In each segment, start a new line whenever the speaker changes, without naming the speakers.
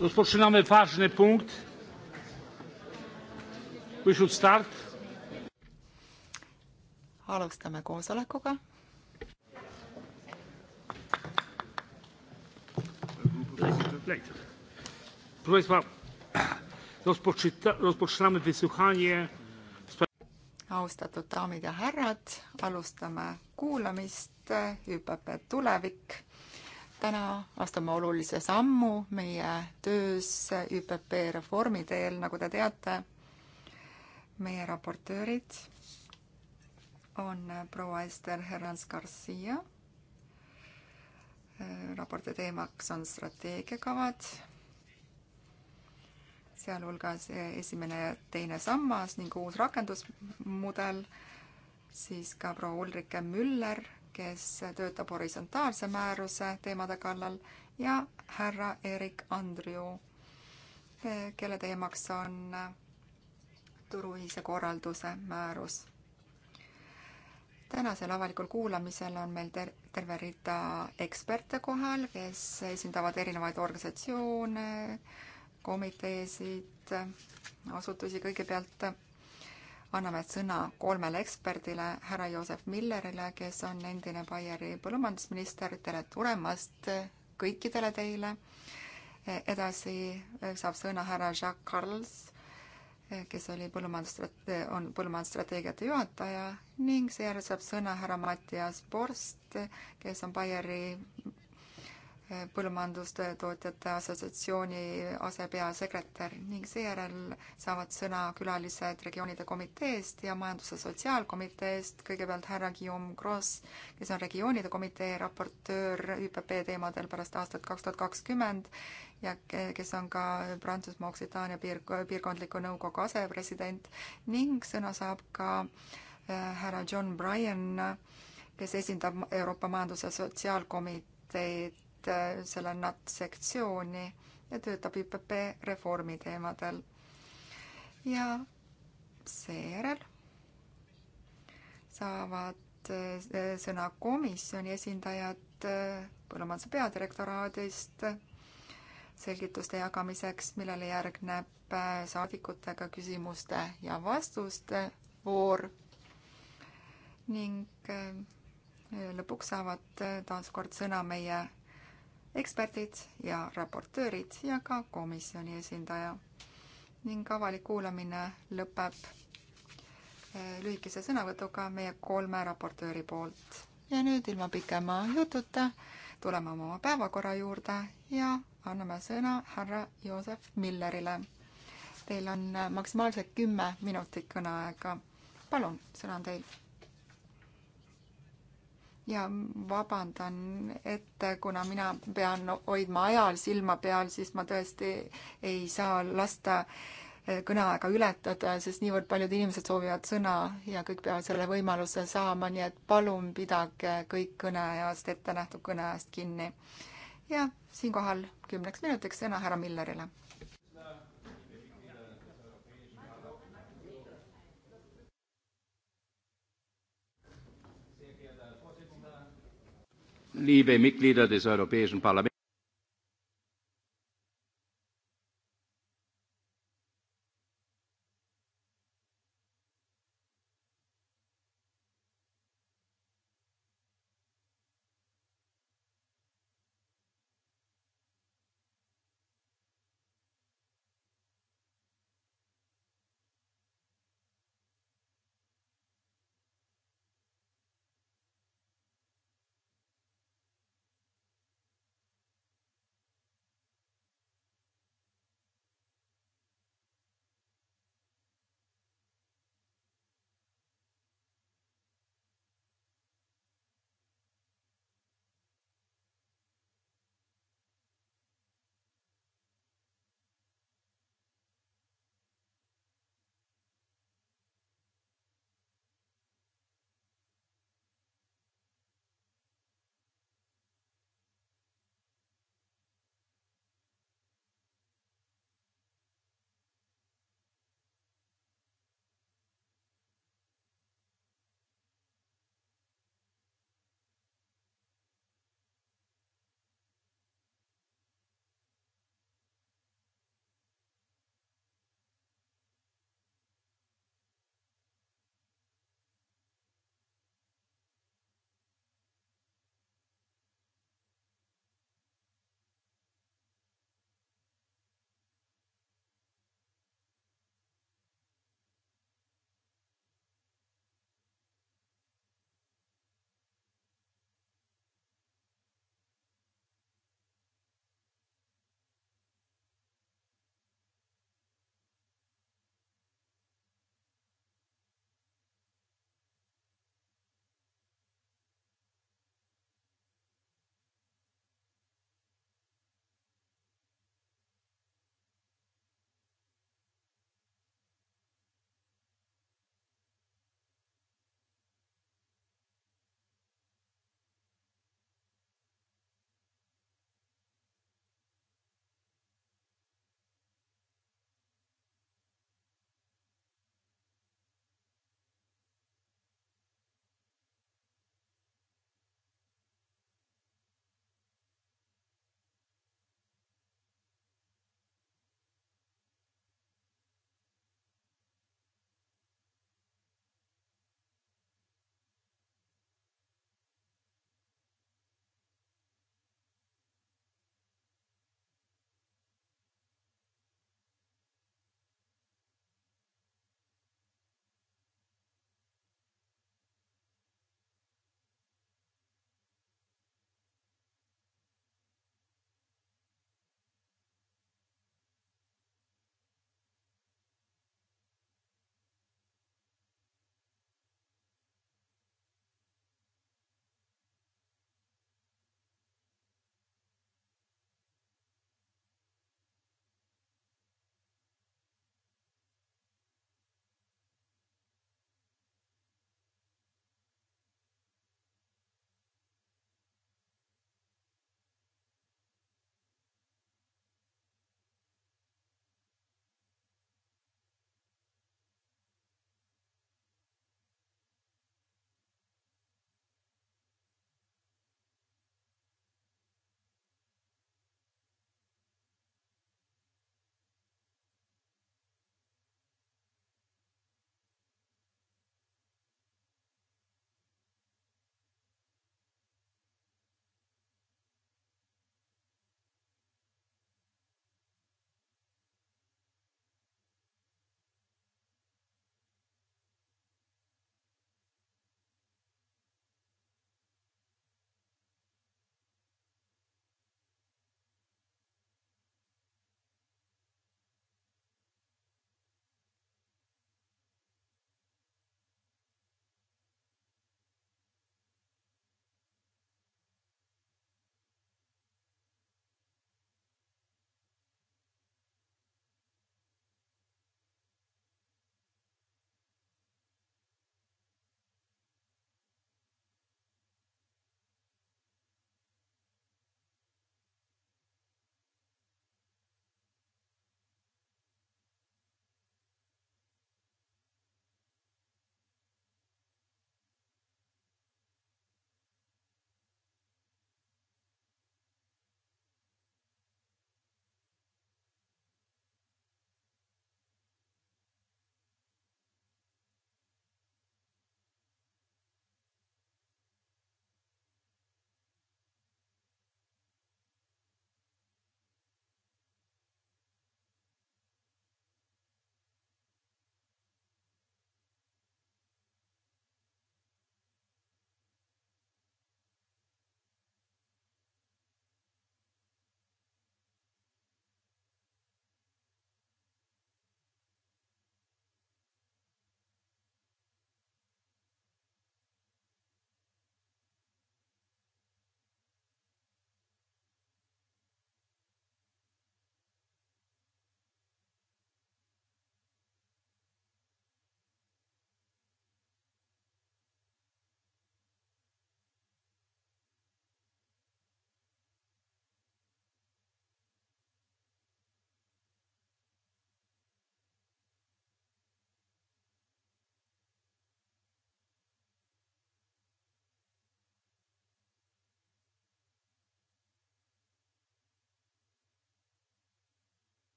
Rozpoczynamy ważny punkt. We should start.
alustame koosolekuga.
Proszę Państwa, rozpoczynamy wysłuchanie.
austatud daamid ja härrad, alustame kuulamist ÜPP Tulevik täna astume olulise sammu meie töös ÜPP reformi teel, nagu te teate, meie raportöörid on proua Ester Herrans-Garcia. raporti teemaks on strateegiakavad, sealhulgas esimene ja teine sammas ning uus rakendusmudel, siis ka proua Ulrike Müller kes töötab horisontaalse määruse teemade kallal ja härra Erik Andriu, kelle teemaks on turuühise korralduse määrus. tänasel avalikul kuulamisel on meil ter-, terve rida eksperte kohal, kes esindavad erinevaid organisatsioone, komiteesid, asutusi, kõigepealt anname sõna kolmele eksperdile, härra Joosep Millerile, kes on endine Baieri põllumajandusminister, tere tulemast kõikidele teile. E, edasi e, saab sõna härra Jacques Carles, e, kes oli põllumajandusstrate-, on põllumajandusstrateegiate juhataja ning seejärel saab sõna härra Mattias Borst, kes on Baieri põllumajandustootjate assotsiatsiooni asepeasekretär ning seejärel saavad sõna külalised regioonide komiteest ja majandus- ja sotsiaalkomiteest, kõigepealt härra Guillaume Gross, kes on regioonide komitee raportöör ÜPP teemadel pärast aastat kaks tuhat kakskümmend ja kes on ka Prantsusmaa Occitania piirk-, piirkondliku nõukogu asepresident ning sõna saab ka äh, härra John Bryan, kes esindab Euroopa Majandus- ja Sotsiaalkomiteed liiget, äh, seal on NAT sektsiooni ja töötab ÜPP reformi teemadel. ja seejärel saavad äh, sõna komisjoni esindajad äh, põllumajanduse peadirektoraadist selgituste jagamiseks, millele järgneb saadikutega küsimuste ja vastuste voor ning lõpuks saavad taas kord sõna meie eksperdid ja raportöörid ja ka komisjoni esindaja. ning avalik kuulamine lõpeb eh, lühikese sõnavõtuga meie kolme raportööri poolt. ja nüüd ilma pikema jututa tuleme oma päevakorra juurde ja anname sõna härra Joosep Millerile. Teil on eh, maksimaalselt kümme minutit kõneaega. palun, sõna on teil ja vabandan ette, kuna mina pean hoidma ajal silma peal, siis ma tõesti ei saa lasta eh, kõneaega ületada, sest niivõrd paljud inimesed soovivad sõna ja kõik peavad selle võimaluse saama, nii et palun pidage kõik kõneajast, ettenähtud kõneajast kinni. ja siinkohal kümneks minutiks sõna härra Millerile
liebe Mitglieder des Europäischen Parlaments,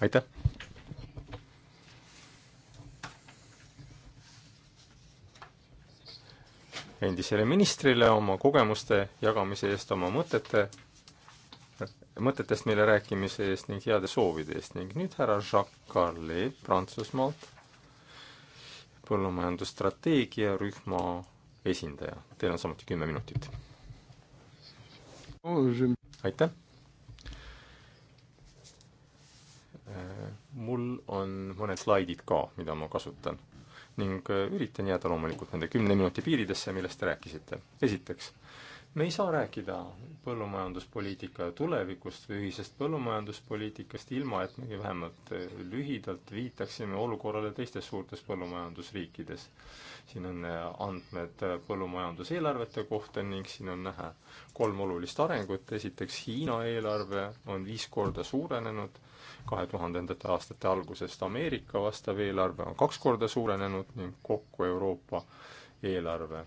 aitäh! endisele ministrile oma kogemuste jagamise eest, oma mõtete, mõtetest meile rääkimise eest ning heade soovide eest ning nüüd härra Jacques Carlet Prantsusmaalt, põllumajandusstrateegia rühma esindaja. Teil on samuti kümme minutit. Oh, aitäh! mul on mõned slaidid ka, mida ma kasutan. ning äh, üritan jääda loomulikult nende kümne minuti piiridesse, millest te rääkisite. esiteks, me ei saa rääkida põllumajanduspoliitika tulevikust või ühisest põllumajanduspoliitikast ilma, et me vähemalt äh, lühidalt viitaksime olukorrale teistes suurtes põllumajandusriikides. siin on äh, andmed põllumajanduseelarvete kohta ning siin on näha kolm olulist arengut, esiteks Hiina eelarve on viis korda suurenenud kahe tuhandendate aastate algusest. Ameerika vastav eelarve on kaks korda suurenenud ning kokku Euroopa eelarve,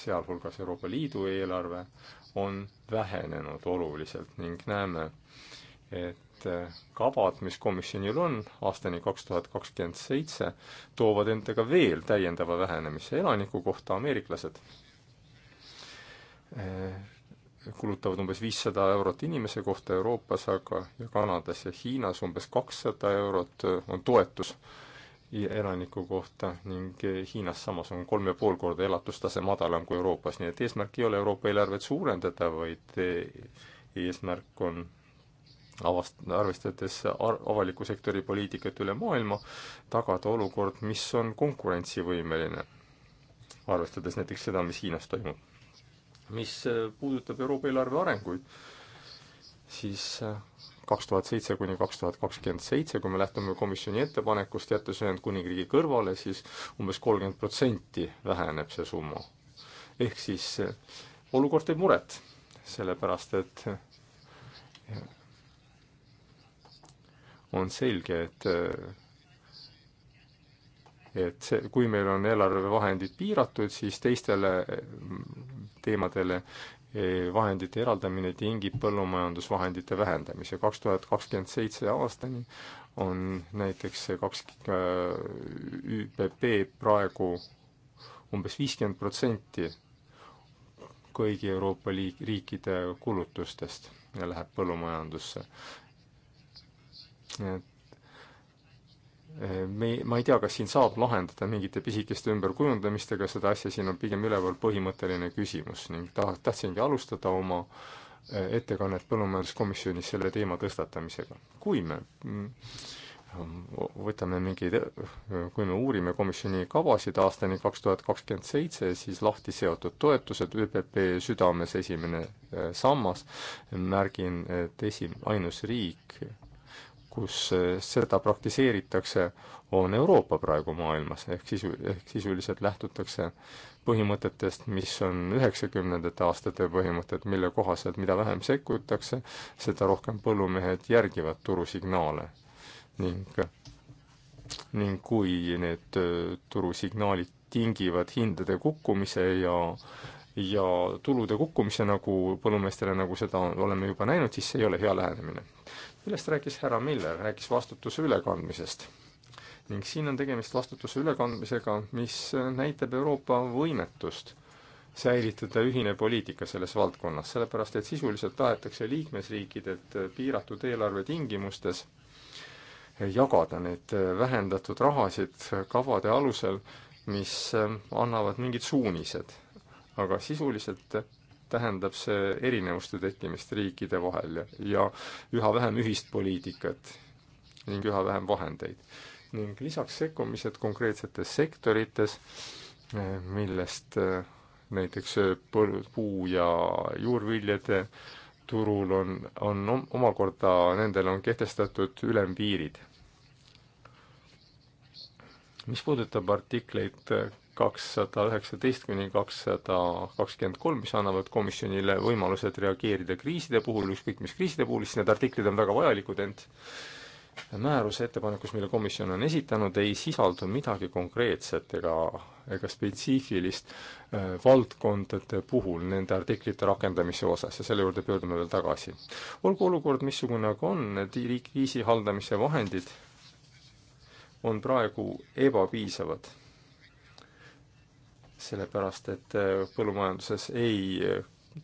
sealhulgas Euroopa Liidu eelarve, on vähenenud oluliselt ning näeme, et kavad, mis komisjonil on aastani kaks tuhat kakskümmend seitse, toovad endaga veel täiendava vähenemise elaniku kohta ameeriklased kulutavad umbes viissada eurot inimese kohta Euroopas, aga ja Kanadas ja Hiinas umbes kakssada eurot äh, on toetus elaniku kohta ning äh, Hiinas samas on kolm ja pool korda elatustase madalam kui Euroopas, nii et eesmärk ei ole Euroopa eelarvet suurendada, vaid äh, eesmärk on avast-, arvestades ar-, avaliku sektori poliitikat üle maailma, tagada olukord, mis on konkurentsivõimeline, arvestades näiteks seda, mis Hiinas toimub mis äh, puudutab Euroopa eelarve arenguid, siis äh, kaks tuhat seitse kuni kaks tuhat kakskümmend seitse, kui me lähtume komisjoni ettepanekust, jättes Ühendkuningriigi kõrvale, siis umbes kolmkümmend protsenti väheneb see summa. ehk siis äh, olukord teeb muret, sellepärast et on selge, et et see, kui meil on eelarvevahendid piiratud, siis teistele teemadele eh, vahendite eraldamine tingib põllumajandusvahendite vähendamise. kaks tuhat kakskümmend seitse aastani on näiteks see kaks äh, ÜPP praegu umbes viiskümmend protsenti kõigi Euroopa liik-, riikide kulutustest läheb põllumajandusse. nii et me, ma ei tea, kas siin saab lahendada mingite pisikeste ümberkujundamistega seda asja, siin on pigem üleval põhimõtteline küsimus ning ta, tahtsingi alustada oma äh, ettekannet Põllumajanduskomisjonis selle teema tõstatamisega. kui me mm, mm, võtame mingeid, äh, kui me uurime komisjoni kavasid aastani kaks tuhat kakskümmend seitse, siis lahti seotud toetused, ÜPP südames esimene äh, sammas, märgin, et esim-, ainus riik, kus eh, seda praktiseeritakse, on Euroopa praegu maailmas, ehk sisu, ehk sisuliselt lähtutakse põhimõtetest, mis on üheksakümnendate aastate põhimõtted, mille kohaselt mida vähem sekkutakse, seda rohkem põllumehed järgivad turusignaale. ning, ning kui need eh, turusignaalid tingivad hindade kukkumise ja ja tulude kukkumise nagu põllumeestele, nagu seda oleme juba näinud, siis see ei ole hea lähenemine millest rääkis härra Miller, rääkis vastutuse ülekandmisest. ning siin on tegemist vastutuse ülekandmisega, mis näitab Euroopa võimetust säilitada ühine poliitika selles valdkonnas, sellepärast et sisuliselt tahetakse liikmesriikidelt piiratud eelarve tingimustes jagada neid vähendatud rahasid kavade alusel, mis annavad mingid suunised. aga sisuliselt tähendab see erinevuste tekkimist riikide vahel ja üha vähem ühist poliitikat ning üha vähem vahendeid. ning lisaks sekkumised konkreetsetes sektorites, millest eh, näiteks eh, põl-, puu- ja juurviljade turul on, on omakorda, nendel on kehtestatud ülempiirid. mis puudutab artikleid kakssada üheksateist kuni kakssada kakskümmend kolm, mis annavad komisjonile võimalused reageerida kriiside puhul, ükskõik mis kriiside puhul, siis need artiklid on väga vajalikud, ent määruse ettepanekus, mille komisjon on esitanud, ei sisaldu midagi konkreetset ega, ega spetsiifilist äh, valdkondade puhul nende artiklite rakendamise osas ja selle juurde pöördume veel tagasi. olgu olukord missugune aga on, need kriisi haldamise vahendid on praegu ebapiisavad sellepärast et äh, põllumajanduses ei äh,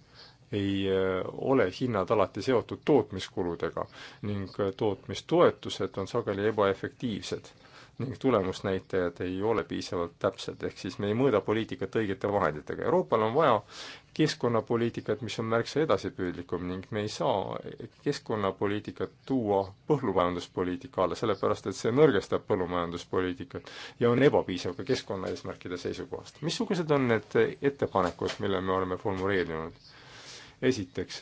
ei äh, ole hinnad alati seotud tootmiskuludega ning tootmistoetused on sageli ebaefektiivsed ning tulemusnäitajad ei ole piisavalt täpsed, ehk siis me ei mõõda poliitikat õigete vahenditega. Euroopal on vaja keskkonnapoliitikat, mis on märksa edasipüüdlikum ning me ei saa keskkonnapoliitikat tuua põllumajanduspoliitika alla, sellepärast et see nõrgestab põllumajanduspoliitikat ja on ebapiisav ka keskkonnaeesmärkide seisukohast. missugused on need ettepanekud, mille me oleme formuleerinud? esiteks,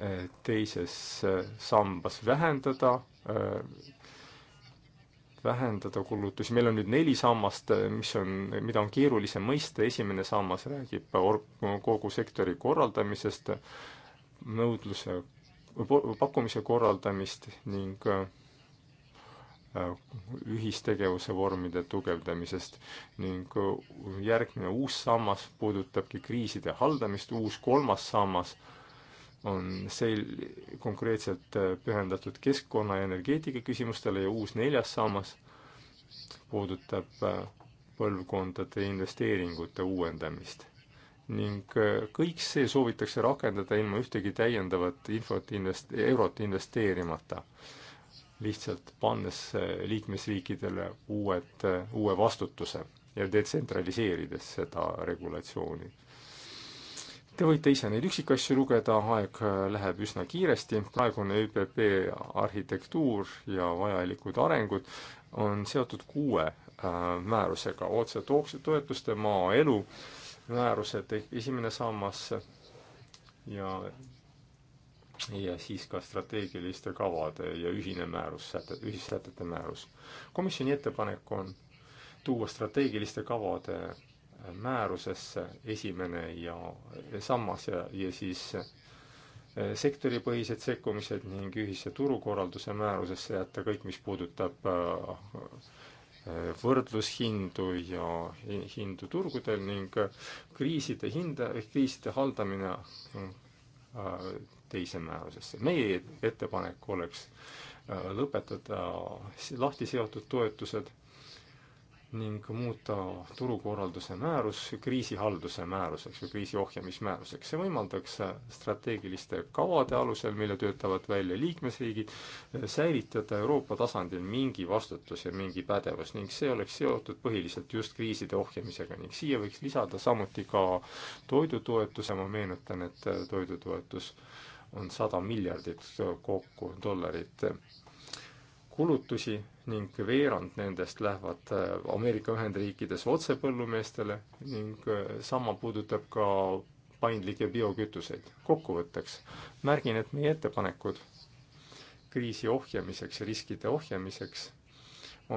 eh, teises eh, sambas vähendada eh, vähendada kulutusi, meil on nüüd neli sammast, eh, mis on, mida on keerulisem mõista, esimene sammas räägib or-, kogu sektori korraldamisest, nõudluse, pakkumise korraldamist ning eh, ühistegevuse vormide tugevdamisest ning eh, järgmine uus sammas puudutabki kriiside haldamist, uus kolmas sammas äh, on sel-, konkreetselt äh, pühendatud keskkonna ja energeetika küsimustele ja uus neljas sammas puudutab äh, põlvkondade investeeringute uuendamist. ning äh, kõik see soovitakse rakendada ilma ühtegi täiendavat infot invest-, eurot investeerimata. lihtsalt pannes liikmesriikidele uued, uue vastutuse ja detsentraliseerides seda regulatsiooni Te võite ise neid üksikasju lugeda, aeg äh, läheb üsna kiiresti, praegune ÜPP arhitektuur ja vajalikud arengud on seotud kuue äh, määrusega, otse toetuste maaelu määrused, esimene sammas ja, ja siis ka strateegiliste kavade ja ühine määrus, säte, ühissätete määrus. komisjoni ettepanek on tuua strateegiliste kavade määrusesse, esimene ja sammas ja, ja siis eh, sektoripõhised sekkumised ning ühise turukorralduse määrusesse jätta kõik, mis puudutab eh, eh, võrdlushindu ja hindu turgudel ning kriiside hinda, kriiside haldamine teise määrusesse. meie ettepanek oleks lõpetada lahti seotud toetused ning muuta turukorralduse määrus kriisihalduse määruseks või kriisi ohjamismääruseks. see võimaldaks strateegiliste kavade alusel, mille töötavad välja liikmesriigid, säilitada Euroopa tasandil mingi vastutus ja mingi pädevus ning see oleks seotud põhiliselt just kriiside ohjamisega ning siia võiks lisada samuti ka toidutoetuse, ma meenutan, et toidutoetus on sada miljardit kokku dollarit kulutusi ning veerand nendest lähevad äh, Ameerika Ühendriikides otse põllumeestele ning äh, sama puudutab ka paindlikke biokütuseid. kokkuvõtteks märgin, et meie ettepanekud kriisi ohjamiseks ja riskide ohjamiseks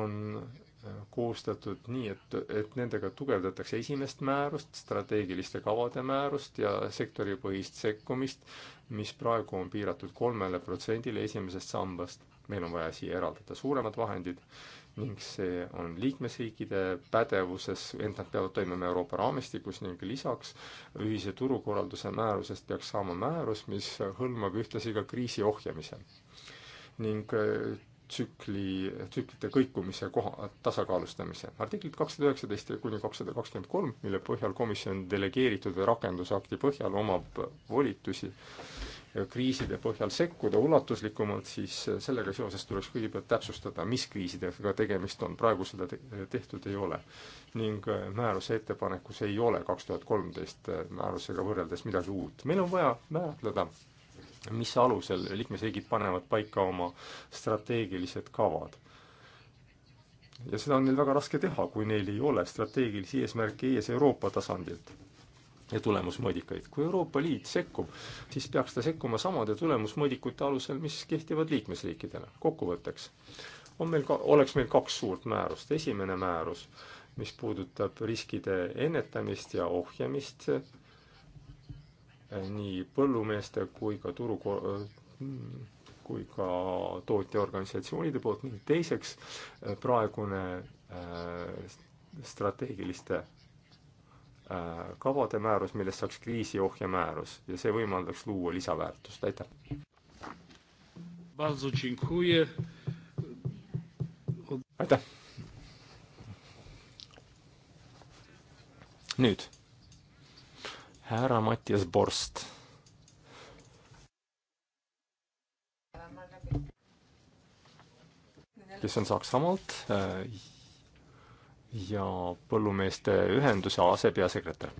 on äh, koostatud nii, et, et nendega tugevdatakse esimest määrust, strateegiliste kavade määrust ja sektoripõhist sekkumist, mis praegu on piiratud kolmele protsendile esimesest sambast meil on vaja siia eraldada suuremad vahendid ning see on liikmesriikide pädevuses, ent nad peavad toimima Euroopa raamistikus ning lisaks ühise turukorralduse määrusest peaks saama määrus, mis hõlmab ühtlasi ka kriisi ohjamise ning äh, tsükli, tsüklite kõikumise koha, tasakaalustamise. artiklid kakssada üheksateist kuni kakssada kakskümmend kolm, mille põhjal komisjon delegeeritud või rakendusakti põhjal omab volitusi kriiside põhjal sekkuda ulatuslikumalt, siis sellega seoses tuleks kõigepealt täpsustada, mis kriisidega tegemist on, praegu seda tehtud ei ole. ning äh, määruse ettepanekus ei ole kaks tuhat kolmteist äh, määrusega võrreldes midagi uut. meil on vaja määratleda, mis alusel liikmesriigid panevad paika oma strateegilised kavad ja seda on neil väga raske teha, kui neil ei ole strateegilisi eesmärke ees Euroopa tasandilt ja tulemusmõõdikaid. kui Euroopa Liit sekkub, siis peaks ta sekkuma samade tulemusmõõdikute alusel, mis kehtivad liikmesriikidele. kokkuvõtteks on meil ka, oleks meil kaks suurt määrust. esimene määrus, mis puudutab riskide ennetamist ja ohjamist nii põllumeeste kui ka turu kui ka tootjaorganisatsioonide poolt ning teiseks praegune äh, strateegiliste Äh, kavade määrus, millest saaks kriisiohje määrus ja see võimaldaks luua lisaväärtust, aitäh. aitäh. nüüd härra Mattias Borst. kes on Saksamaalt äh, ja põllumeeste ühenduse asepeasekretär.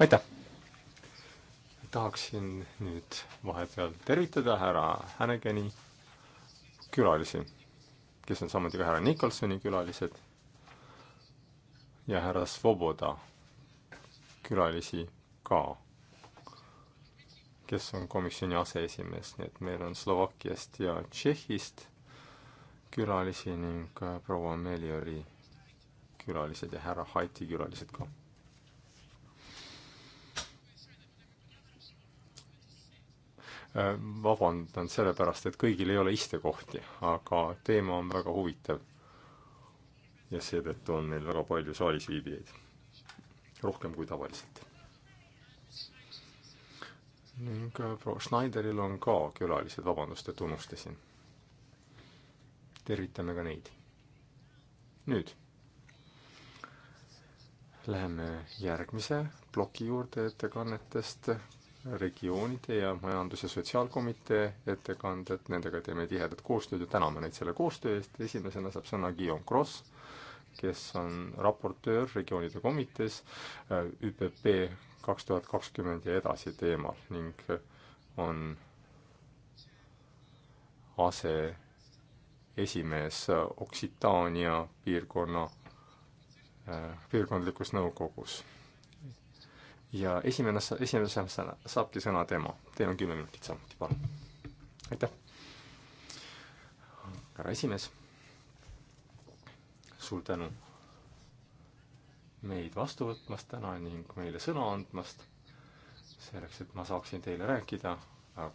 aitäh! tahaksin nüüd vahepeal tervitada härra Hänegeni külalisi, kes on samuti ka härra Nikolsoni külalised ja härra Svoboda külalisi ka, kes on komisjoni aseesimees, nii et meil on Slovakkiast ja Tšehhist külalisi ning proua Meliori külalised ja härra Haiti külalised ka Äh, vabandan selle pärast, et kõigil ei ole istekohti, aga teema on väga huvitav. ja seetõttu on meil väga palju saalis viibijaid. rohkem kui tavaliselt. ning äh, proua Schneideril on ka külalised, vabandust, et unustasin. tervitame ka neid. nüüd läheme järgmise ploki juurde ettekannetest regioonide ja majandus- ja sotsiaalkomitee ettekanded, nendega teeme tihedat koostööd ja täname neid selle koostöö eest, esimesena saab sõna Guillaume Cross, kes on raportöör regioonide komitees äh, ÜPP kaks tuhat kakskümmend ja edasi teemal ning äh, on aseesimees äh, Occitania piirkonna, piirkondlikus nõukogus ja esimene, esimesena sõna, saabki sõna tema. Teil on kümme minutit samuti, palun. aitäh. härra esimees, suur tänu meid vastu võtmast täna ning meile sõna andmast, selleks et ma saaksin teile rääkida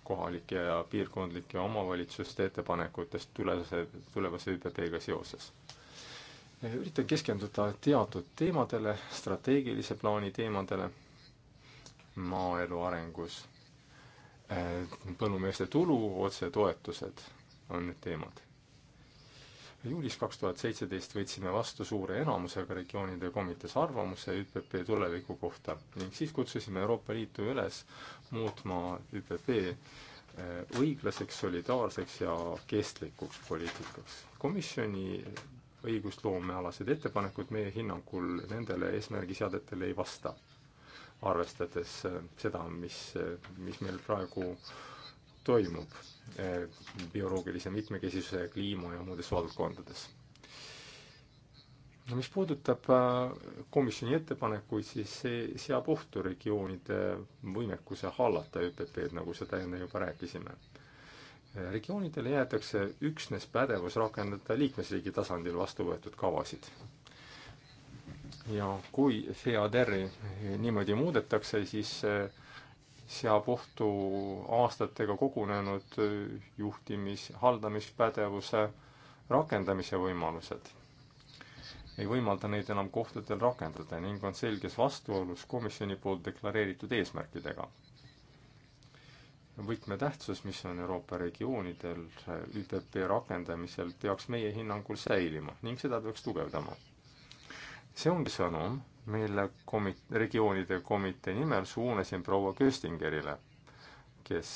kohalike ja piirkondlike omavalitsuste ettepanekutest tulevase, tulevase ÜPP-ga seoses üritan keskenduda teatud teemadele, strateegilise plaani teemadele maaelu arengus, äh, põllumeeste tulu, otsetoetused on need teemad. juulis kaks tuhat seitseteist võtsime vastu suure enamusega regioonide komitees arvamuse ÜPP tuleviku kohta ning siis kutsusime Euroopa Liitu üles muutma ÜPP äh, õiglaseks, solidaarseks ja kestlikuks poliitikaks. komisjoni õigusloomealased ettepanekud meie hinnangul nendele eesmärgiseadetele ei vasta arvestades äh, seda, mis, äh, mis meil praegu toimub äh, bioloogilise mitmekesisuse, kliima ja muudes valdkondades. no mis puudutab komisjoni ettepanekuid, siis see seab ohtu regioonide võimekuse hallata ÜPP-d, nagu seda enne juba rääkisime. regioonidele jäetakse üksnes pädevus rakendada liikmesriigi tasandil vastu võetud kavasid ja kui FEADER-i niimoodi muudetakse, siis see eh, seab ohtu aastatega kogunenud eh, juhtimis, haldamispädevuse rakendamise võimalused. ei võimalda neid enam kohtadel rakendada ning on selges vastuolus komisjoni poolt deklareeritud eesmärkidega. võtmetähtsus, mis on Euroopa regioonidel eh, ÜPP rakendamisel, peaks meie hinnangul säilima ning seda peaks tugevdama see ongi sõnum, mille komi-, regioonide komitee nimel suunasin proua Köstingerile, kes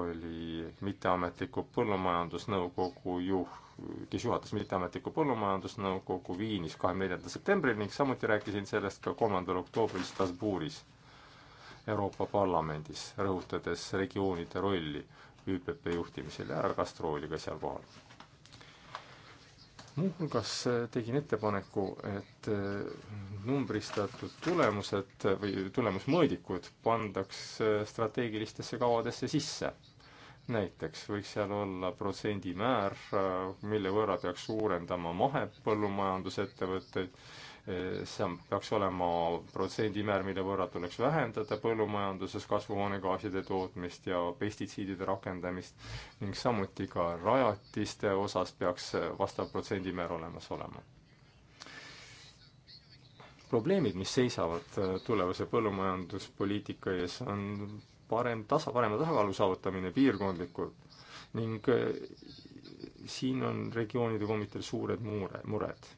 oli mitteametliku põllumajandusnõukogu juht, kes juhatas mitteametliku põllumajandusnõukogu Viinis kahekümne neljandal septembril ning samuti rääkisin sellest ka kolmandal oktoobril Strasbourgis Euroopa Parlamendis, rõhutades regioonide rolli ÜPP juhtimisel ja härra Castro oli ka seal kohal muuhulgas äh, tegin ettepaneku, et äh, numbristatud tulemused või tulemusmõõdikud pandaks äh, strateegilistesse kavadesse sisse. näiteks võiks seal olla protsendimäär, mille võrra peaks suurendama mahepõllumajandusettevõtteid see peaks olema protsendimäär, mille võrra tuleks vähendada põllumajanduses kasvuhoonegaaside tootmist ja pestitsiidide rakendamist ning samuti ka rajatiste osas peaks vastav protsendimäär olemas olema. probleemid, mis seisavad äh, tulevase põllumajanduspoliitika ees, on parem tasa, parema tasakaalu saavutamine piirkondlikult ning äh, siin on regioonide komiteel suured mure, mured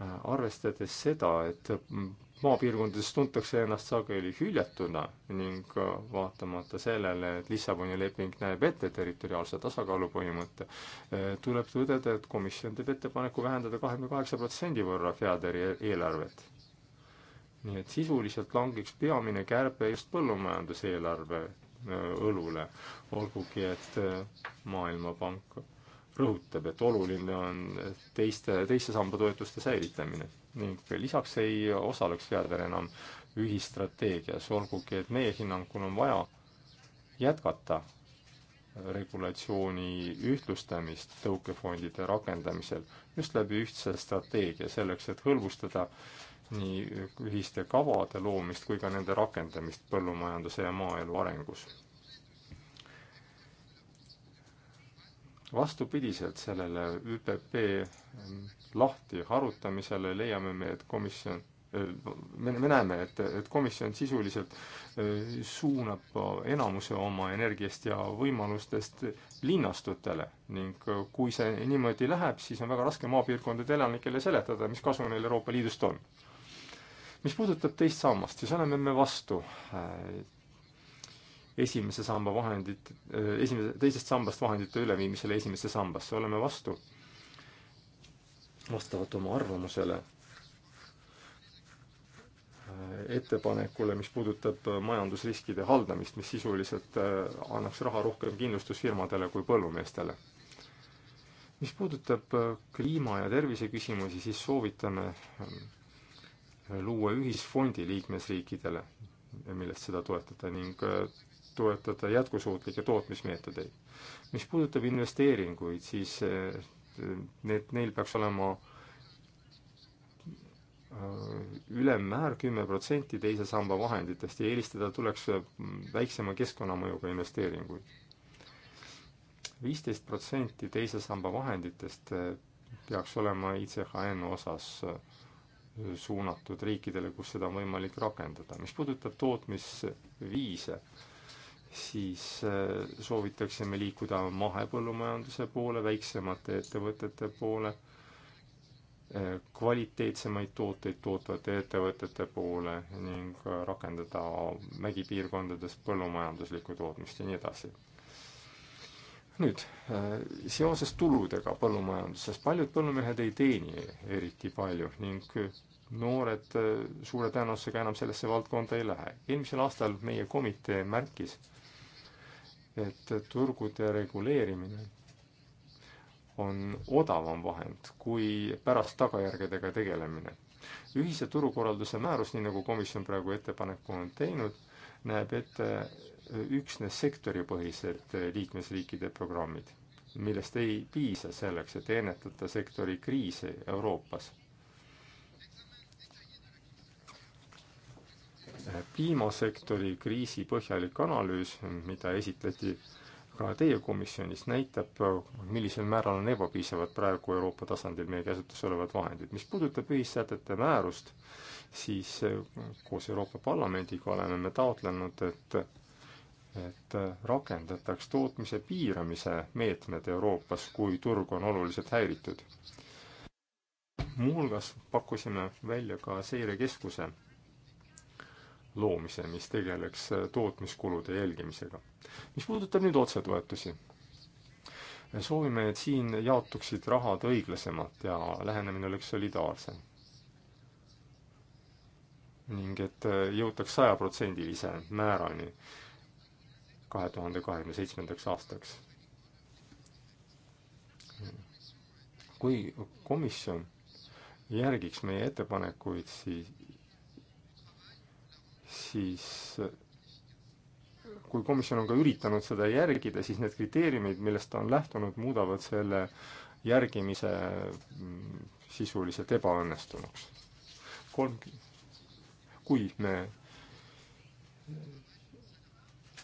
Äh, arvestades seda, et mm, maapiirkondades tuntakse ennast sageli hüljatuna ning äh, vaatamata sellele, et Lissaboni leping näeb ette territoriaalse tasakaalu põhimõtte, äh, tuleb tõdeda, et komisjon teeb ettepaneku vähendada kahekümne kaheksa protsendi võrra FEADER-i e-, eelarvet. nii et sisuliselt langeks peamine kärbe just põllumajanduseelarve õlule, olgugi et Maailmapank rõhutab, et oluline on teiste, teise samba toetuste säilitamine ning lisaks ei osaleks Fjaerder enam ühistrateegias, olgugi et meie hinnangul on vaja jätkata regulatsiooni ühtlustamist tõukefondide rakendamisel just läbi ühtse strateegia, selleks et hõlbustada nii ühiste kavade loomist kui ka nende rakendamist põllumajanduse ja maaelu arengus vastupidiselt sellele ÜPP ähm, lahti harutamisele leiame me, et komisjon äh, me, me näeme, et, et komisjon sisuliselt äh, suunab enamuse oma energiast ja võimalustest linnastutele ning äh, kui see niimoodi läheb, siis on väga raske maapiirkondade elanikele seletada, mis kasu neil Euroopa Liidust on. mis puudutab teist sammast, siis oleme me vastu esimese samba vahendit, äh, esimese, teisest sambast vahendite üleviimisele esimesse sambasse, oleme vastu vastavalt oma arvamusele äh, ettepanekule, mis puudutab äh, majandusriskide haldamist, mis sisuliselt annaks raha rohkem kindlustusfirmadele kui põllumeestele. mis puudutab kliima- ja terviseküsimusi, siis soovitame luua ühisfondi liikmesriikidele, millest seda toetada ning toetada jätkusuutlikke tootmismeetodeid. mis puudutab investeeringuid, siis eh, need, neil peaks olema eh, ülemmäär kümme protsenti teise samba vahenditest ja eelistada tuleks eh, väiksema keskkonnamõjuga investeeringuid. viisteist protsenti teise samba vahenditest peaks olema ICHN osas suunatud riikidele, kus seda on võimalik rakendada. mis puudutab tootmisviise, siis äh, soovitaksime liikuda mahepõllumajanduse poole, väiksemate ettevõtete poole, äh, kvaliteetsemaid tooteid tootvate ettevõtete poole ning rakendada mägipiirkondades põllumajanduslikku tootmist ja nii edasi. nüüd, äh, seoses tuludega põllumajanduses, paljud põllumehed ei teeni eriti palju ning noored suure tõenäosusega enam sellesse valdkonda ei lähe. eelmisel aastal meie komitee märkis, et turgude reguleerimine on odavam vahend kui pärast tagajärgedega tegelemine. ühise turukorralduse määrus, nii nagu komisjon praegu ettepaneku on teinud, näeb ette üksnes sektoripõhised liikmesriikide programmid, millest ei piisa selleks, et ennetada sektori kriise Euroopas piimasektori kriisi põhjalik analüüs, mida esitleti ka teie komisjonis, näitab, millisel määral on ebapiisavad praegu Euroopa tasandil meie käsutuses olevad vahendid. mis puudutab ühissätete määrust, siis eh, koos Euroopa Parlamendiga oleme me taotlenud, et et rakendataks tootmise piiramise meetmed Euroopas, kui turg on oluliselt häiritud. muuhulgas pakkusime välja ka seirekeskuse loomise, mis tegeleks äh, tootmiskulude jälgimisega. mis puudutab nüüd otsetoetusi, soovime, et siin jaotuksid rahad õiglasemalt ja lähenemine oleks solidaarsem. ning et äh, jõutaks sajaprotsendilise määrani kahe tuhande kahekümne seitsmendaks aastaks. kui komisjon järgiks meie ettepanekuid, siis siis kui komisjon on ka üritanud seda järgida, siis need kriteeriumid, millest ta on lähtunud, muudavad selle järgimise mm, sisuliselt ebaõnnestunuks. kolm, kui me,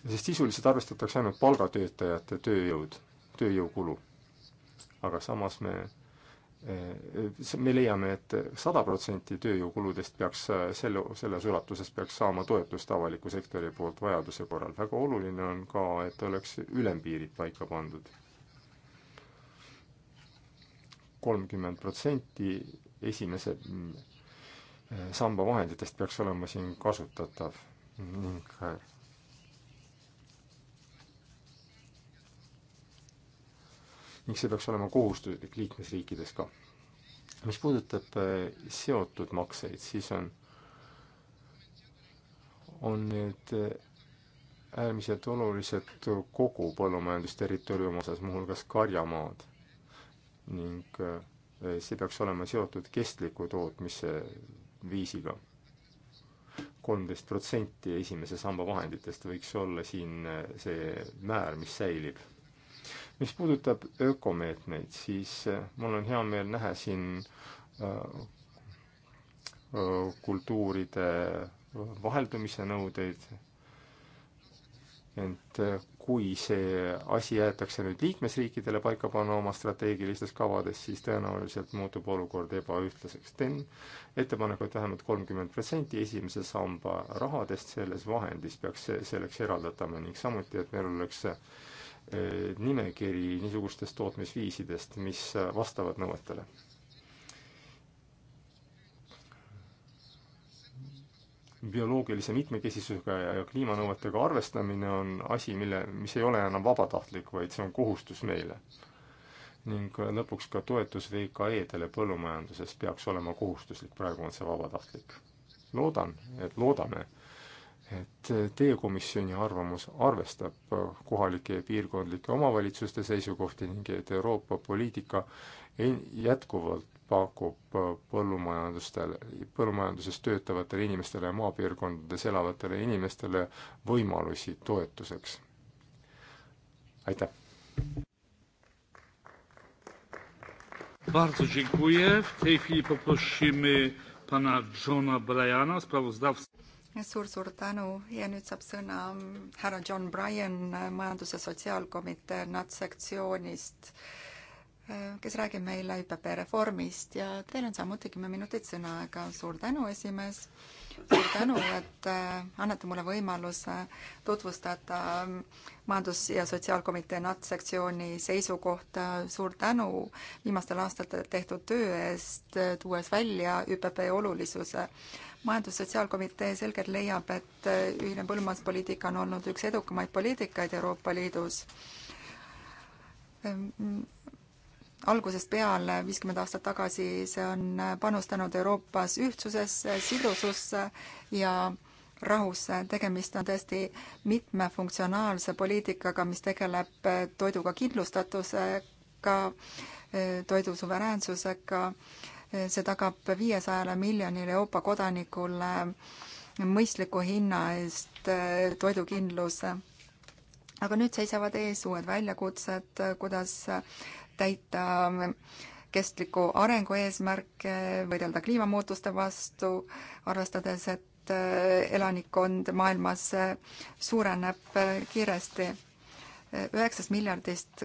sest sisuliselt arvestatakse ainult palgatöötajate tööjõud, tööjõukulu. aga samas me Äh, me leiame et, et sada protsenti tööjõukuludest peaks äh, selle, selles ulatuses peaks saama toetust avaliku sektori poolt vajaduse korral. väga oluline on ka, et oleks ülempiirid paika pandud. kolmkümmend protsenti esimese äh, samba vahenditest peaks olema siin kasutatav ning ning see peaks olema kohustuslik liikmesriikides ka. mis puudutab eh, seotud makseid, siis on, on need eh, äärmiselt olulised kogu põllumajandusterritooriumi osas, muuhulgas karjamaad ning eh, see peaks olema seotud kestliku tootmise viisiga. kolmteist protsenti esimese samba vahenditest võiks olla siin see määr, mis säilib mis puudutab ökomeetmeid, siis äh, mul on hea meel näha siin äh, äh, kultuuride vaheldumise nõudeid, ent kui see asi jäetakse nüüd liikmesriikidele paika panna oma strateegilistes kavades, siis tõenäoliselt muutub olukord ebaühtlaseks. teen ettepaneku, et vähemalt kolmkümmend protsenti esimese samba rahadest selles vahendis peaks selleks eraldatama ning samuti, et meil oleks Eh, nimekiri niisugustest tootmisviisidest, mis eh, vastavad nõuetele. bioloogilise mitmekesisusega ja kliimanõuetega arvestamine on asi, mille, mis ei ole enam vabatahtlik, vaid see on kohustus meile. ning eh, lõpuks ka toetus VKE-dele põllumajanduses peaks olema kohustuslik, praegu on see vabatahtlik. loodan, et loodame, et teie komisjoni arvamus arvestab äh, kohalike ja piirkondlike omavalitsuste seisukohti ning et Euroopa poliitika jätkuvalt pakub äh, põllumajandustele, põllumajanduses töötavatele inimestele ja maapiirkondades elavatele inimestele võimalusi toetuseks. aitäh! Bardzo dziękuję. W tej chwili poprosimy pana Johna Bryana, sprawozdawcę
suur-suur tänu ja nüüd saab sõna härra John Bryan Majandus- ja Sotsiaalkomitee NAT sektsioonist, kes räägib meile ÜPP reformist ja teil on samuti kümme minutit sõnaaega. suur tänu, esimees. suur tänu, et äh, annate mulle võimaluse tutvustada ähm, Majandus- ja Sotsiaalkomitee NAT sektsiooni seisukohta. suur tänu viimastel aastatel tehtud töö eest, äh, tuues välja ÜPP olulisuse majandus-sotsiaalkomitee selgelt leiab, et äh, ühine põllumajanduspoliitika on olnud üks edukamaid poliitikaid Euroopa Liidus. Ehm, algusest peale, viiskümmend aastat tagasi, see on äh, panustanud Euroopas ühtsusesse, sidususse ja rahusse. tegemist on tõesti mitmefunktsionaalse poliitikaga, mis tegeleb äh, toiduga kindlustatusega, toidu suveräänsusega äh, see tagab viiesajale miljonile Euroopa kodanikule mõistliku hinna eest eh, toidukindluse. aga nüüd seisavad ees uued väljakutsed, kuidas täita kestliku arengu eesmärke, võidelda kliimamuutuste vastu, arvestades, et eh, elanikkond maailmas eh, suureneb kiiresti üheksast miljardist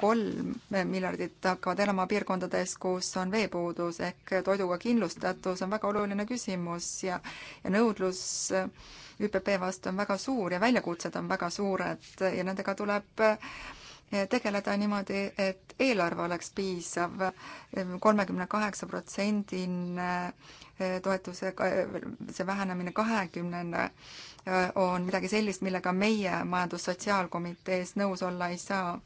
kolm miljardit hakkavad elama piirkondades, kus on veepuudus ehk toiduga kindlustatus on väga oluline küsimus ja, ja nõudlus ÜPP vastu on väga suur ja väljakutsed on väga suured ja nendega tuleb äh, tegeleda niimoodi, et eelarve oleks piisav kolmekümne kaheksa protsendine eh, toetuse, see vähenemine kahekümnene eh, on midagi sellist, millega meie Majandus-Sotsiaalkomitees nõus olla ei saa.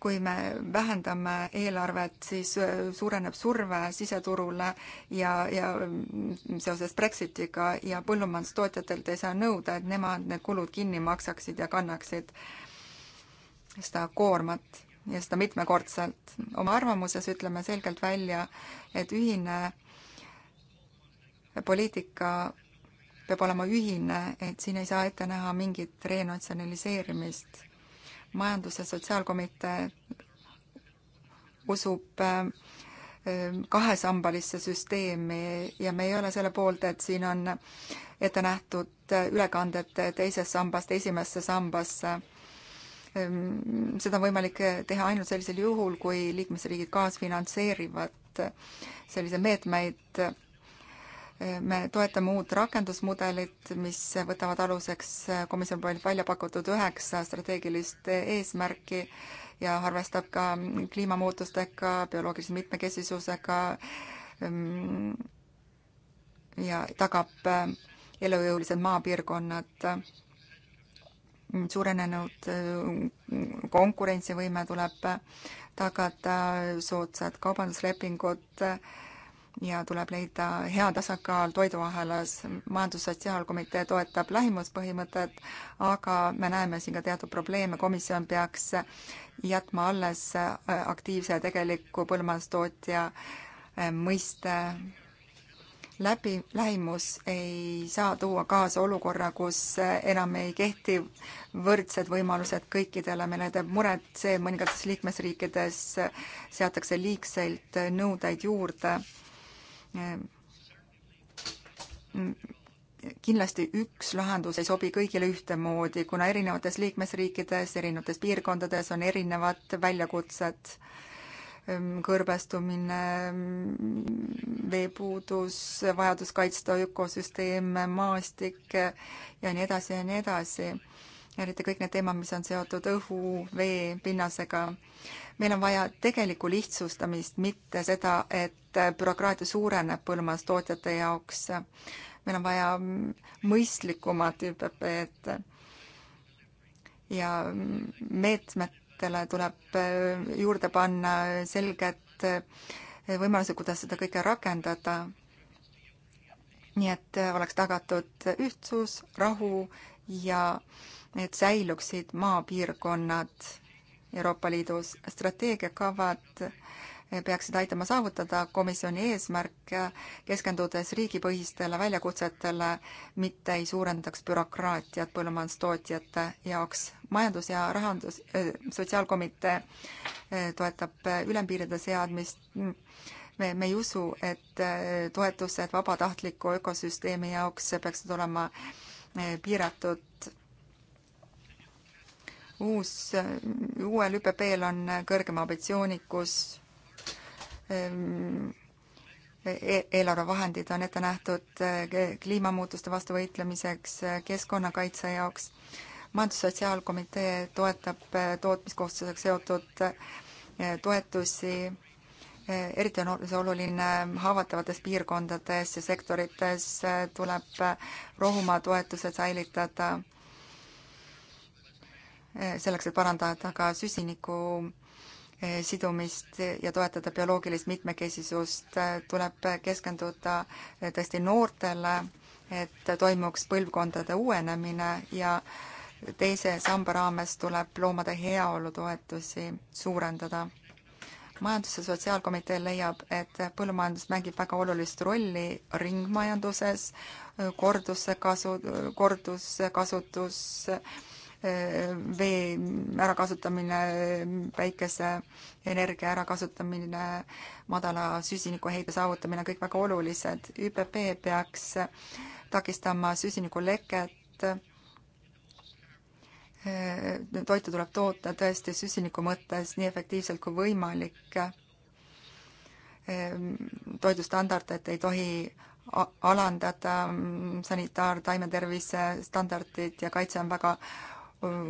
kui me vähendame eelarvet, siis eh, suureneb surve siseturule ja, ja mm, seoses Brexitiga ja põllumajandustootjatelt ei saa nõuda, et nemad need kulud kinni maksaksid ja kannaksid seda koormat ja seda mitmekordselt. oma arvamuses ütleme selgelt välja, et ühine poliitika peab olema ühine, et siin ei saa ette näha mingit renatsionaliseerimist. majandus- ja sotsiaalkomitee usub ähm, kahesambalisse süsteemi ja me ei ole selle poolt, et siin on ette nähtud ülekanded teisest sambast esimesse sambasse seda on võimalik teha ainult sellisel juhul, kui liikmesriigid kaasfinantseerivad selliseid meetmeid. me toetame uut rakendusmudelit, mis võtavad aluseks komisjoni poolt välja pakutud üheksa strateegilist eesmärki ja arvestab ka kliimamuutustega, bioloogilise mitmekesisusega ja tagab elujõulised maapiirkonnad Mm, suurenenud mm, konkurentsivõime tuleb tagada, soodsad kaubanduslepingud mm, ja tuleb leida hea tasakaal toiduahelas. majandus-sotsiaalkomitee toetab lähimuspõhimõtet, aga me näeme siin ka teatud probleeme. komisjon peaks jätma alles aktiivse ja tegeliku põllumajandustootja eh, mõiste läbi, lähimus ei saa tuua kaasa olukorra, kus enam ei kehti võrdsed võimalused kõikidele, meile teeb muret see, mõningates liikmesriikides seatakse liigseid nõudeid juurde. kindlasti üks lahendus ei sobi kõigile ühtemoodi, kuna erinevates liikmesriikides, erinevates piirkondades on erinevad väljakutsed Ehm, kõrbestumine, mm, veepuudus, vajadus kaitsta ökosüsteeme, maastikke ja nii edasi ja nii edasi. eriti kõik need teemad, mis on seotud õhu, vee, pinnasega. meil on vaja tegelikku lihtsustamist, mitte seda, et bürokraatia suureneb põllumajandustootjate jaoks. meil on vaja mm, mõistlikumat ÜPP-d ja mm, meetmed ametitele tuleb äh, juurde panna selged äh, võimalused, kuidas seda kõike rakendada. nii et äh, oleks tagatud ühtsus, rahu ja et säiluksid maapiirkonnad Euroopa Liidus. strateegiakavad peaksid aitama saavutada komisjoni eesmärk, keskendudes riigipõhistele väljakutsetele, mitte ei suurendaks bürokraatiat põllumajandustootjate jaoks. majandus- ja rahandus äh,, sotsiaalkomitee äh, toetab äh, ülempiiride seadmist. me, me ei usu, et äh, toetused vabatahtliku ökosüsteemi jaoks peaksid olema piiratud uus, uuel ÜPP-l on kõrgem ambitsioonikus Ehm, e-, eelarvevahendid on ette nähtud eh, kliimamuutuste vastu võitlemiseks, eh, keskkonnakaitse jaoks. majandussotsiaalkomitee toetab eh, tootmiskohustusega seotud toetusi, eriti on see oluline haavatavates piirkondades ja sektorites, tuleb rohumaa toetused säilitada selleks, et parandada ka süsiniku sidumist ja toetada bioloogilist mitmekesisust, tuleb keskenduda tõesti noortele, et toimuks põlvkondade uuenemine ja teise samba raames tuleb loomade heaolu toetusi suurendada majandus- ja sotsiaalkomitee leiab, et põllumajandus mängib väga olulist rolli ringmajanduses, korduskasu, korduskasutus, vee ärakasutamine, päikeseenergia ärakasutamine, madala süsinikuheide saavutamine, kõik väga olulised. ÜPP peaks takistama süsinikuleket, toitu tuleb toota tõesti süsiniku mõttes nii efektiivselt kui võimalik. toidustandardit ei tohi alandada, sanitaar, taimetervise standardid ja kaitse on väga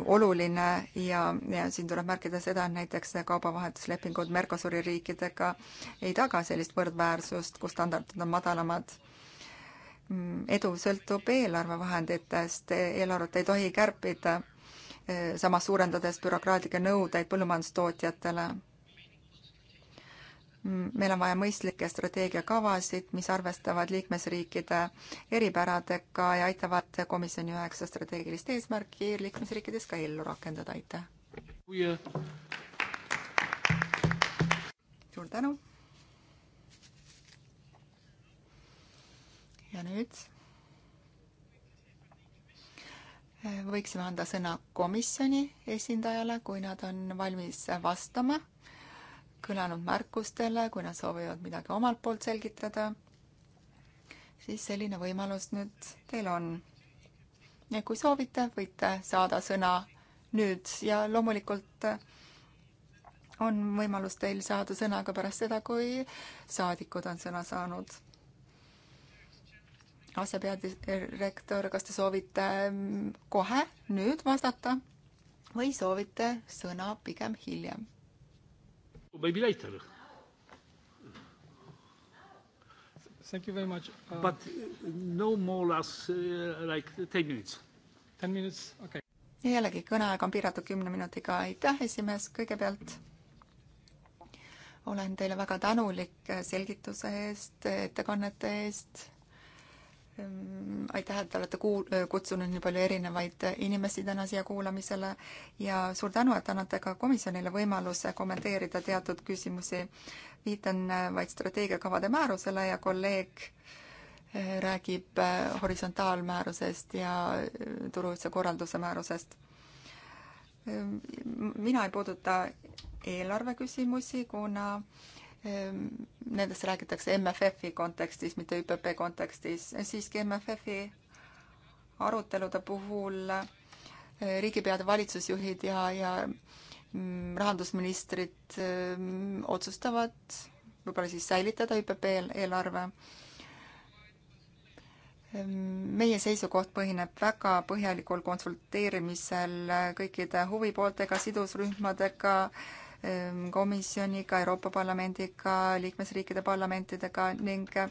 oluline ja, ja siin tuleb märkida seda, et näiteks kaubavahetuslepingud Mercosuri riikidega ei taga sellist võrdväärsust, kus standardid on madalamad. Mm, edu sõltub eelarvevahenditest, eelarvet ei tohi kärpida, samas suurendades bürokraatlikke nõudeid põllumajandustootjatele meil on vaja mõistlikke strateegiakavasid, mis arvestavad liikmesriikide eripäradega ja aitavad komisjoni üheksa strateegilist eesmärki liikmesriikides ka ellu rakendada, aitäh! suur tänu! ja nüüd võiksime anda sõna komisjoni esindajale, kui nad on valmis vastama kõlanud märkustele, kui nad soovivad midagi omalt poolt selgitada, siis selline võimalus nüüd teil on. ja kui soovite, võite saada sõna nüüd ja loomulikult on võimalus teil saada sõna ka pärast seda, kui saadikud on sõna saanud. asepeadirektor, kas te soovite kohe nüüd vastata või soovite sõna pigem hiljem? Maybe later. Thank you very
much. Uh, But uh, no more less uh, like ten minutes. Ten minutes, okei okay..
ja jällegi, kõneaeg on piiratud kümne minutiga, aitäh, esimees, kõigepealt olen teile väga tänulik selgituse eest, ettekannete eest aitäh, et te olete kuul-, kutsunud nii palju erinevaid inimesi täna siia kuulamisele ja suur tänu, et annate ka komisjonile võimaluse kommenteerida teatud küsimusi. viitan äh, vaid strateegiakavade määrusele ja kolleeg äh, räägib äh, horisontaalmäärusest ja turuühtse korralduse määrusest. mina ei puuduta eelarve küsimusi, kuna Ehm, nendest räägitakse MFF-i kontekstis, mitte ÜPP kontekstis, siiski MFF-i arutelude puhul eh, riigipead, valitsusjuhid ja, ja mm, rahandusministrid ehm, otsustavad võib-olla siis säilitada ÜPP eelarve. Ehm, meie seisukoht põhineb väga põhjalikul konsulteerimisel kõikide huvipooltega, sidusrühmadega äh,, Ehm, komisjoniga, Euroopa Parlamendiga, liikmesriikide parlamentidega ning eh,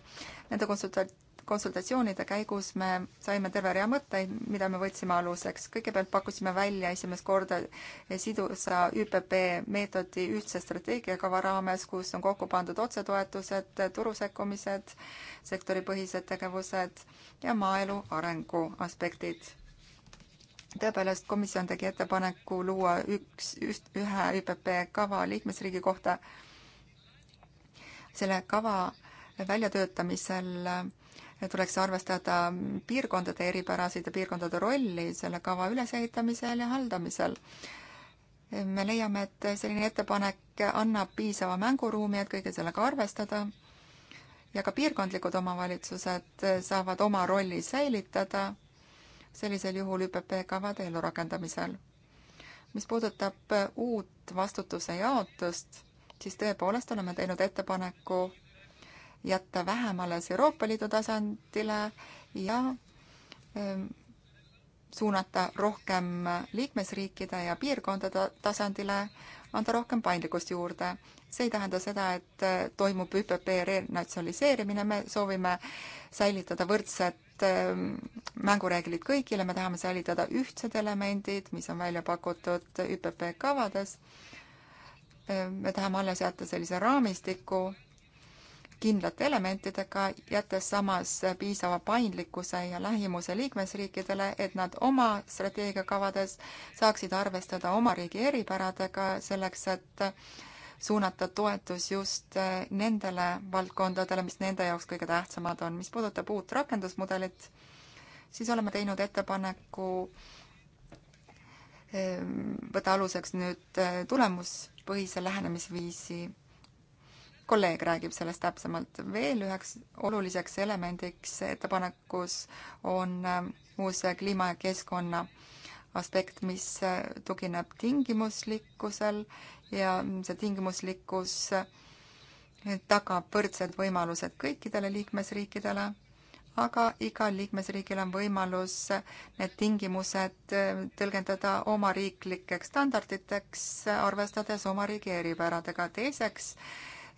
nende konsulta-, konsultatsioonide käigus me saime terve rea mõtteid, mida me võtsime aluseks. kõigepealt pakkusime välja esimest korda eh, sidusa ÜPP meetodi ühtse strateegiakava raames, kus on kokku pandud otsetoetused, turu sekkumised, sektoripõhised tegevused ja maaelu arengu aspektid tõepoolest, komisjon tegi ettepaneku luua üks, just ühe ÜPP kava liikmesriigi kohta. selle kava väljatöötamisel tuleks arvestada piirkondade eripärasid ja piirkondade rolli selle kava ülesehitamisel ja haldamisel. me leiame, et selline ettepanek annab piisava mänguruumi, et kõige sellega arvestada ja ka piirkondlikud omavalitsused saavad oma rolli säilitada sellisel juhul ÜPP kavade ellurakendamisel. mis puudutab äh, uut vastutuse jaotust, siis tõepoolest oleme teinud ettepaneku jätta vähem alles Euroopa Liidu tasandile ja ähm, suunata rohkem liikmesriikide ja piirkondade tasandile, anda rohkem paindlikkust juurde see ei tähenda seda, et äh, toimub ÜPP renatsionaliseerimine, me soovime säilitada võrdsed ähm, mängureeglid kõigile, me tahame säilitada ühtsed elemendid, mis on välja pakutud ÜPP kavades. Ähm, me tahame alles jätta sellise raamistiku kindlate elementidega, jättes samas piisava paindlikkuse ja lähimuse liikmesriikidele, et nad oma strateegiakavades saaksid arvestada oma riigi eripäradega selleks, et suunata toetus just äh, nendele valdkondadele, mis nende jaoks kõige tähtsamad on. mis puudutab uut rakendusmudelit, siis oleme teinud ettepaneku ähm, võtta aluseks nüüd äh, tulemuspõhise lähenemisviisi. kolleeg räägib sellest täpsemalt. veel üheks oluliseks elemendiks ettepanekus on ähm, uus kliima ja keskkonna aspekt, mis äh, tugineb tingimuslikkusel ja see tingimuslikkus tagab võrdsed võimalused kõikidele liikmesriikidele, aga igal liikmesriigil on võimalus need tingimused tõlgendada oma riiklikeks standarditeks, arvestades oma riigi eripäradega. teiseks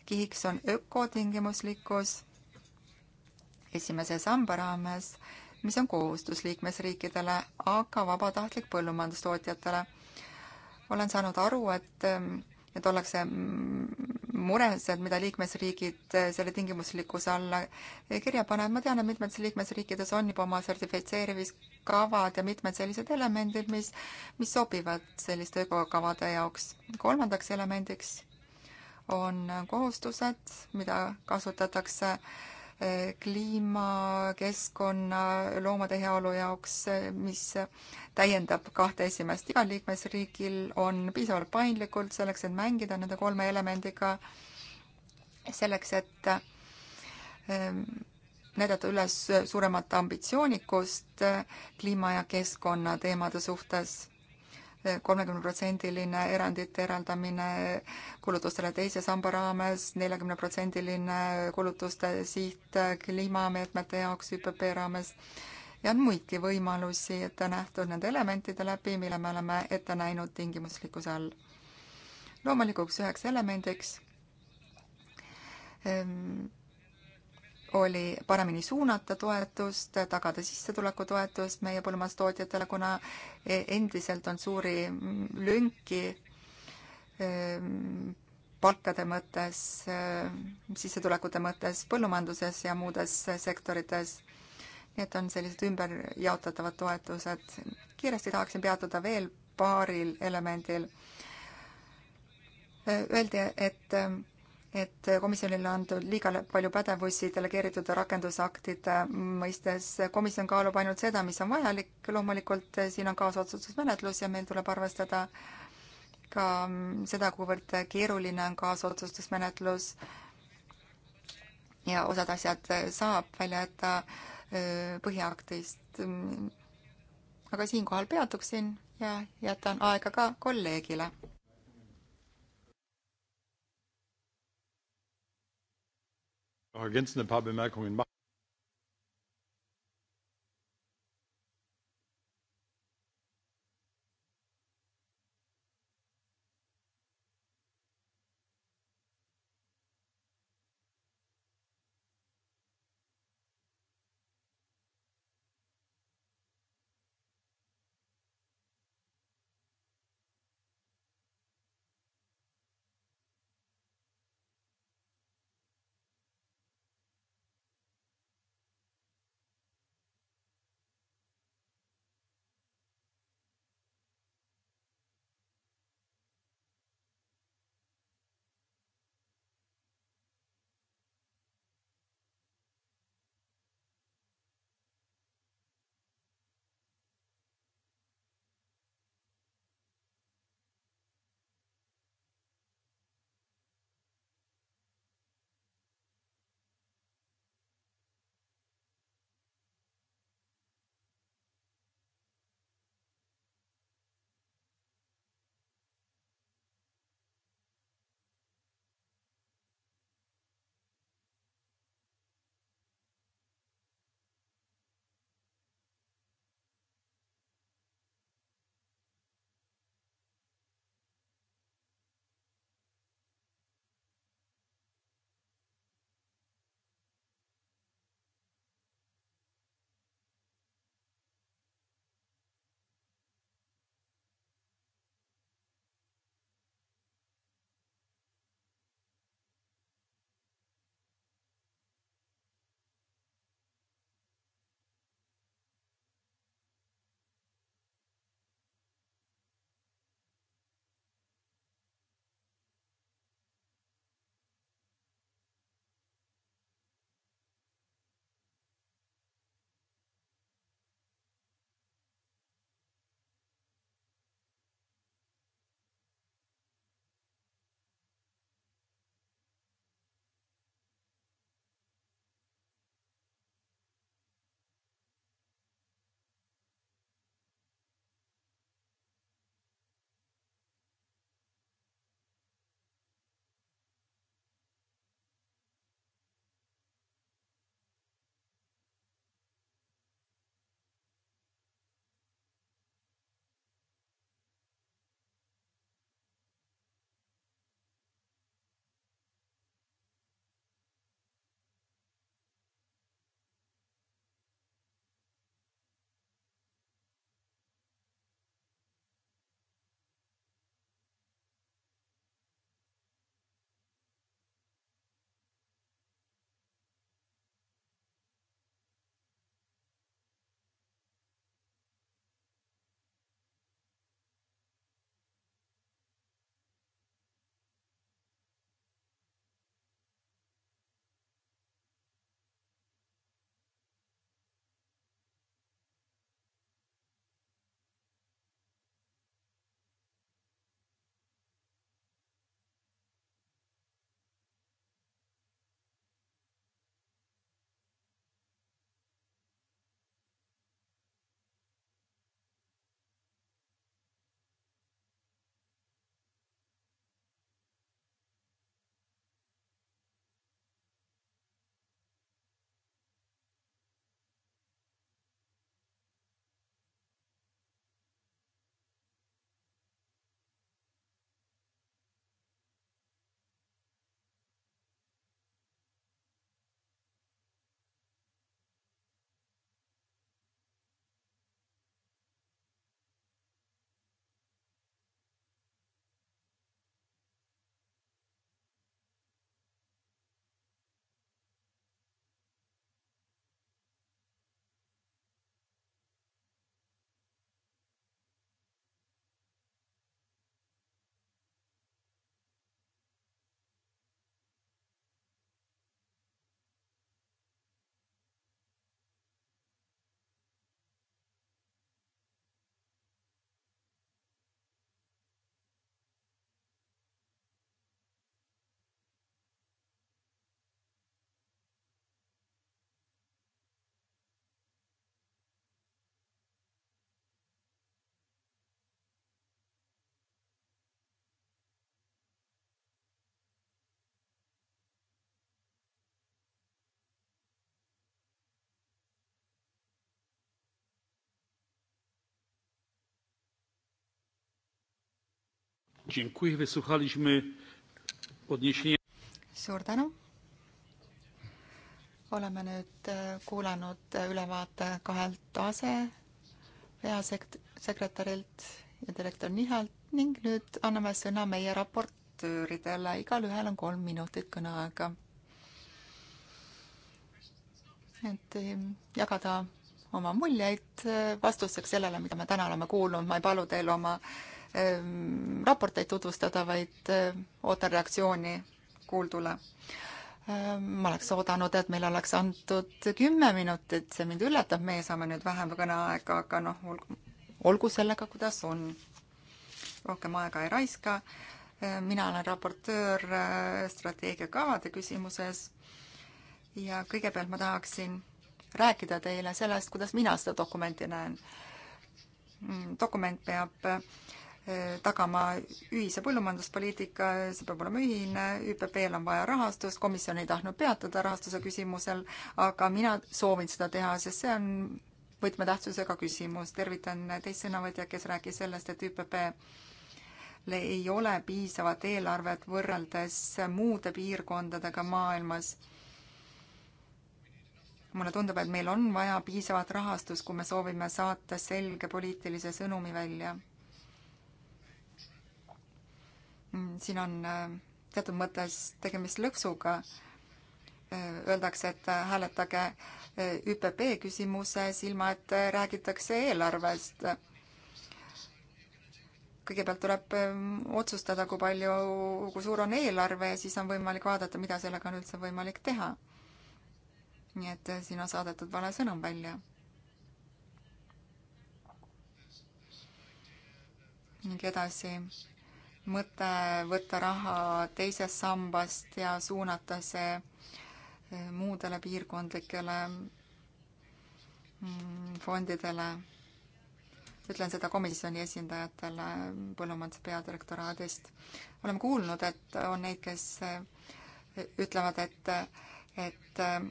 kihiks on ökotingimuslikkus esimese samba raames, mis on kohustus liikmesriikidele, aga vabatahtlik põllumajandustootjatele olen saanud aru, et, ähm, et ollakse mm, mures, et mida liikmesriigid äh, selle tingimuslikkuse alla äh, kirja panevad. ma tean, et mitmetes liikmesriikides on juba oma sertifitseerimiskavad ja mitmed sellised elemendid, mis, mis sobivad selliste ökokavade jaoks. kolmandaks elemendiks on kohustused, mida kasutatakse äh, kliima, keskkonna, loomade heaolu jaoks, mis täiendab kahte esimest. igal liikmesriigil on piisavalt paindlikult selleks, et mängida nende kolme elemendiga, selleks, et ehm, näidata üles suuremat ambitsioonikust eh, kliima ja keskkonna teemade suhtes kolmekümneprotsendiline erandite eraldamine kulutustele teise samba raames, neljakümneprotsendiline kulutuste siht kliimameetmete jaoks ÜPP raames ja on muidki võimalusi ette nähtud nende elementide läbi, mille me oleme ette näinud tingimuslikkuse all. loomulikuks üheks elemendiks ähm, oli paremini suunata toetust, tagada sissetulekutoetus meie põllumajandustootjatele, kuna e, endiselt on suuri lünki e, palkade mõttes, e, sissetulekute mõttes põllumajanduses ja muudes sektorites. nii et on sellised ümberjaotatavad toetused. kiiresti tahaksin peatuda veel paaril elemendil. Öeldi, et et komisjonile antud liiga palju pädevusi delegeeritud rakendusaktide mõistes. komisjon kaalub ainult seda, mis on vajalik, loomulikult eh, siin on kaasotsustusmenetlus ja meil tuleb arvestada ka mm, seda, kuivõrd keeruline on kaasotsustusmenetlus ja osad asjad eh, saab välja jätta eh, põhiaktist. Mm, aga siinkohal peatuksin ja jätan aega ka kolleegile
ergänzende paar Bemerkungen machen.
suur tänu. oleme nüüd e, kuulanud e, ülevaate kahelt ase peasekretärilt ja direktor Nihalt ning nüüd anname sõna meie raportööridele, igalühel on kolm minutit kõneaega. et e, jagada oma muljeid vastuseks sellele, mida me täna oleme kuulnud, ma ei palu teil oma äh, Ähm, raporteid tutvustada, vaid äh, ootan reaktsiooni kuuldule. Ähm, ma oleks oodanud, et meile oleks antud kümme minutit, see mind üllatab, meie saame nüüd vähem kõneaega, aga noh, olgu sellega, kuidas on. rohkem aega ei raiska. Äh, mina olen raportöör äh, strateegiakavade küsimuses ja kõigepealt ma tahaksin rääkida teile sellest, kuidas mina seda dokumenti näen. Mm, dokument peab Eh, tagama ühise põllumajanduspoliitika, see peab olema ühine, ÜPP-l on vaja rahastust, komisjon ei tahtnud peatuda rahastuse küsimusel, aga mina soovin seda teha, sest see on võtmetähtsusega küsimus. tervitan teist sõnavõtjat, kes rääkis sellest, et ÜPP-l ei ole piisavat eelarvet võrreldes muude piirkondadega maailmas mulle tundub, et meil on vaja piisavat rahastust, kui me soovime saata selge poliitilise sõnumi välja. Mm, siin on äh, teatud mõttes tegemist lõksuga. Äh, öeldakse, et äh, hääletage ÜPP küsimuses, ilma et räägitakse eelarvest. kõigepealt tuleb ähm, otsustada, kui palju, kui suur on eelarve ja siis on võimalik vaadata, mida sellega on üldse võimalik teha. nii et siin on saadetud vale sõnum välja ning edasi mõte võtta raha teisest sambast ja suunata see eh, muudele piirkondlikele mm, fondidele. ütlen seda komisjoni esindajatele Põllumajanduse peadirektoraadist. oleme kuulnud, et on neid, kes eh, ütlevad, et, et eh,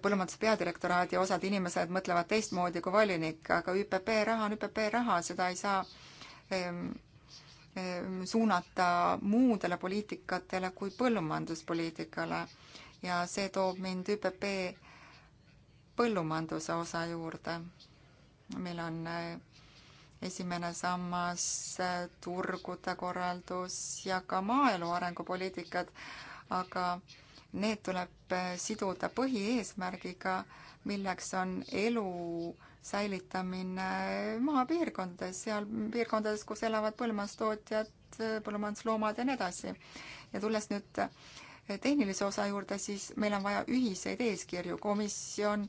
põllumajanduse peadirektoraadi osad inimesed mõtlevad teistmoodi kui volinik, aga ÜPP raha on ÜPP raha, seda ei saa ähm, Ehm, suunata muudele poliitikatele kui põllumajanduspoliitikale ja see toob mind ÜPP põllumajanduse osa juurde. meil on eh, esimene sammas, eh, turgude korraldus ja ka maaelu arengupoliitikad, aga need tuleb eh, siduda põhieesmärgiga, milleks on elu säilitamine maapiirkondades, seal piirkondades, kus elavad põllumajandustootjad, põllumajandusloomad ja nii edasi. ja tulles nüüd tehnilise osa juurde, siis meil on vaja ühiseid eeskirju, komisjon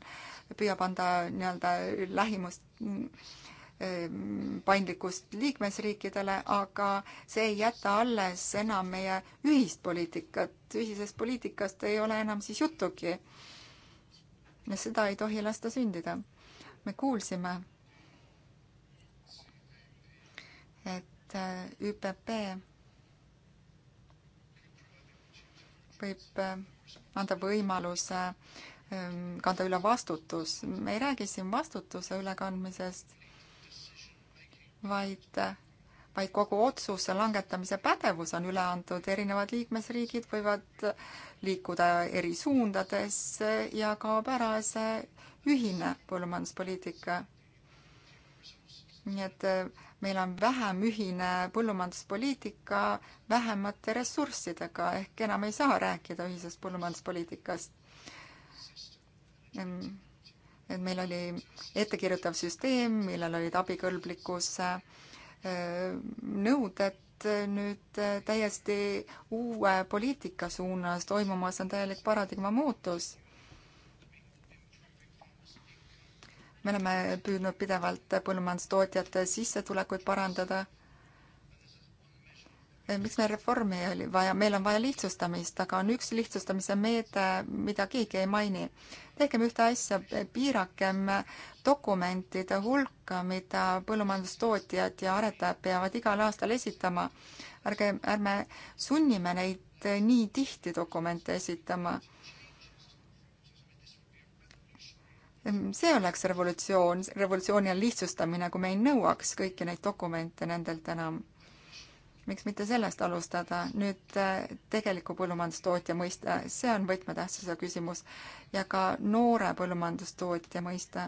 püüab anda nii-öelda lähimust ehm, paindlikkust liikmesriikidele, aga see ei jäta alles enam meie ühist poliitikat, ühisest poliitikast ei ole enam siis juttugi. ja seda ei tohi lasta sündida me kuulsime, et äh, ÜPP võib äh, anda võimaluse ähm, kanda üle vastutus. me ei räägi siin vastutuse ülekandmisest, vaid, äh, vaid kogu otsuse langetamise pädevus on üle antud, erinevad liikmesriigid võivad liikuda eri suundades ja kaob ära see ühine põllumajanduspoliitika. nii et eh, meil on vähem ühine põllumajanduspoliitika vähemate ressurssidega, ehk enam ei saa rääkida ühisest põllumajanduspoliitikast. et meil oli ettekirjutav süsteem, millel olid abikõlblikkuse eh, nõuded, eh, nüüd täiesti uue poliitika suunas toimumas on täielik paradigma muutus. me oleme püüdnud pidevalt põllumajandustootjate sissetulekuid parandada. E, miks meil reformi oli vaja, meil on vaja lihtsustamist, aga on üks lihtsustamise meede, mida keegi ei maini. tehkem ühte asja, piirakem dokumentide hulka, mida põllumajandustootjad ja aretajad peavad igal aastal esitama. ärge, ärme sunnime neid nii tihti dokumente esitama see oleks revolutsioon, revolutsiooni on lihtsustamine, kui me ei nõuaks kõiki neid dokumente nendelt enam. miks mitte sellest alustada, nüüd äh, tegeliku põllumajandustootja mõiste, see on võtmetähtsusega küsimus ja ka noore põllumajandustootja mõiste,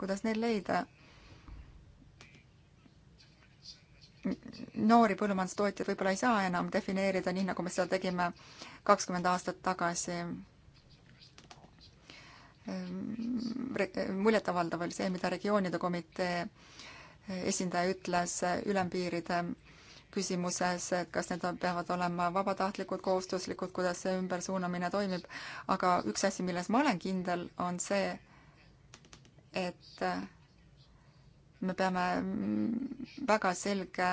kuidas neil leida noori põllumajandustootjaid võib-olla ei saa enam defineerida nii, nagu me seda tegime kakskümmend aastat tagasi Ehm, ehm, muljetavaldav oli see, mida regioonide komitee eh, esindaja ütles eh, ülempiiride küsimuses, et kas need peavad olema vabatahtlikud, kohustuslikud, kuidas see ümbersuunamine toimib, aga üks asi, milles ma olen kindel, on see, et eh, me peame mm, väga selge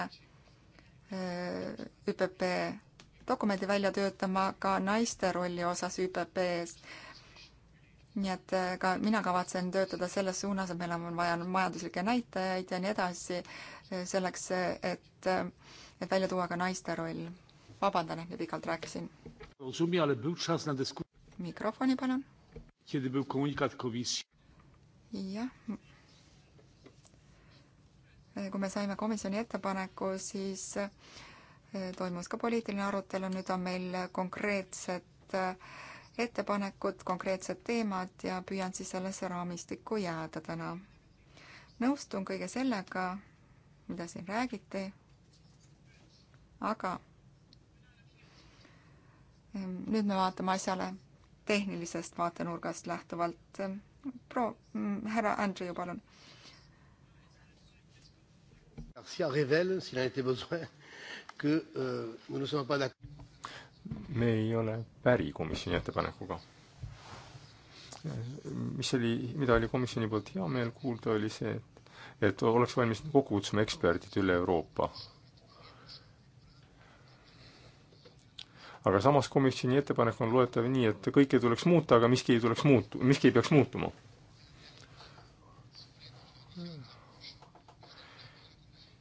ÜPP dokumendi välja töötama ka naiste rolli osas ÜPP-s nii et äh, ka mina kavatsen töötada selles suunas, et meil on vaja majanduslikke näitajaid ja nii edasi, äh, selleks, äh, et, et välja tuua ka naiste roll. vabandan, et nii pikalt rääkisin. mikrofoni palun. jah. kui me saime komisjoni ettepaneku, siis toimus ka poliitiline arutelu, nüüd on meil konkreetsed äh, ettepanekud, konkreetsed teemad ja püüan siis sellesse raamistikku jääda täna. nõustun kõige sellega, mida siin räägiti, aga nüüd me vaatame asjale tehnilisest vaatenurgast lähtuvalt. Pro-, härra Andrew, palun.
Garcia révèle, s'il en était besoin, que euh, nous ne sommes pas d'accord me ei ole päri komisjoni ettepanekuga. mis oli, mida oli komisjoni poolt hea meel kuulda, oli see, et, et oleks valmis kokku kutsuma eksperdid üle Euroopa. aga samas komisjoni ettepanek on loetav nii, et kõike tuleks muuta, aga miski ei tuleks muutu-, miski ei peaks muutuma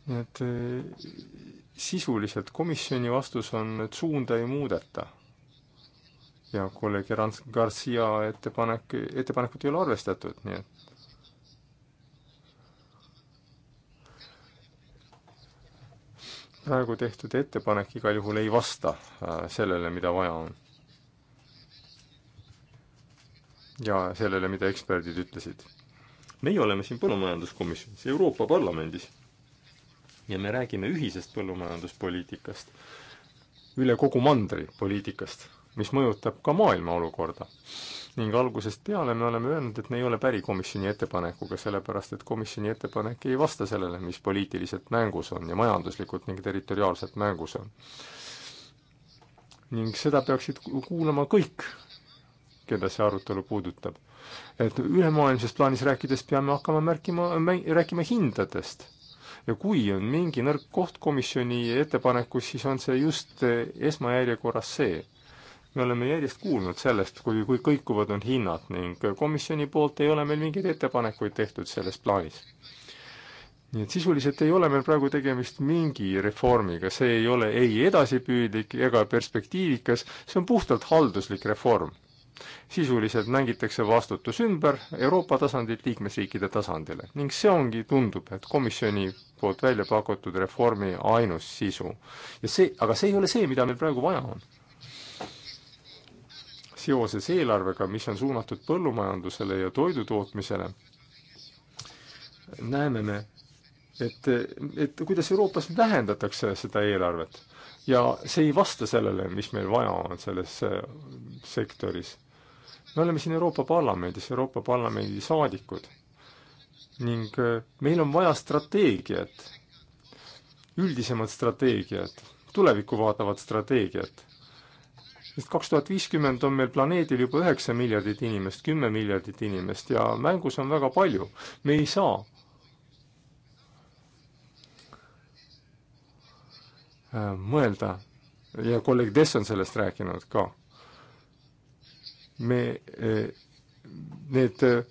nii et sisuliselt komisjoni vastus on, et suunda ei muudeta. ja kolleeg Erans Garcia ettepanek, ettepanekut ei ole arvestatud, nii et praegu tehtud ettepanek igal juhul ei vasta äh, sellele, mida vaja on. ja sellele, mida eksperdid ütlesid. meie oleme siin põllumajanduskomisjonis, Euroopa Parlamendis ja me räägime ühisest põllumajanduspoliitikast, üle kogu mandri poliitikast, mis mõjutab ka maailma olukorda. ning algusest peale me oleme öelnud, et me ei ole päri komisjoni ettepanekuga, sellepärast et komisjoni ettepanek ei vasta sellele, mis poliitiliselt mängus on ja majanduslikult ning territoriaalselt mängus on. ning seda peaksid kuulama kõik, keda see arutelu puudutab. et ülemaailmses plaanis rääkides peame hakkama märkima, rääkima hindadest ja kui on mingi nõrk koht komisjoni ettepanekus, siis on see just eh, esmajärjekorras see. me oleme järjest kuulnud sellest, kui, kui kõikuvad on hinnad ning komisjoni poolt ei ole meil mingeid ettepanekuid tehtud selles plaanis. nii et sisuliselt ei ole meil praegu tegemist mingi reformiga, see ei ole ei edasipüüdlik ega perspektiivikas, see on puhtalt halduslik reform sisuliselt mängitakse vastutus ümber Euroopa tasandilt liikmesriikide tasandile ning see ongi, tundub, et komisjoni poolt välja pakutud reformi ainus sisu. ja see, aga see ei ole see, mida meil praegu vaja on. seoses eelarvega, mis on suunatud põllumajandusele ja toidutootmisele, näeme me, et, et kuidas Euroopas vähendatakse seda eelarvet ja see ei vasta sellele, mis meil vaja on selles äh, sektoris me oleme siin Euroopa Parlamendis, Euroopa Parlamendi saadikud ning äh, meil on vaja strateegiat, üldisemat strateegiat, tulevikku vaatavat strateegiat. sest kaks tuhat viiskümmend on meil planeedil juba üheksa miljardit inimest, kümme miljardit inimest ja mängus on väga palju. me ei saa äh, mõelda ja kolleeg Dess on sellest rääkinud ka me, e, need e,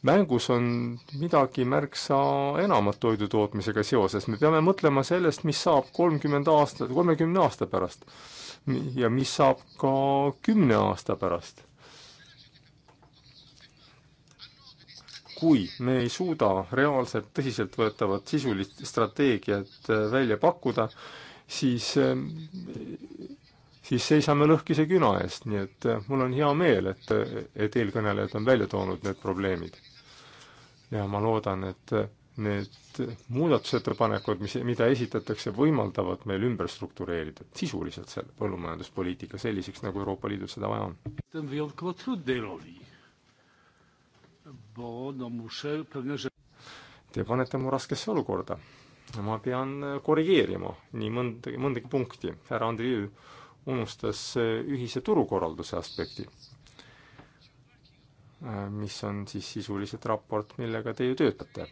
mängus on midagi märksa enamat toidu tootmisega seoses, me peame mõtlema sellest, mis saab kolmkümmend aastat, kolmekümne aasta pärast. ja mis saab ka kümne aasta pärast. kui me ei suuda reaalselt tõsiseltvõetavat sisulist strateegiat e, välja pakkuda, siis siis seisame lõhkise küna eest, nii et äh, mul on hea meel, et, et eelkõnelejad on välja toonud need probleemid. ja ma loodan, et äh, need muudatusettepanekud, mis, mida esitatakse, võimaldavad meil ümber struktureerida sisuliselt selle põllumajanduspoliitika selliseks, nagu Euroopa Liidul seda vaja on. Te panete mu raskesse olukorda. ma pean äh, korrigeerima nii mõndagi, mõndagi punkti. härra Andrei unustas äh, ühise turukorralduse aspekti, äh, mis on siis sisuliselt raport, millega te ju töötate.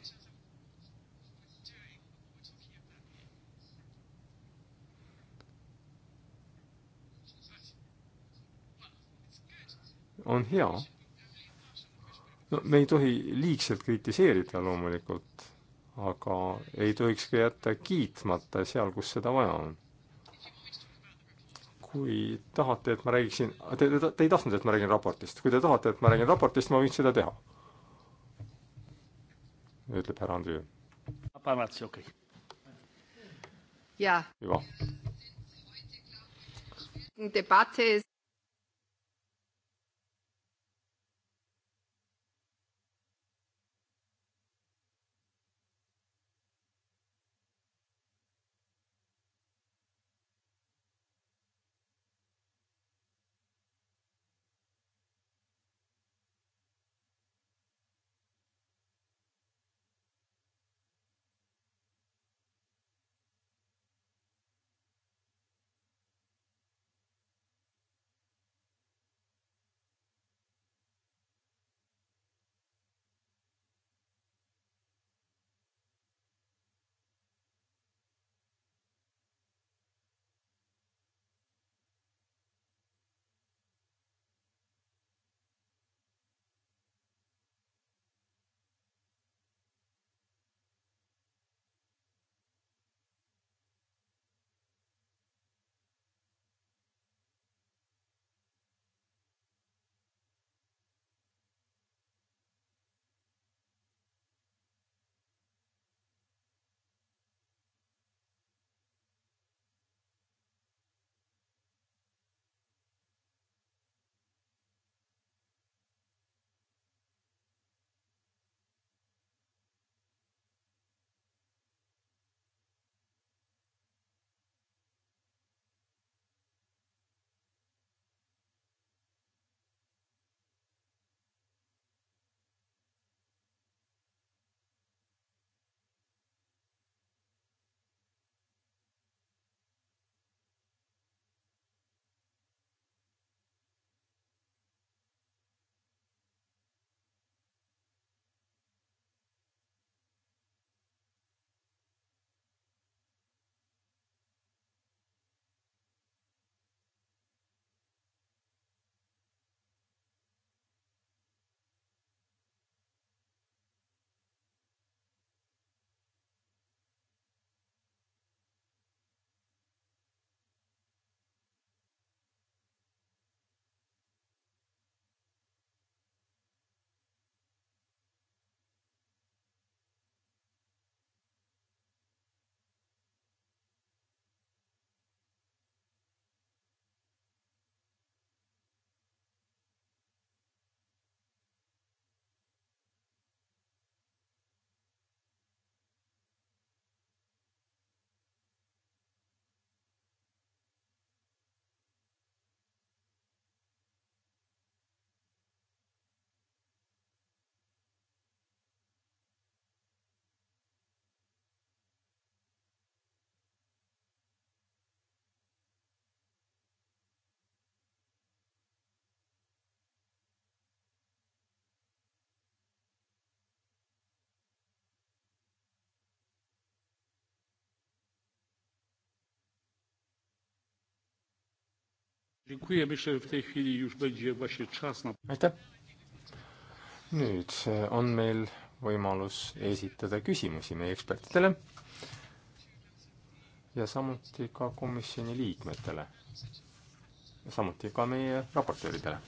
on hea. no me ei tohi liigselt kritiseerida loomulikult, aga ei tohiks ka jätta kiitmata seal, kus seda vaja on kui tahate, et ma räägiksin, te, te, te ei tahtnud, et ma räägin raportist, kui te tahate, et ma räägin raportist, ma võin seda teha. ütleb härra
Andrei. jaa.
hüva. aitäh! nüüd eh, on meil võimalus esitada küsimusi meie ekspertidele ja samuti ka komisjoni liikmetele, samuti ka meie raportööridele.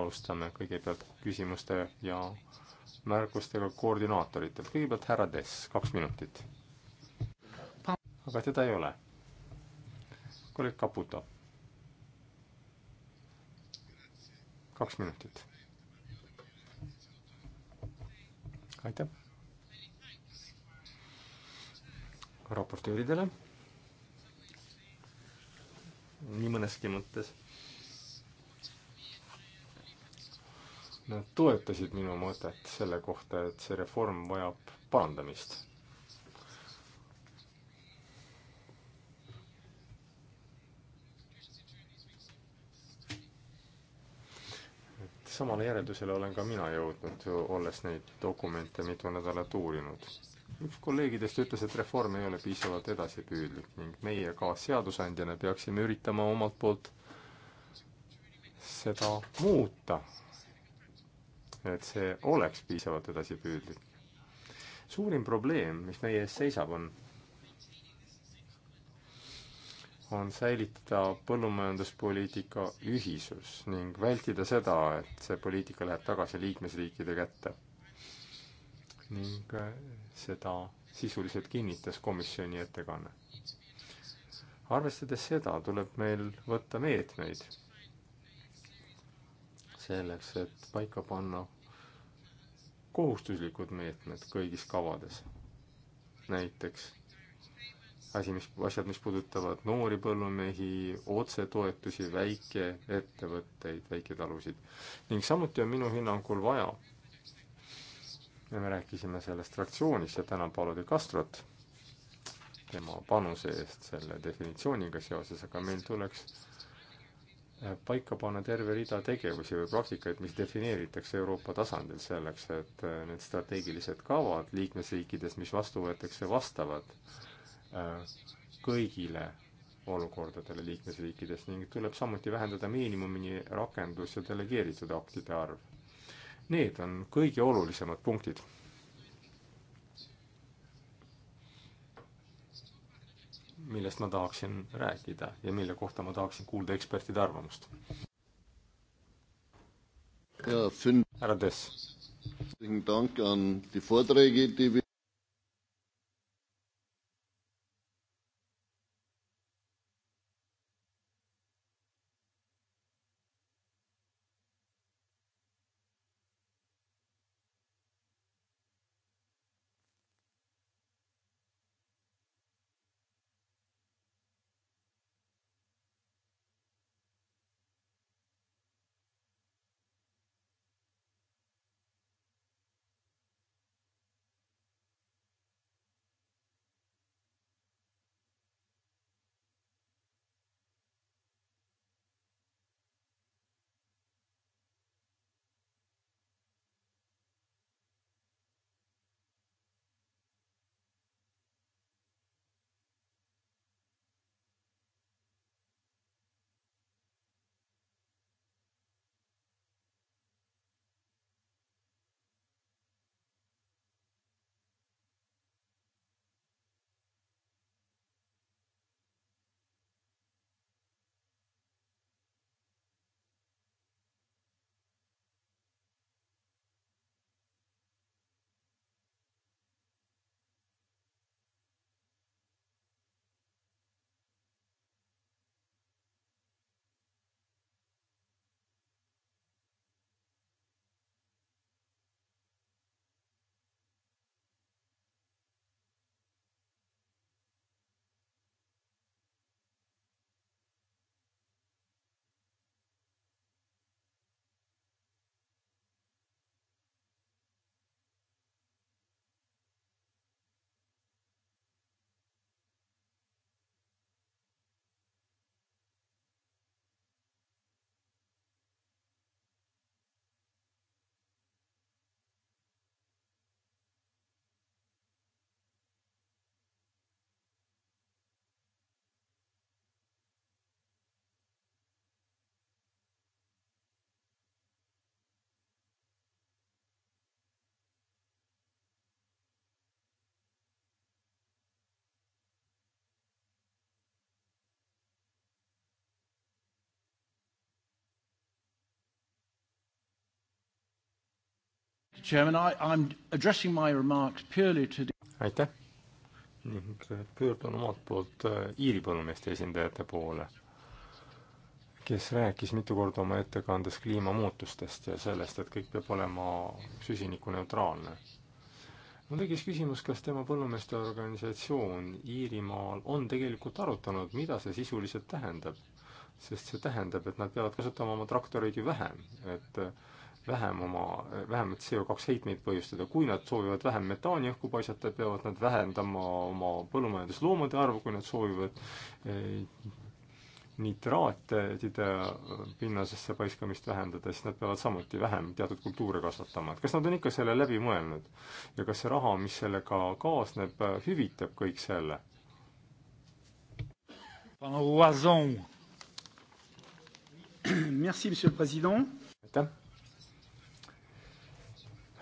alustame kõigepealt küsimuste ja märkustega koordinaatoritelt, kõigepealt härra Dess, kaks minutit. aga teda ei ole. kolleeg Kaputo kaks minutit. aitäh raportööridele nii mõneski mõttes. Nad toetasid minu mõtet selle kohta, et see reform vajab parandamist samale järeldusele olen ka mina jõudnud, olles neid dokumente mitu nädalat uurinud. üks kolleegidest ütles, et reform ei ole piisavalt edasipüüdlik ning meie ka seadusandjana peaksime üritama omalt poolt seda muuta, et see oleks piisavalt edasipüüdlik. suurim probleem, mis meie ees seisab, on on säilitada põllumajanduspoliitika ühisus ning vältida seda, et see poliitika läheb tagasi liikmesriikide kätte. ning äh, seda sisuliselt kinnitas komisjoni ettekanne. arvestades seda, tuleb meil võtta meetmeid selleks, et paika panna kohustuslikud meetmed kõigis kavades. näiteks asi, mis, asjad, mis puudutavad noori põllumehi, otsetoetusi, väikeettevõtteid, väiketalusid. ning samuti on minu hinnangul vaja ja me rääkisime sellest fraktsioonis ja tänan Paolo de Castrot tema panuse eest selle definitsiooniga seoses, aga meil tuleks äh, paika panna terve rida tegevusi või praktikaid, mis defineeritakse Euroopa tasandil selleks, et äh, need strateegilised kavad liikmesriikides, mis vastu võetakse, vastavad kõigile olukordadele liikmesriikides ning tuleb samuti vähendada miinimumini rakendus- ja delegeeritud aktide arv. Need on kõige olulisemad punktid. millest ma tahaksin rääkida ja mille kohta ma tahaksin kuulda ekspertide arvamust. härra Tess. aitäh ning äh, pöördun omalt poolt äh, Iiri põllumeeste esindajate poole, kes rääkis mitu korda oma ettekandes kliimamuutustest ja sellest, et kõik peab olema süsinikuneutraalne. mul tekkis küsimus, kas tema põllumeeste organisatsioon Iirimaal on tegelikult arutanud, mida see sisuliselt tähendab? sest see tähendab, et nad peavad kasutama oma traktoreid ju vähem, et äh, vähem oma, vähemat CO2 heitmeid põhjustada, kui nad soovivad vähem metaani õhku paisata, peavad nad vähendama oma põllumajandusloomade arvu, kui nad soovivad eh, nitraatide pinnasesse paiskamist vähendada, siis nad peavad samuti vähem teatud kultuure kasvatama, et kas nad on ikka selle läbi mõelnud ja kas see raha, mis sellega kaasneb, hüvitab kõik selle? Merci, Monsieur le Président. aitäh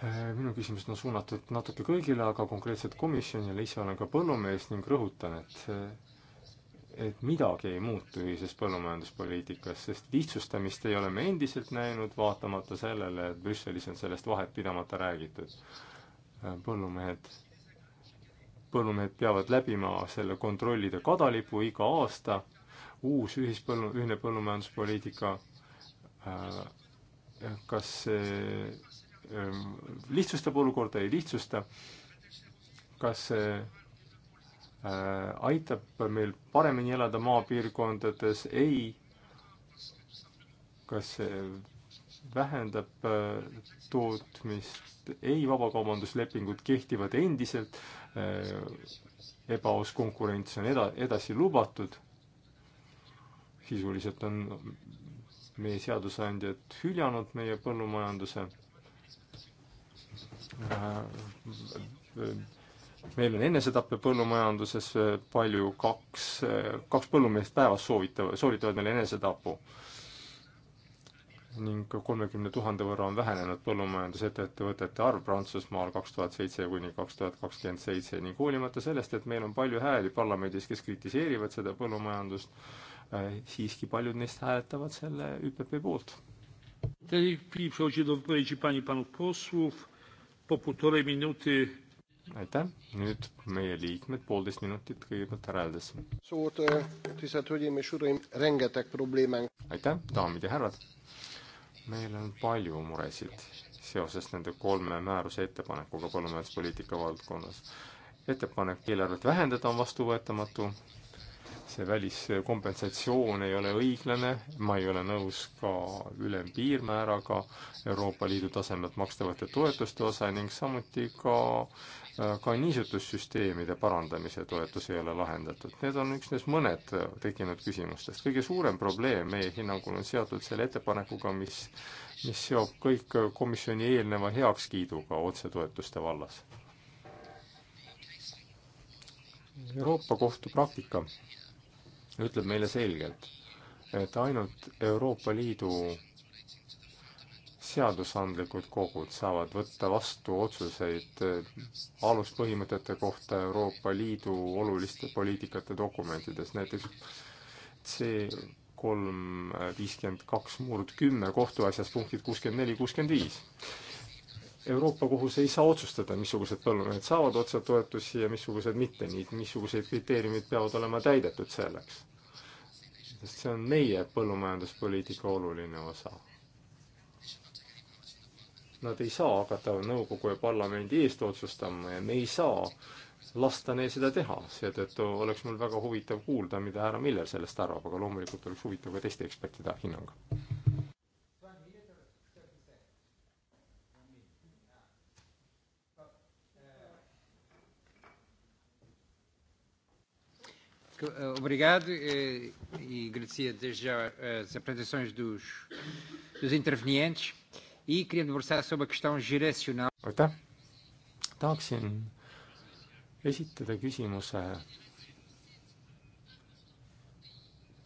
Äh, minu küsimused on suunatud natuke kõigile, aga konkreetselt komisjonile, ise olen ka põllumees ning rõhutan, et et midagi ei muutu ühises põllumajanduspoliitikas, sest lihtsustamist ei ole me endiselt näinud, vaatamata sellele, et Brüsselis on sellest vahet pidamata räägitud. Äh, põllumehed, põllumehed peavad läbima selle kontrollide kadalipu iga aasta, uus ühispõllu, ühine põllumajanduspoliitika äh, kas see Ehm, lihtsustab olukorda, ei lihtsusta. kas see äh, aitab meil paremini elada maapiirkondades, ei. kas see vähendab äh, tootmist, ei, vabakaubanduslepingud kehtivad endiselt, äh, ebaaus konkurents on eda-, edasi lubatud, sisuliselt on meie seadusandjad hüljanud meie põllumajanduse Äh, meil on enesetappe põllumajanduses äh, palju, kaks, äh, kaks põllumeest päevas soovitav, sooritavad meile enesetapu. ning kolmekümne tuhande võrra on vähenenud põllumajandusettevõtete arv Prantsusmaal kaks tuhat seitse kuni kaks tuhat kakskümmend seitse ning hoolimata sellest, et meil on palju hääli parlamendis, kes kritiseerivad seda põllumajandust, siiski paljud neist hääletavad selle ÜPP poolt. Tej chwili przechodzi do wypowiedzi pani panów posłów aitäh, nüüd meie liikmed, poolteist minutit kõigepealt härra Eldes. Äh, aitäh, daamid ja härrad. meil on palju muresid seoses nende kolme määruse ettepanekuga põllumajanduspoliitika valdkonnas. ettepanek eelarvet vähendada on vastuvõetamatu see väliskompensatsioon ei ole õiglane, ma ei ole nõus ka ülempiirmääraga Euroopa Liidu tasemelt makstavate toetuste osa ning samuti ka äh, ka niisutussüsteemide parandamise toetus ei ole lahendatud. Need on üksnes mõned tekkinud küsimustest. kõige suurem probleem meie hinnangul on seotud selle ettepanekuga, mis, mis seob kõik komisjoni eelneva heakskiiduga otsetoetuste vallas. Euroopa Kohtu praktika ütleb meile selgelt, et ainult Euroopa Liidu seadusandlikud kogud saavad võtta vastu otsuseid eh, aluspõhimõtete kohta Euroopa Liidu oluliste poliitikate dokumentides, näiteks C kolm viiskümmend kaks murd kümme kohtuasjas punktid kuuskümmend neli, kuuskümmend viis Euroopa Kohus ei saa otsustada, missugused põllumehed saavad otsetoetusi ja missugused mitte, nii et missugused kriteeriumid peavad olema täidetud selleks. sest see on meie põllumajanduspoliitika oluline osa. Nad ei saa hakata nõukogu ja parlamendi eest otsustama ja me ei saa lasta neil seda teha, seetõttu oleks mul väga huvitav kuulda, mida härra Miller sellest arvab, aga loomulikult oleks huvitav ka teiste ekspertide hinnang. Obrigado eh, e agradecia desde já eh, as apresentações dos, dos intervenientes ja e queria debruçar sobre a questão geracional. aitäh! tahaksin esitada küsimuse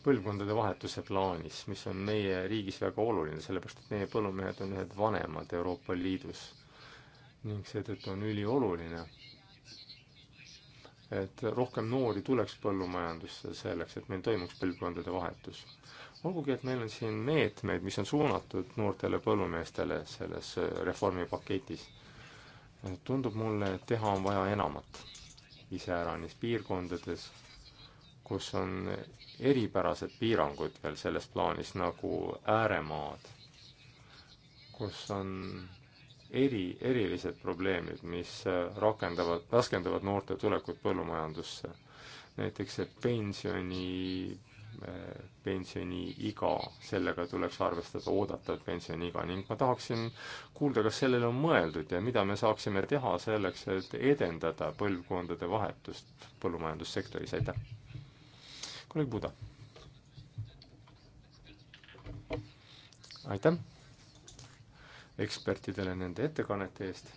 põlvkondade vahetuse plaanis, mis on meie riigis väga oluline, sellepärast et meie põllumehed on ühed vanemad Euroopa Liidus ning seetõttu on ülioluline et rohkem noori tuleks põllumajandusse selleks, et meil toimuks põlvkondade vahetus. olgugi, et meil on siin meetmeid, mis on suunatud noortele põllumeestele selles äh, reformipaketis, tundub mulle, et teha on vaja enamat. iseäranis piirkondades, kus on eripärased piirangud veel selles plaanis, nagu ääremaad, kus on eri, erilised probleemid, mis äh, rakendavad, raskendavad noorte tulekut põllumajandusse. näiteks see pensioni, äh, pensioniiga, sellega tuleks arvestada oodatav pensioniiga ning ma tahaksin kuulda, kas sellele on mõeldud ja mida me saaksime teha selleks, et edendada põlvkondade vahetust põllumajandussektoris, aitäh! kolleeg Buda. aitäh! ekspertidele nende ettekannete eest.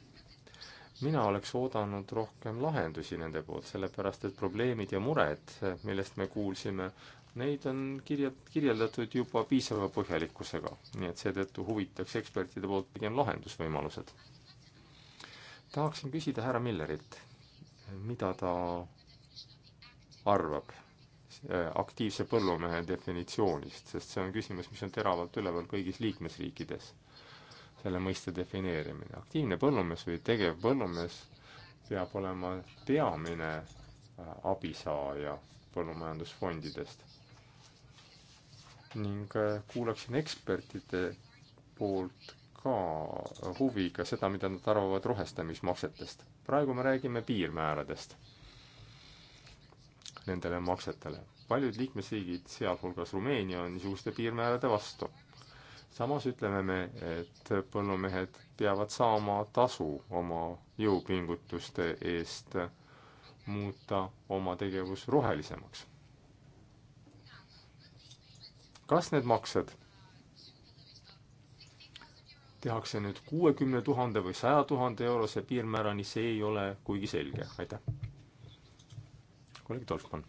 mina oleks oodanud rohkem lahendusi nende poolt, sellepärast et probleemid ja mured, millest me kuulsime, neid on kirja, kirjeldatud juba piisava põhjalikkusega, nii et seetõttu huvitaks ekspertide poolt pigem lahendusvõimalused. tahaksin küsida härra Millerilt, mida ta arvab äh, aktiivse põllumehe definitsioonist, sest see on küsimus, mis on teravalt üleval kõigis liikmesriikides selle mõiste defineerimine. aktiivne põllumees või tegev põllumees peab olema peamine äh, abisaaja põllumajandusfondidest. ning äh, kuulaksin ekspertide poolt ka huviga seda, mida nad arvavad rohestamismaksetest. praegu me räägime piirmääradest nendele maksetele. paljud liikmesriigid, sealhulgas Rumeenia, on niisuguste piirmäärade vastu samas ütleme me, et põllumehed peavad saama tasu oma jõupingutuste eest muuta oma tegevus rohelisemaks. kas need maksed tehakse nüüd kuuekümne tuhande või saja tuhande eurose piirmäärani, see ei ole kuigi selge, aitäh. kolleeg Tolkmann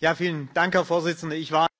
herr präsident!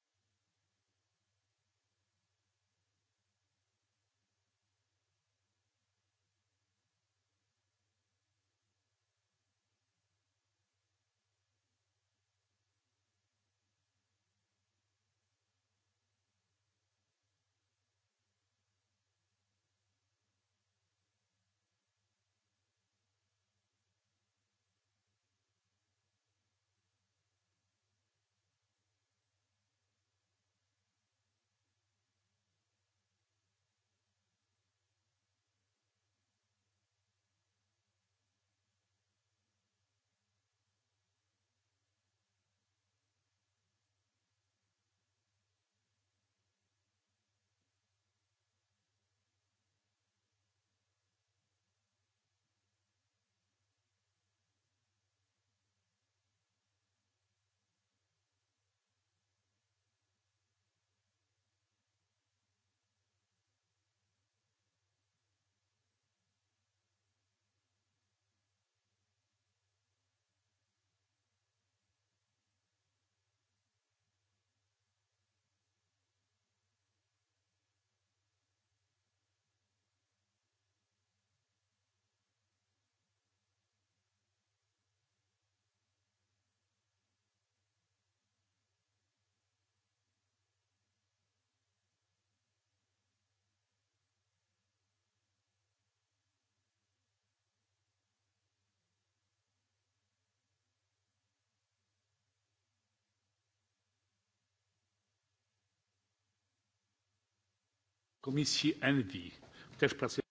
komisji envi też pracuje.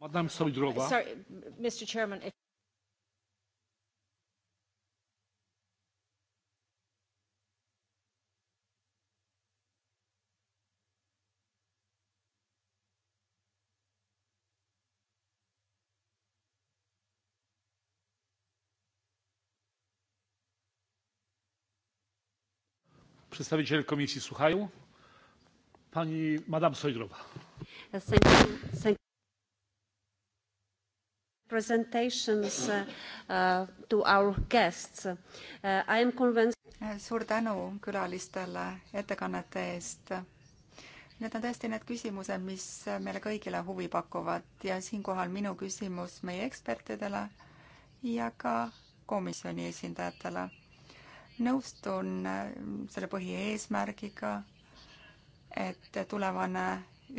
Madame Soidrova. Sorry, Mr Chairman. If
przedstawiciele komisji słuchają pani madame ojdrov
presentations uh, uh, to our guests uh,. I am convinced. suur tänu külalistele ettekannete eest. Need on tõesti need küsimused, mis meile kõigile huvi pakuvad ja siinkohal minu küsimus meie ekspertidele ja ka komisjoni esindajatele. nõustun äh, selle põhieesmärgiga, et tulevane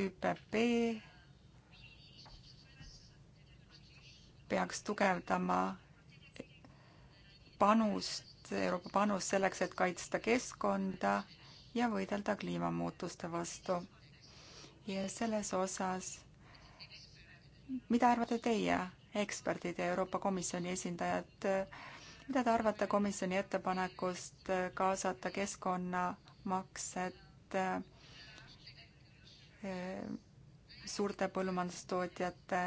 ÜPP peaks tugevdama panust, Euroopa panust selleks, et kaitsta keskkonda ja võidelda kliimamuutuste vastu. ja selles osas, mida arvate teie, eksperdid ja Euroopa Komisjoni esindajad, mida te arvate komisjoni ettepanekust kaasata keskkonnamaksed eh, suurte põllumajandustootjate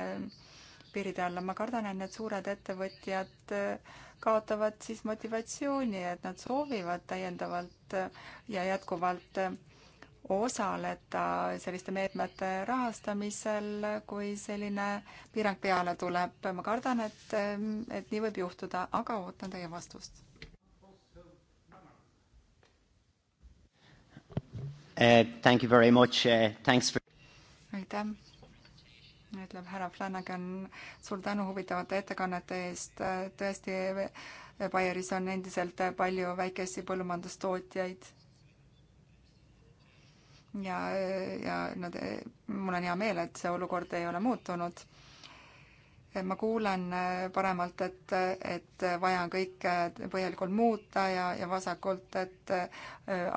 piiride alla. ma kardan, et need suured ettevõtjad äh, kaotavad siis motivatsiooni, et nad soovivad täiendavalt äh, ja jätkuvalt äh, osaleda selliste meetmete rahastamisel, kui selline piirang peale tuleb. ma kardan, et, et nii võib juhtuda, aga ootan teie vastust. Uh, thank you very much uh,. Thanks for. aitäh ütleb härra Flanagan, suur tänu huvitavate ettekannete eest, tõesti Baieris on endiselt palju väikesi põllumajandustootjaid. ja, ja nad, mul on hea meel, et see olukord ei ole muutunud. ma kuulen paremalt, et, et vaja on kõike põhjalikult muuta ja, ja vasakult, et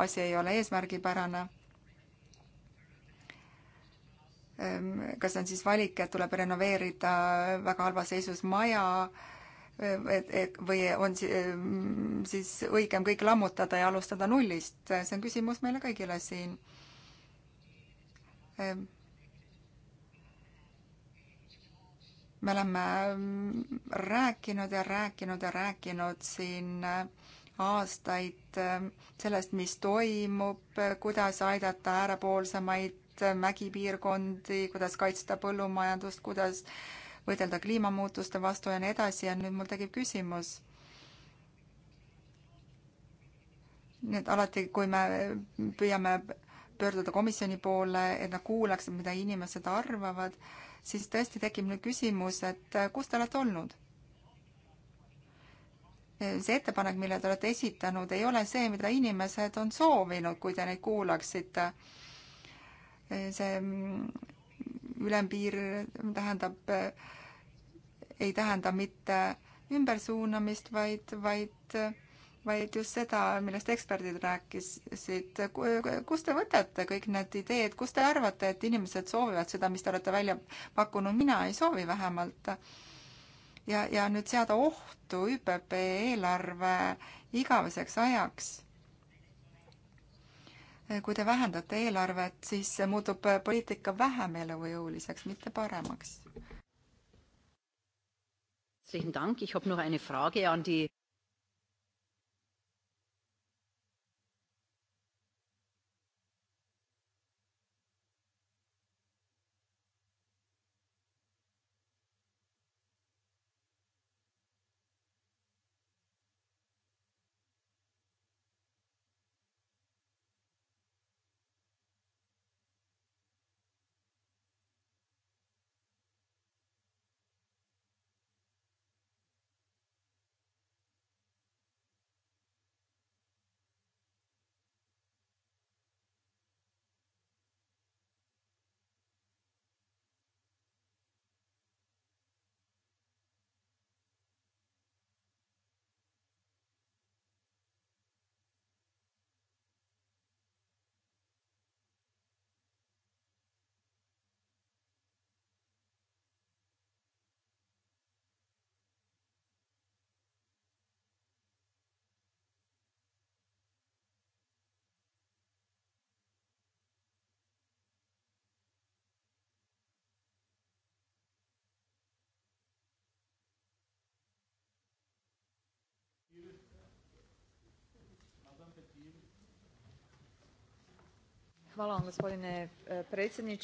asi ei ole eesmärgipärane Ehm, kas on siis valik, et tuleb renoveerida väga halvas seisus maja ehm, et, et või on ehm, siis õigem kõik lammutada ja alustada nullist, see on küsimus meile kõigile siin. me oleme mm, rääkinud ja rääkinud ja rääkinud siin aastaid sellest, mis toimub, kuidas aidata äärepoolsemaid mägipiirkondi, kuidas kaitsta põllumajandust, kuidas võidelda kliimamuutuste vastu ja nii edasi ja nüüd mul tekib küsimus. nüüd alati, kui me püüame pöörduda komisjoni poole, et nad kuulaksid, mida inimesed arvavad, siis tõesti tekib nüüd küsimus, et kus te olete olnud? see ettepanek, mille te olete esitanud, ei ole see, mida inimesed on soovinud, kui te neid kuulaksite see mm, ülempiir tähendab, ei tähenda mitte ümbersuunamist, vaid, vaid, vaid just seda, millest eksperdid rääkisid. kust te võtate kõik need ideed, kust te arvate, et inimesed soovivad seda, mis te olete välja pakkunud, mina ei soovi vähemalt. ja, ja nüüd seada ohtu ÜPP eelarve igaveseks ajaks Eh, kui te vähendate eelarvet, siis muutub eh, poliitika vähem elujõuliseks, mitte paremaks. gospodine e, predsjednie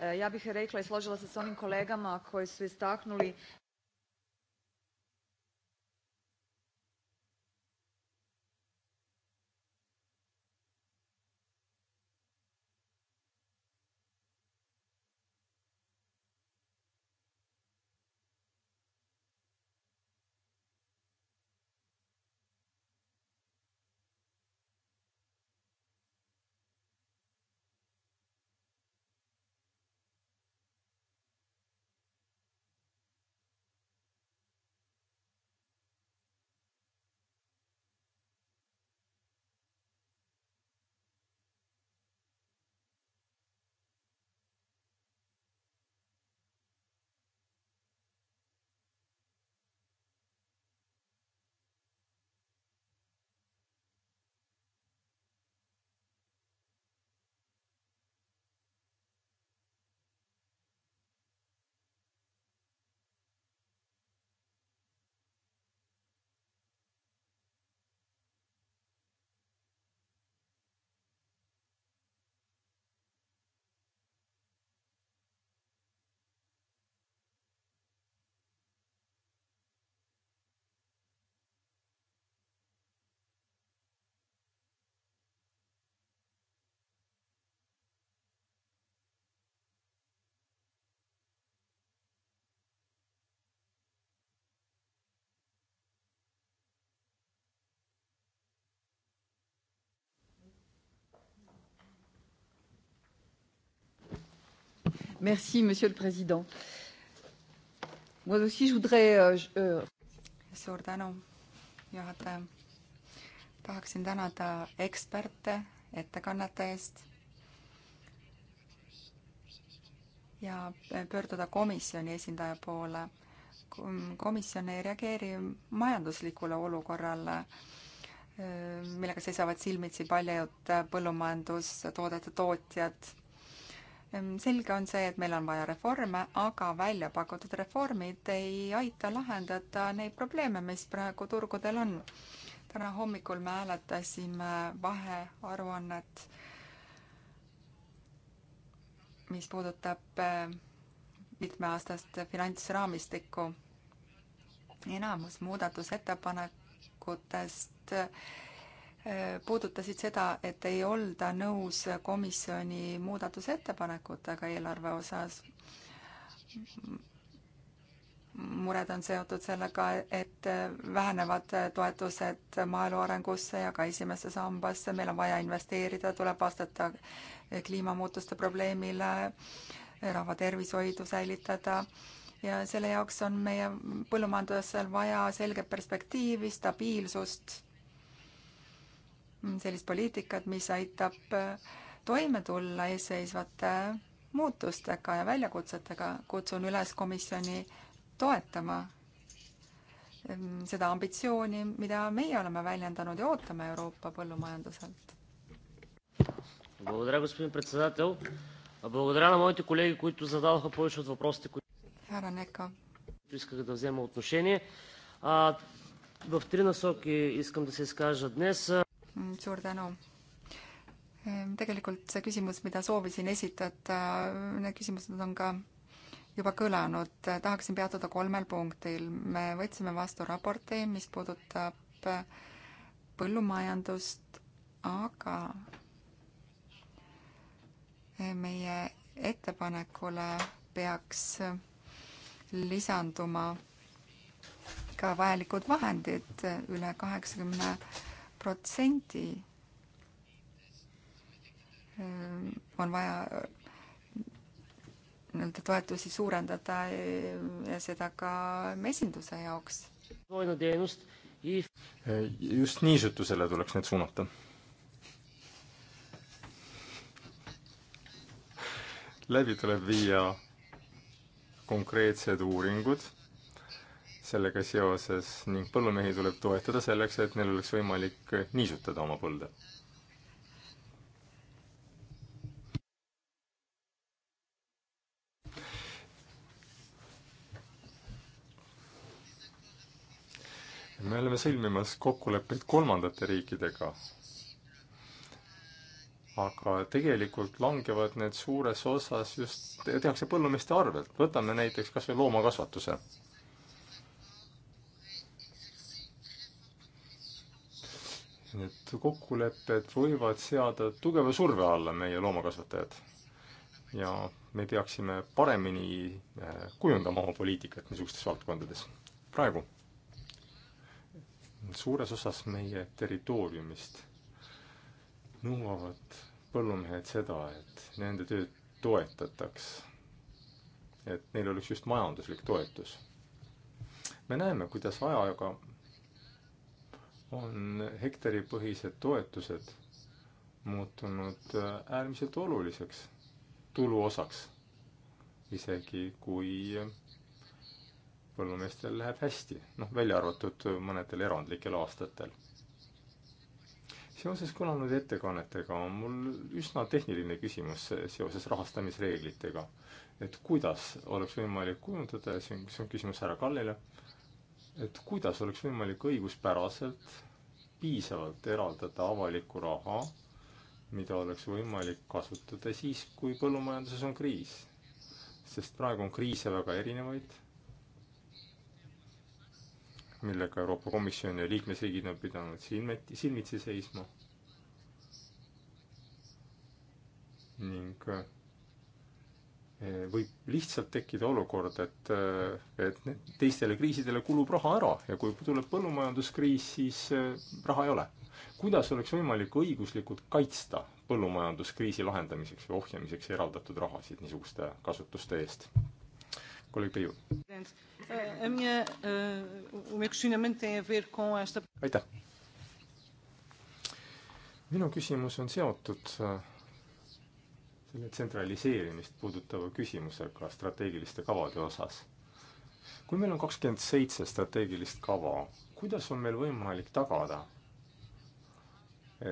e, ja bih rekla i sloila se s onim kolegama koji su istaknuli Merci, monsieur le président. Moi aussi, je voudrais... Euh, euh, suur tänu, juhataja. tahaksin tänada eksperte ettekannete eest ja pöörduda komisjoni esindaja poole. komisjon ei reageeri majanduslikule olukorrale, millega seisavad silmitsi paljud põllumajandustoodete tootjad selge on see, et meil on vaja reforme, aga välja pakutud reformid ei aita lahendada neid probleeme, mis praegu turgudel on. täna hommikul me hääletasime vahearuannet, mis puudutab mitmeaastast finantsraamistikku. enamus muudatusettepanekutest puudutasid seda, et ei olda nõus komisjoni muudatusettepanekutega eelarve osas. mured on seotud sellega, et vähenevad toetused maaelu arengusse ja ka esimesse sambasse, meil on vaja investeerida, tuleb vastata kliimamuutuste probleemile, rahvatervishoidu säilitada ja selle jaoks on meie põllumajandusel vaja selget perspektiivi, stabiilsust Mm, sellist poliitikat, mis aitab äh, toime tulla eesseisvate muutustega ja väljakutsetega. kutsun üles komisjoni toetama mm, seda ambitsiooni, mida meie oleme väljendanud ja ootame Euroopa põllumajanduselt. härra Neko. Исках да
взема отношение. А, в три насоки искам да се изкажа днес.
Ehm, suur tänu. Ehm, tegelikult see küsimus, mida soovisin esitada, need küsimused on ka juba kõlanud, tahaksin peatuda kolmel punktil. me võtsime vastu raporti, mis puudutab põllumajandust, aga meie ettepanekule peaks lisanduma ka vajalikud vahendid, üle kaheksakümne 80 protsenti äh, on vaja äh, nii-öelda toetusi suurendada ja seda ka mesinduse jaoks. Äh,
just niisutusele tuleks need suunata. läbi tuleb viia konkreetsed uuringud sellega seoses ning põllumehi tuleb toetada selleks, et neil oleks võimalik niisutada oma põlde. me oleme sõlmimas kokkuleppeid kolmandate riikidega, aga tegelikult langevad need suures osas just, tehakse põllumeeste arvelt. võtame näiteks kas või loomakasvatuse Need kokkulepped võivad seada tugeva surve alla meie loomakasvatajad. ja me peaksime paremini eh, kujundama oma poliitikat niisugustes valdkondades. praegu suures osas meie territooriumist nõuavad põllumehed seda, et nende tööd toetataks. et neil oleks just majanduslik toetus. me näeme, kuidas ajaga on hektaripõhised toetused muutunud äh, äärmiselt oluliseks tuluosaks, isegi kui põllumeestel läheb hästi, noh, välja arvatud mõnedel erandlikel aastatel. seoses kõlanud ettekannetega on mul üsna tehniline küsimus seoses rahastamisreeglitega. et kuidas oleks võimalik kujundada, see on, see on küsimus härra Kallile äh,, et kuidas oleks võimalik õiguspäraselt piisavalt eraldada avalikku raha, mida oleks võimalik kasutada siis, kui põllumajanduses on kriis. sest praegu on kriise väga erinevaid, millega Euroopa Komisjon ja liikmesriigid on pidanud silmeti, silmitsi seisma ning Eh, võib lihtsalt tekkida olukord, et, eh, et teistele kriisidele kulub raha ära ja kui tuleb põllumajanduskriis, siis eh, raha ei ole. kuidas oleks võimalik õiguslikult kaitsta põllumajanduskriisi lahendamiseks või ohjamiseks eraldatud rahasid niisuguste kasutuste eest? kolleeg Peiu. aitäh. minu küsimus on seotud selle tsentraliseerimist puudutava küsimusega strateegiliste kavade osas. kui meil on kakskümmend seitse strateegilist kava, kuidas on meil võimalik tagada,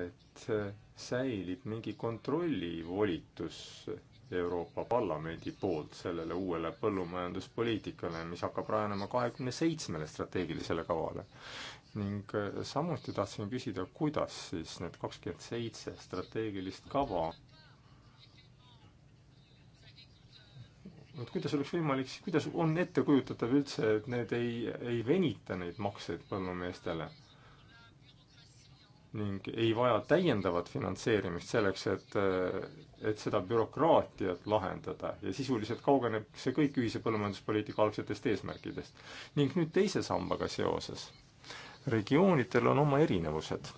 et säilib mingi kontrollivolitus Euroopa Parlamendi poolt sellele uuele põllumajanduspoliitikale, mis hakkab rajanema kahekümne seitsmele strateegilisele kavale. ning samuti tahtsin küsida, kuidas siis need kakskümmend seitse strateegilist kava et kuidas oleks võimalik, kuidas on ette kujutatav üldse, et need ei, ei venita neid makseid põllumeestele ning ei vaja täiendavat finantseerimist selleks, et, et seda bürokraatiat lahendada ja sisuliselt kaugeneb see kõik ühise põllumajanduspoliitika algsetest eesmärkidest. ning nüüd teise sambaga seoses. regioonidel on oma erinevused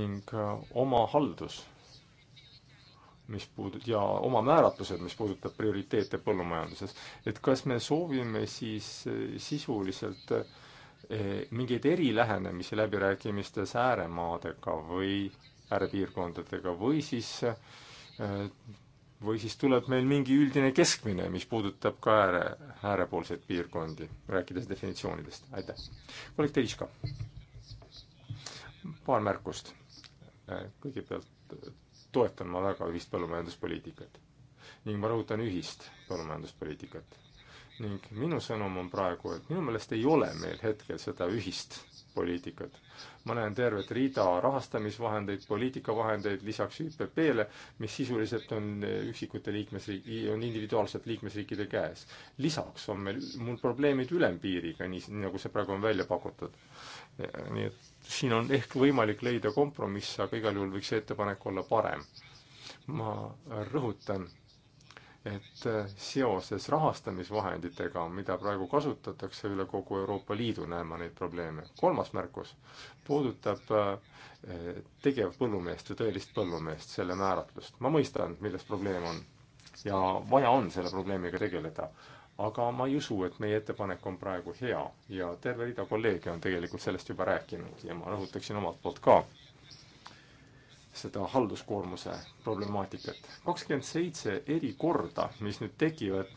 ning äh, oma haldus mis puudut- ja oma määratlused, mis puudutab prioriteete põllumajanduses. et kas me soovime siis eh, sisuliselt eh, mingeid erilähenemisi läbirääkimistes ääremaadega või äärepiirkondadega või siis, eh, või siis tuleb meil mingi üldine keskmine, mis puudutab ka ääre, äärepoolseid piirkondi, rääkides definitsioonidest. aitäh. kolleeg Teliška. paar märkust. kõigepealt toetan ma väga ühist põllumajanduspoliitikat. ning ma rõhutan ühist põllumajanduspoliitikat. ning minu sõnum on praegu, et minu meelest ei ole meil hetkel seda ühist poliitikat. ma näen tervet rida rahastamisvahendeid, poliitikavahendeid lisaks ÜPP-le, mis sisuliselt on üksikute liikmesriik, on individuaalselt liikmesriikide käes. lisaks on meil, mul probleemid ülempiiriga, nii, nii nagu see praegu on välja pakutud. nii et siin on ehk võimalik leida kompromiss, aga igal juhul võiks see ettepanek olla parem. ma rõhutan, et äh, seoses rahastamisvahenditega, mida praegu kasutatakse üle kogu Euroopa Liidu, näen ma neid probleeme. kolmas märkus puudutab äh, tegevpõllumeest või tõelist põllumeest, selle määratlust. ma mõistan, milles probleem on ja vaja on selle probleemiga tegeleda, aga ma ei usu, et meie ettepanek on praegu hea ja terve rida kolleege on tegelikult sellest juba rääkinud ja ma rõhutaksin omalt poolt ka seda halduskoormuse problemaatikat. kakskümmend seitse erikorda, mis nüüd tekivad,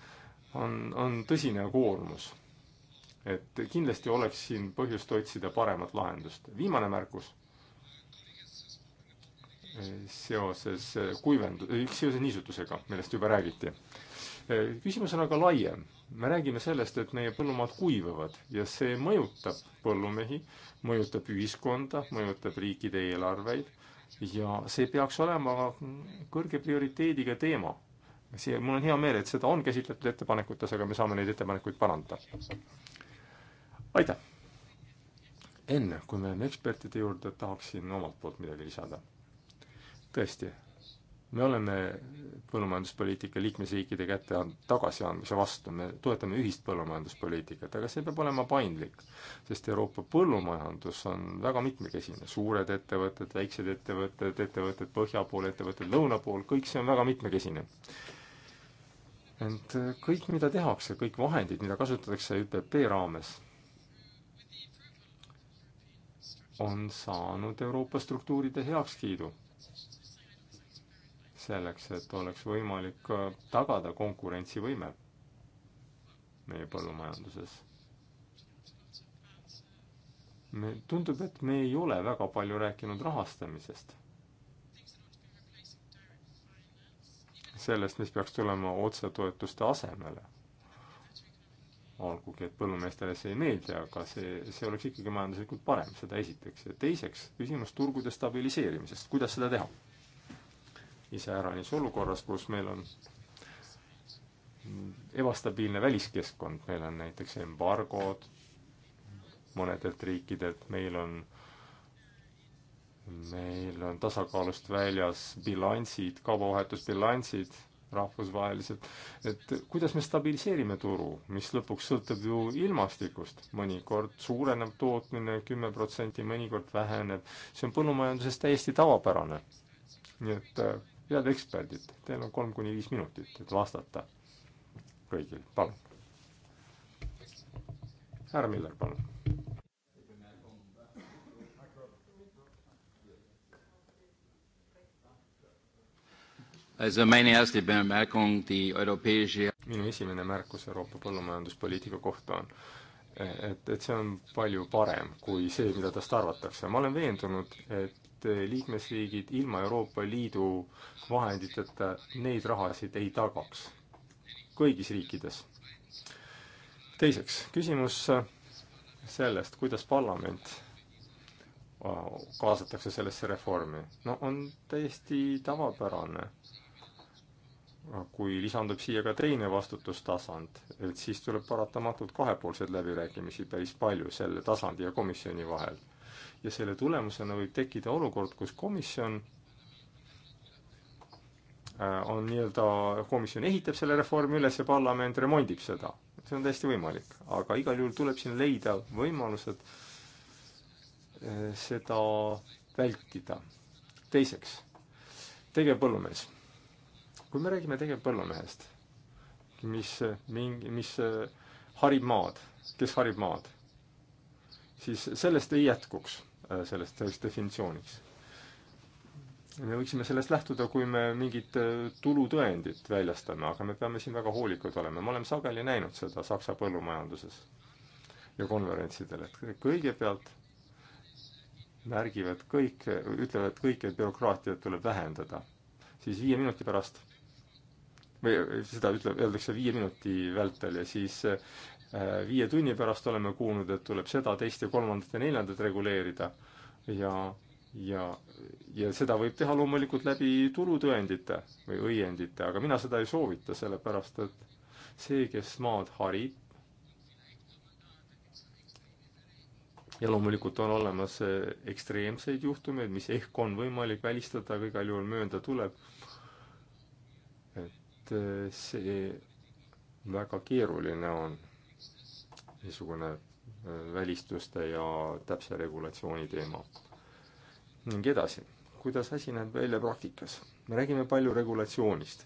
on, on tõsine koormus. et kindlasti oleks siin põhjust otsida paremat lahendust. viimane märkus seoses kuivend-, seoses niisutusega, millest juba räägiti küsimus on aga laiem. me räägime sellest, et meie põllumaad kuivavad ja see mõjutab põllumehi, mõjutab ühiskonda, mõjutab riikide eelarveid ja see peaks olema kõrge prioriteediga teema. see, mul on hea meel, et seda on käsitletud ettepanekutes, aga me saame neid ettepanekuid parandada. aitäh! enne, kui me läheme ekspertide juurde, tahaksin omalt poolt midagi lisada. tõesti, me oleme põllumajanduspoliitika liikmesriikide kätte tagasiandmise vastu, me toetame ühist põllumajanduspoliitikat, aga see peab olema paindlik. sest Euroopa põllumajandus on väga mitmekesine, suured ettevõtted, väiksed ettevõtted, ettevõtted põhja pool, ettevõtted lõuna pool, kõik see on väga mitmekesine. ent kõik, mida tehakse, kõik vahendid, mida kasutatakse ÜPP raames, on saanud Euroopa struktuuride heakskiidu selleks, et oleks võimalik äh, tagada konkurentsivõime meie põllumajanduses. me, tundub, et me ei ole väga palju rääkinud rahastamisest. sellest, mis peaks tulema otsetoetuste asemele. olgugi, et põllumeestele see ei meeldi, aga see, see oleks ikkagi majanduslikult parem, seda esiteks. ja teiseks, küsimus turgude stabiliseerimisest, kuidas seda teha iseäranis olukorras, kus meil on ebastabiilne väliskeskkond, meil on näiteks embargod mõnedelt riikidelt, meil on, meil on tasakaalust väljas bilansid, kaubavahetusbilansid rahvusvaheliselt, et kuidas me stabiliseerime turu, mis lõpuks sõltub ju ilmastikust, mõnikord suureneb tootmine kümme protsenti, mõnikord väheneb, see on põllumajanduses täiesti tavapärane. nii et äh, head eksperdid, teil on kolm kuni viis minutit, et vastata kõigil, palun. härra Miller, palun. minu esimene märkus Euroopa põllumajanduspoliitika kohta on, et, et see on palju parem kui see, mida tast arvatakse. ma olen veendunud, et et eh, liikmesriigid ilma Euroopa Liidu vahenditeta neid rahasid ei tagaks kõigis riikides. teiseks, küsimus eh, sellest, kuidas parlament kaasatakse sellesse reformi. no on täiesti tavapärane, kui lisandub siia ka teine vastutustasand, et siis tuleb paratamatult kahepoolseid läbirääkimisi päris palju selle tasandi ja komisjoni vahel ja selle tulemusena võib tekkida olukord, kus komisjon äh, on nii-öelda, komisjon ehitab selle reformi üles ja parlament remondib seda. see on täiesti võimalik, aga igal juhul tuleb siin leida võimalused äh, seda vältida. teiseks, tegevpõllumees. kui me räägime tegevpõllumehest, mis mingi, mis äh, harib maad, kes harib maad, siis sellest ei jätkuks Äh, sellest üheks definitsiooniks. me võiksime sellest lähtuda, kui me mingit äh, tulutõendit väljastame, aga me peame siin väga hoolikad olema, me oleme sageli näinud seda Saksa põllumajanduses ja konverentsidel, et kõigepealt märgivad kõik, ütlevad kõik, et bürokraatiat tuleb vähendada. siis viie minuti pärast või seda ütleb, öeldakse viie minuti vältel ja siis äh, Äh, viie tunni pärast oleme kuulnud, et tuleb seda, teist ja kolmandat ja neljandat reguleerida ja, ja, ja seda võib teha loomulikult läbi tulutõendite või õiendite, aga mina seda ei soovita, sellepärast et see, kes maad harib, ja loomulikult on olemas äh, ekstreemseid juhtumeid, mis ehk on võimalik välistada, aga igal juhul möönda tuleb, et äh, see väga keeruline on niisugune äh, välistuste ja täpse regulatsiooni teema. ning edasi, kuidas asi näeb välja praktikas? me räägime palju regulatsioonist.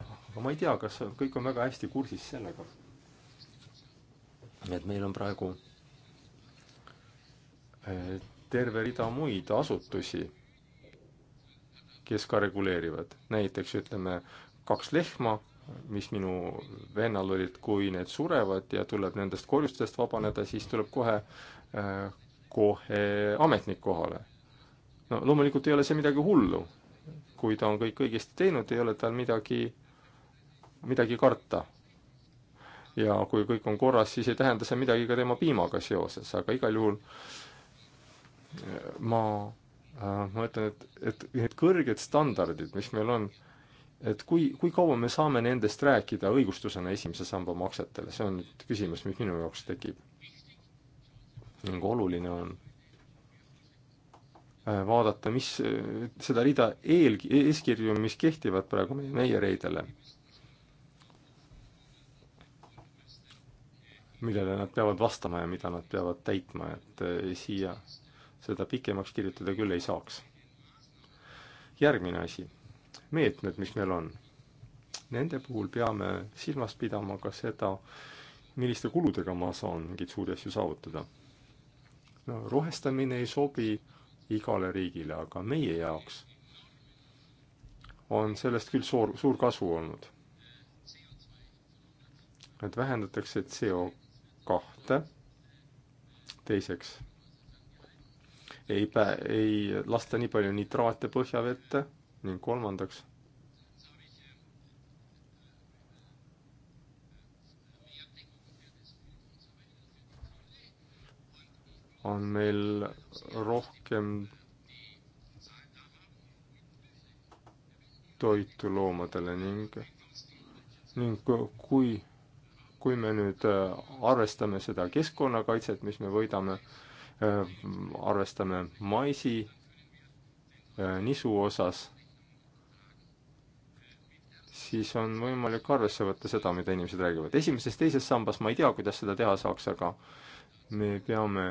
aga ma ei tea, kas kõik on väga hästi kursis sellega, et meil on praegu äh, terve rida muid asutusi, kes ka reguleerivad, näiteks ütleme, kaks lehma mis minu vennal olid, kui need surevad ja tuleb nendest korjustest vabaneda, siis tuleb kohe, äh, kohe ametnik kohale. no loomulikult ei ole see midagi hullu. kui ta on kõik õigesti teinud, ei ole tal midagi, midagi karta. ja kui kõik on korras, siis ei tähenda see midagi ka tema piimaga seoses, aga igal juhul äh, ma, äh, ma ütlen, et, et need kõrged standardid, mis meil on, et kui, kui kaua me saame nendest rääkida õigustusena esimese samba maksetele, see on nüüd küsimus, mis minu jaoks tekib. ning oluline on äh, vaadata, mis, äh, seda rida eel, e-, eeskirju, mis kehtivad praegu meie, meie reidele, millele nad peavad vastama ja mida nad peavad täitma, et äh, siia seda pikemaks kirjutada küll ei saaks. järgmine asi meetmed, mis meil on. Nende puhul peame silmas pidama ka seda, milliste kuludega ma saan mingeid suuri asju saavutada. no rohestamine ei sobi igale riigile, aga meie jaoks on sellest küll suur, suur kasu olnud. et vähendatakse CO kahte, teiseks ei pä-, ei lasta nii palju nitraate põhjavette ning kolmandaks, on meil rohkem toitu loomadele ning, ning kui, kui me nüüd äh, arvestame seda keskkonnakaitset, mis me võidame, äh, arvestame maisi äh, nisu osas siis on võimalik arvesse võtta seda, mida inimesed räägivad. esimeses-teises sambas ma ei tea, kuidas seda teha saaks, aga me peame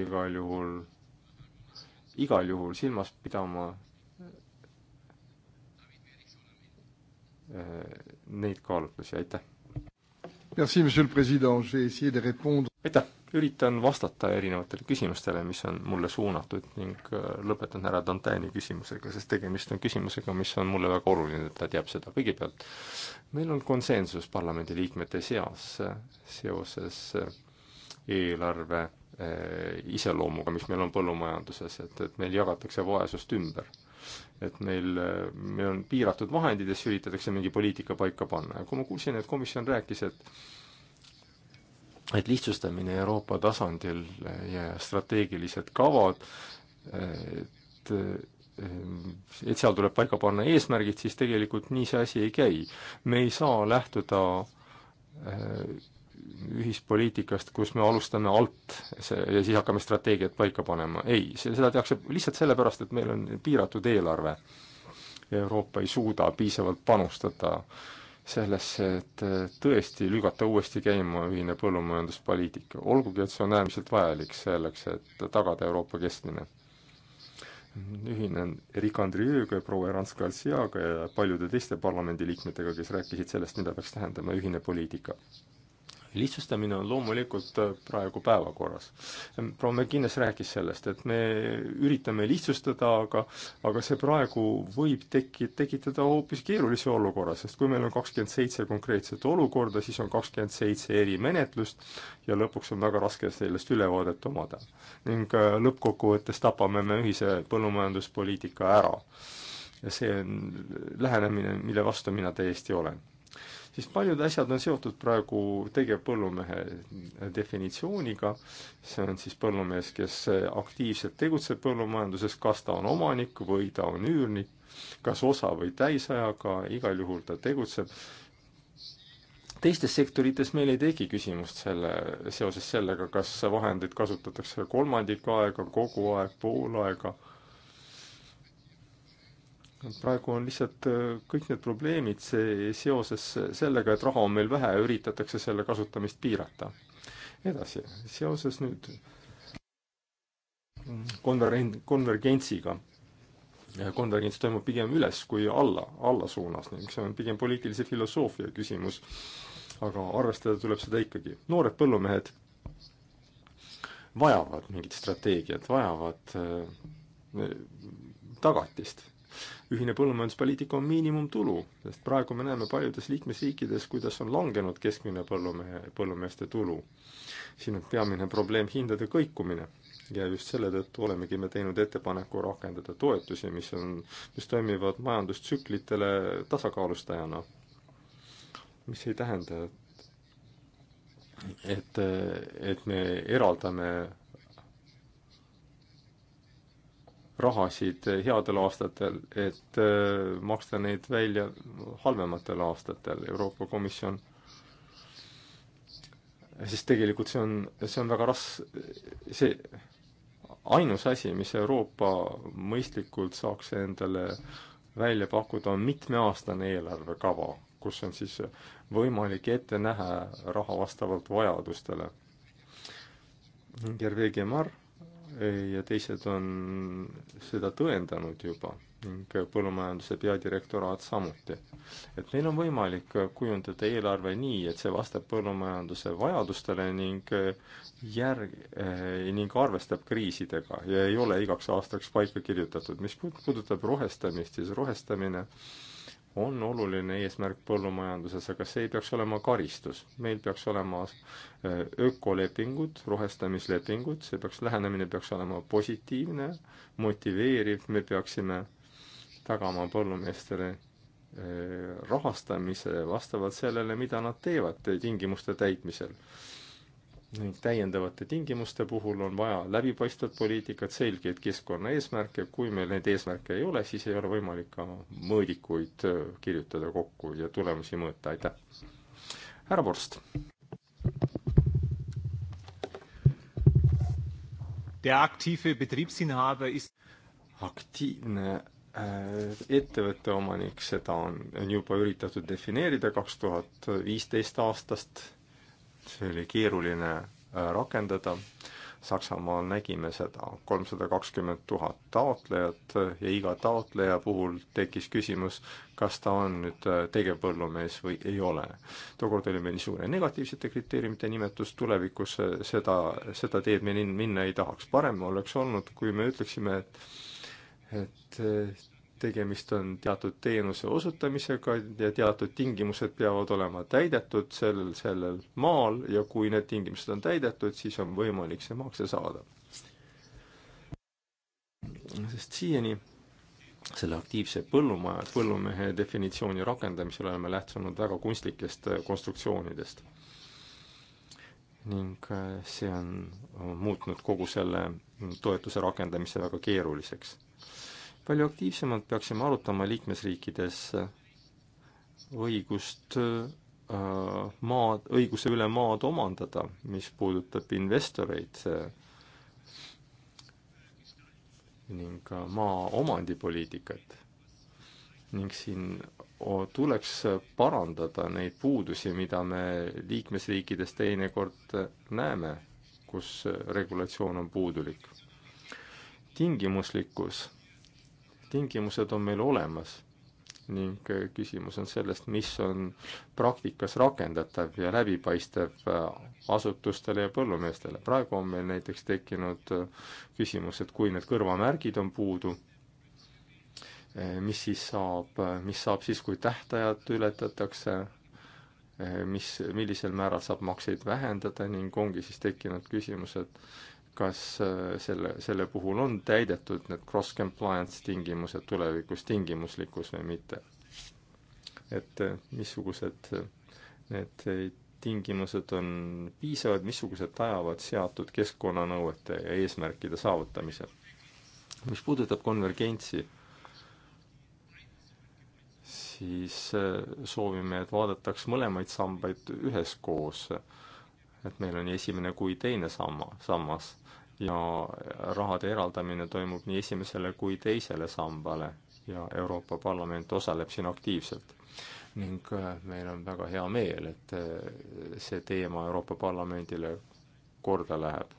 igal juhul, igal juhul silmas pidama eh, neid kaalutlusi, aitäh! aitäh! üritan vastata erinevatele küsimustele, mis on mulle suunatud ning äh, lõpetan ära Dantani küsimusega, sest tegemist on küsimusega, mis on mulle väga oluline, ta teab seda. kõigepealt, meil on konsensus parlamendiliikmete seas äh, seoses äh, eelarve iseloomuga, mis meil on põllumajanduses, et, et meil jagatakse vaesust ümber et meil, meil on piiratud vahendid ja siis üritatakse mingi poliitika paika panna ja kui ma kuulsin, et komisjon rääkis, et et lihtsustamine Euroopa tasandil ja strateegilised kavad, et et seal tuleb paika panna eesmärgid, siis tegelikult nii see asi ei käi. me ei saa lähtuda eh, ühispoliitikast, kus me alustame alt see, ja siis hakkame strateegiat paika panema. ei, see, seda tehakse lihtsalt sellepärast, et meil on piiratud eelarve. Euroopa ei suuda piisavalt panustada äh, sellesse, et tõesti lükata uuesti käima ühine põllumajanduspoliitika, olgugi et see on äärmiselt vajalik selleks, et tagada Euroopa kestmine. ühinen Rick Andrieuga ja proua Erans Garciaga ja paljude teiste parlamendiliikmetega, kes rääkisid sellest, mida peaks tähendama ühine poliitika lihtsustamine on loomulikult äh, praegu päevakorras. proua McGuinness rääkis sellest, et me üritame lihtsustada, aga aga see praegu võib teki-, tekitada hoopis keerulise olukorra, sest kui meil on kakskümmend seitse konkreetset olukorda, siis on kakskümmend seitse erimenetlust ja lõpuks on väga raske sellest ülevaadet omada. ning äh, lõppkokkuvõttes tapame me ühise põllumajanduspoliitika ära. ja see on lähenemine, mille vastu mina täiesti olen siis paljud asjad on seotud praegu tegevpõllumehe definitsiooniga, see on siis põllumees, kes aktiivselt tegutseb põllumajanduses, kas ta on omanik või ta on üürnik, kas osa- või täisajaga, igal juhul ta tegutseb teistes sektorites meil ei teki küsimust selle, seoses sellega, kas vahendeid kasutatakse kolmandiku aega, kogu aeg, pool aega praegu on lihtsalt äh, kõik need probleemid see seoses sellega, et raha on meil vähe ja üritatakse selle kasutamist piirata. edasi, seoses nüüd konverent-, konvergentsiga. konvergents toimub pigem üles kui alla, alla suunas, see on pigem poliitilise filosoofia küsimus, aga arvestada tuleb seda ikkagi. noored põllumehed vajavad mingit strateegiat, vajavad äh, tagatist ühine põllumajanduspoliitika on miinimumtulu, sest praegu me näeme paljudes liikmesriikides, kuidas on langenud keskmine põllumehe, põllumeeste tulu. siin on peamine probleem hindade kõikumine ja just selle tõttu olemegi me teinud ettepaneku rakendada toetusi, mis on, mis toimivad majandustsüklitele tasakaalustajana. mis ei tähenda, et et, et me eraldame rahasid headel aastatel, et äh, maksta neid välja halvematel aastatel, Euroopa Komisjon sest tegelikult see on, see on väga ras-, see ainus asi, mis Euroopa mõistlikult saaks endale välja pakkuda, on mitmeaastane eelarvekava, kus on siis võimalik ette näha raha vastavalt vajadustele. Gervais Gemar ja teised on seda tõendanud juba ning Põllumajanduse peadirektoraat samuti. et meil on võimalik kujundada eelarve nii, et see vastab põllumajanduse vajadustele ning järg- eh,, ning arvestab kriisidega ja ei ole igaks aastaks paika kirjutatud. mis puudutab rohestamist, siis rohestamine eh, on oluline eesmärk põllumajanduses, aga see ei peaks olema karistus. meil peaks olema äh, ökolepingud, rohestamislepingud, see peaks, lähenemine peaks olema positiivne, motiveeriv, me peaksime tagama põllumeestele äh, rahastamise vastavalt sellele, mida nad teevad tingimuste täitmisel ning täiendavate tingimuste puhul on vaja läbipaistvat poliitikat, selgeid keskkonnaeesmärke, kui meil neid eesmärke ei ole, siis ei ole võimalik ka mõõdikuid äh, kirjutada kokku ja tulemusi mõõta, aitäh. härra Vorst. aktiivne äh, ettevõtte omanik, seda on, on juba üritatud defineerida kaks tuhat viisteist aastast see oli keeruline äh, rakendada, Saksamaal nägime seda, kolmsada kakskümmend tuhat taotlejat äh, ja iga taotleja puhul tekkis küsimus, kas ta on nüüd äh, tegevpõllumees või ei ole. tookord oli meil niisugune negatiivsete kriteeriumite nimetus, tulevikus seda, seda teed me minna ei tahaks. parem oleks olnud, kui me ütleksime, et et tegemist on teatud teenuse osutamisega ja teatud tingimused peavad olema täidetud sellel, sellel maal ja kui need tingimused on täidetud, siis on võimalik see makse saada. sest siiani selle aktiivse põllumaja, põllumehe definitsiooni rakendamisel oleme lähtunud väga kunstlikest äh, konstruktsioonidest. ning äh, see on muutnud kogu selle mm, toetuse rakendamise väga keeruliseks palju aktiivsemalt peaksime arutama liikmesriikides õigust äh, maad, õiguse üle maad omandada, mis puudutab investoreid äh, ning ka maa omandipoliitikat. ning siin tuleks parandada neid puudusi, mida me liikmesriikides teinekord äh, näeme, kus regulatsioon on puudulik. tingimuslikkus tingimused on meil olemas ning äh, küsimus on sellest, mis on praktikas rakendatav ja läbipaistev äh, asutustele ja põllumeestele. praegu on meil näiteks tekkinud äh, küsimus, et kui need kõrvamärgid on puudu, mis siis saab, mis saab siis, kui tähtajad ületatakse, mis, millisel määral saab makseid vähendada ning ongi siis tekkinud küsimus, et kas äh, selle, selle puhul on täidetud need cross-compliance tingimused tulevikus tingimuslikkus või mitte. et äh, missugused äh, need tingimused on piisavad, missugused tajavad seatud keskkonnanõuete ja eesmärkide saavutamisel. mis puudutab konvergentsi, siis soovime, et vaadataks mõlemaid sambaid üheskoos et meil on nii esimene kui teine samma, sammas ja rahade eraldamine toimub nii esimesele kui teisele sambale ja Euroopa Parlament osaleb siin aktiivselt. ning äh, meil on väga hea meel, et äh, see teema Euroopa Parlamendile korda läheb.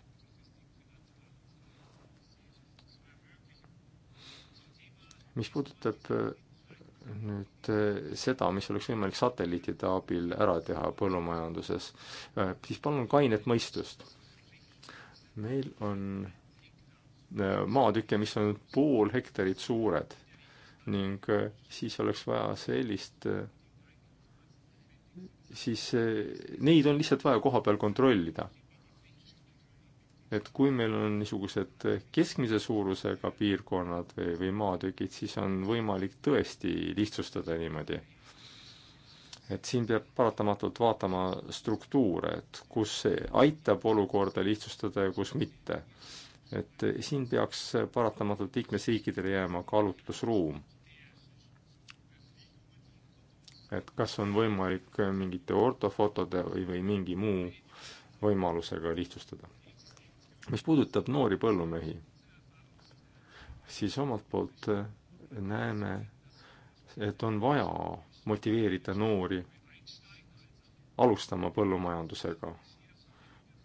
mis puudutab äh, nüüd seda, mis oleks võimalik satelliitide abil ära teha põllumajanduses, siis palun kainet mõistust meil on äh, maatükke, mis on pool hektarit suured ning äh, siis oleks vaja sellist, äh, siis neid on lihtsalt vaja koha peal kontrollida. et kui meil on niisugused keskmise suurusega piirkonnad või, või maatükid, siis on võimalik tõesti lihtsustada niimoodi et siin peab paratamatult vaatama struktuure, et kus see aitab olukorda lihtsustada ja kus mitte. et siin peaks paratamatult liikmesriikidele jääma kaalutlusruum. et kas on võimalik mingite ortofotode või, või mingi muu võimalusega lihtsustada. mis puudutab noori põllumehi, siis omalt poolt näeme, et on vaja motiveerida noori alustama põllumajandusega.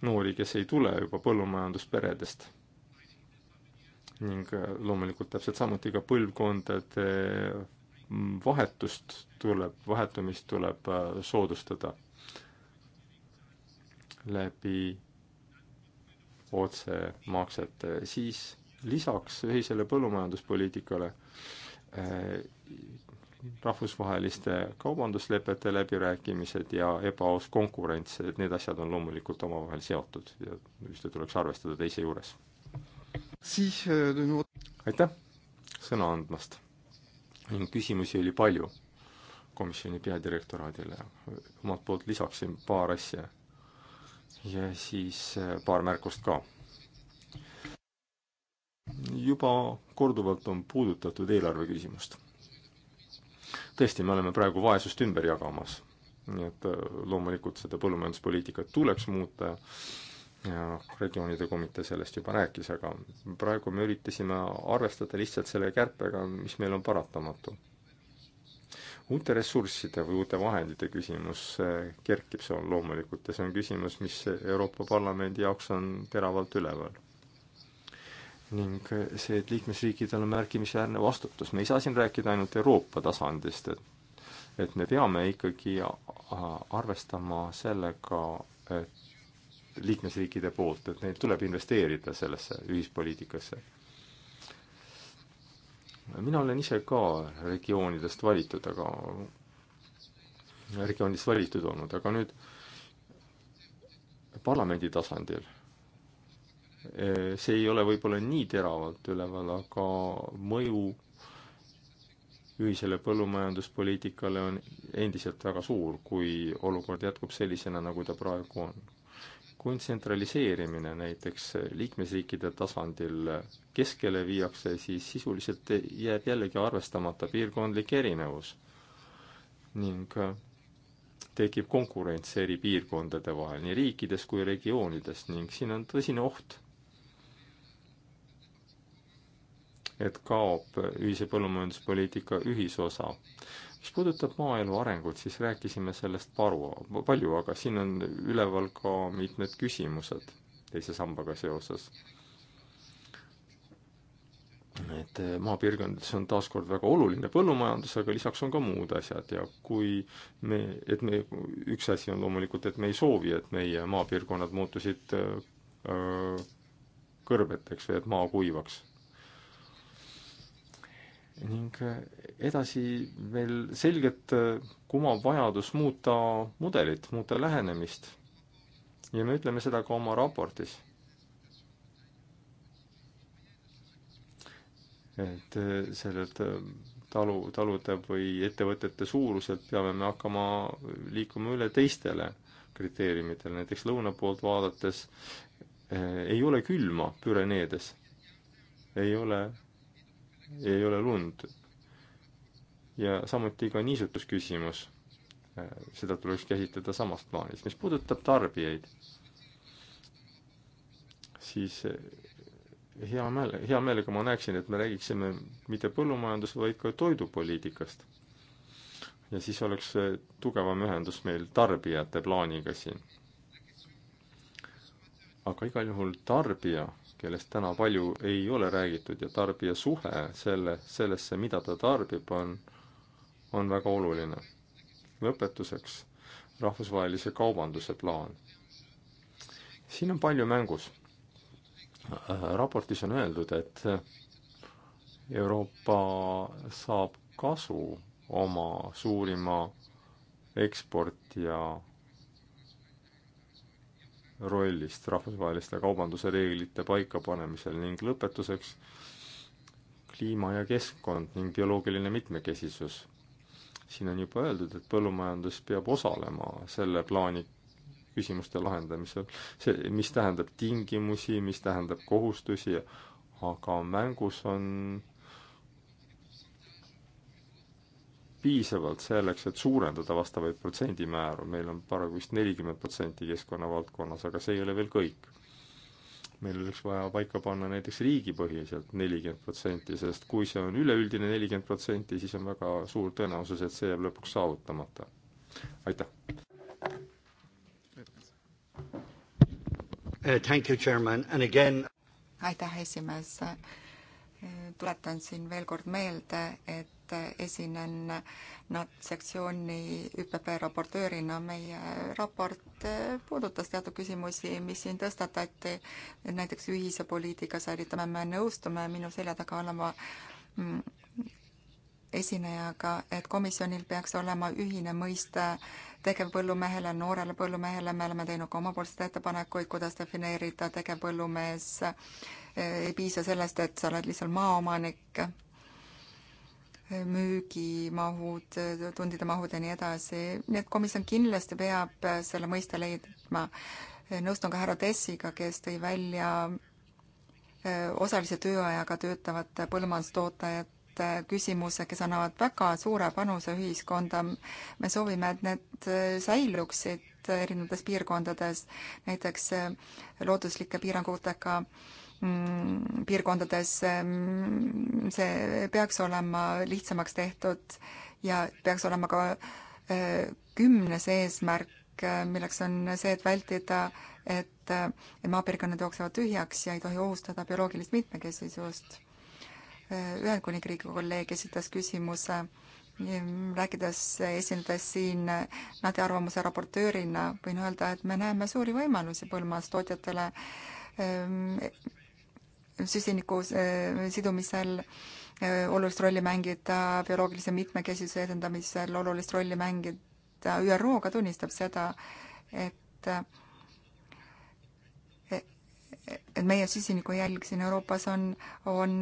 noori, kes ei tule juba põllumajandusperedest. ning äh, loomulikult täpselt samuti ka põlvkondade mm, vahetust tuleb, vahetumist tuleb äh, soodustada läbi otsemaksete, siis lisaks ühisele põllumajanduspoliitikale äh, rahvusvaheliste kaubanduslepete läbirääkimised ja ebaaus konkurents, et need asjad on loomulikult omavahel seotud ja ühte tuleks arvestada teise juures. aitäh sõna andmast ning küsimusi oli palju komisjoni peadirektoraadile. omalt poolt lisaksin paar asja ja siis äh, paar märkust ka. juba korduvalt on puudutatud eelarve küsimust tõesti, me oleme praegu vaesust ümber jagamas. nii et äh, loomulikult seda põllumajanduspoliitikat tuleks muuta ja regioonide komitee sellest juba rääkis, aga praegu me üritasime arvestada lihtsalt selle kärpega, mis meil on paratamatu. uute ressursside või uute vahendite küsimus äh, kerkib seal loomulikult ja see on küsimus, mis Euroopa Parlamendi jaoks on teravalt üleval ning see, et liikmesriikidel on märkimisväärne vastutus, me ei saa siin rääkida ainult Euroopa tasandist, et et me peame ikkagi arvestama sellega, et liikmesriikide poolt, et neil tuleb investeerida sellesse ühispoliitikasse. mina olen ise ka regioonidest valitud, aga, regioonist valitud olnud, aga nüüd parlamendi tasandil Äh, see ei ole võib-olla nii teravalt üleval, aga mõju ühisele põllumajanduspoliitikale on endiselt väga suur, kui olukord jätkub sellisena, nagu ta praegu on. kui tsentraliseerimine näiteks liikmesriikide tasandil keskele viiakse, siis sisuliselt jääb jällegi arvestamata piirkondlik erinevus ning tekib konkurents eri piirkondade vahel, nii riikides kui regioonides ning siin on tõsine oht et kaob ühise põllumajanduspoliitika ühisosa. mis puudutab maaelu arengut, siis rääkisime sellest paru, palju, aga siin on üleval ka mitmed küsimused teise sambaga seoses. et maapiirkondades on taaskord väga oluline põllumajandus, aga lisaks on ka muud asjad ja kui me, et me, üks asi on loomulikult, et me ei soovi, et meie maapiirkonnad muutusid öö, äh, kõrbeteks või et maa kuivaks ning eh, edasi meil selgelt eh, kumab vajadus muuta mudelit, muuta lähenemist. ja me ütleme seda ka oma raportis. et eh, sellelt talu, talude või ettevõtete suuruselt peame me hakkama liikuma üle teistele kriteeriumitele, näiteks lõuna poolt vaadates eh, ei ole külma Püreneedes, ei ole ei ole lund. ja samuti ka niisutusküsimus, äh, seda tuleks käsitleda samas plaanis. mis puudutab tarbijaid, siis äh, hea meel, hea meelega ma näeksin, et me räägiksime mitte põllumajandus, vaid ka toidupoliitikast. ja siis oleks äh, tugevam ühendus meil tarbijate plaaniga siin. aga igal juhul tarbija kellest täna palju ei ole räägitud ja tarbija suhe selle, sellesse, mida ta tarbib, on, on väga oluline. lõpetuseks rahvusvahelise kaubanduse plaan. siin on palju mängus. raportis on öeldud, et Euroopa saab kasu oma suurima eksport- ja rollist rahvusvaheliste kaubandusreeglite paikapanemisel ning lõpetuseks kliima ja keskkond ning bioloogiline mitmekesisus. siin on juba öeldud, et põllumajandus peab osalema selle plaani küsimuste lahendamisel, see, mis tähendab tingimusi, mis tähendab kohustusi, aga mängus on piisavalt selleks, et suurendada vastavaid protsendimääru, meil on paraku vist nelikümmend protsenti keskkonna valdkonnas, aga see ei ole veel kõik. meil oleks vaja paika panna näiteks riigipõhiselt nelikümmend protsenti, sest kui see on üleüldine nelikümmend protsenti, siis on väga suur tõenäosus, et see jääb lõpuks saavutamata. aitäh! Uh, thank you, chairman, and again
aitäh, esimees! tuletan siin veel kord meelde, et esinen NAT sektsiooni ÜPP raportöörina. meie raport eh, puudutas teatud küsimusi, mis siin tõstatati, näiteks ühise poliitika säilitame, me nõustume minu selja taga olema mm, esinejaga, et komisjonil peaks olema ühine mõiste tegevpõllumehele, noorele põllumehele, me oleme teinud ka omapoolseid ettepanekuid, kuidas defineerida tegevpõllumees. Eh, ei piisa sellest, et sa oled lihtsalt maaomanik müügimahud, tundide mahud ja nii edasi, nii et komisjon kindlasti peab selle mõiste leidma. nõustun ka härra Tessiga, kes tõi välja eh, osalise tööajaga töötavate põllumajandustoodajate küsimuse, kes annavad väga suure panuse ühiskonda. me soovime, et need eh, säiluksid erinevates piirkondades, näiteks eh, looduslike piirangutega äh, Mm, piirkondades mm, see peaks olema lihtsamaks tehtud ja peaks olema ka äh, kümnes eesmärk, äh, milleks on see, et vältida, et äh, maapiirkonnad jooksevad tühjaks ja ei tohi ohustada bioloogilist mitmekesisust. Ühendkuningriigi kolleeg esitas küsimuse, mm, rääkides, esinedes siin Nadi arvamuse raportöörina, võin öelda, et me näeme suuri võimalusi põllumajandustootjatele ähm, süsiniku eh, sidumisel eh, olulist rolli mängida, bioloogilise mitmekesisuse edendamisel olulist rolli mängida, ÜRO ka tunnistab seda, et eh, et meie süsinikujälg siin Euroopas on, on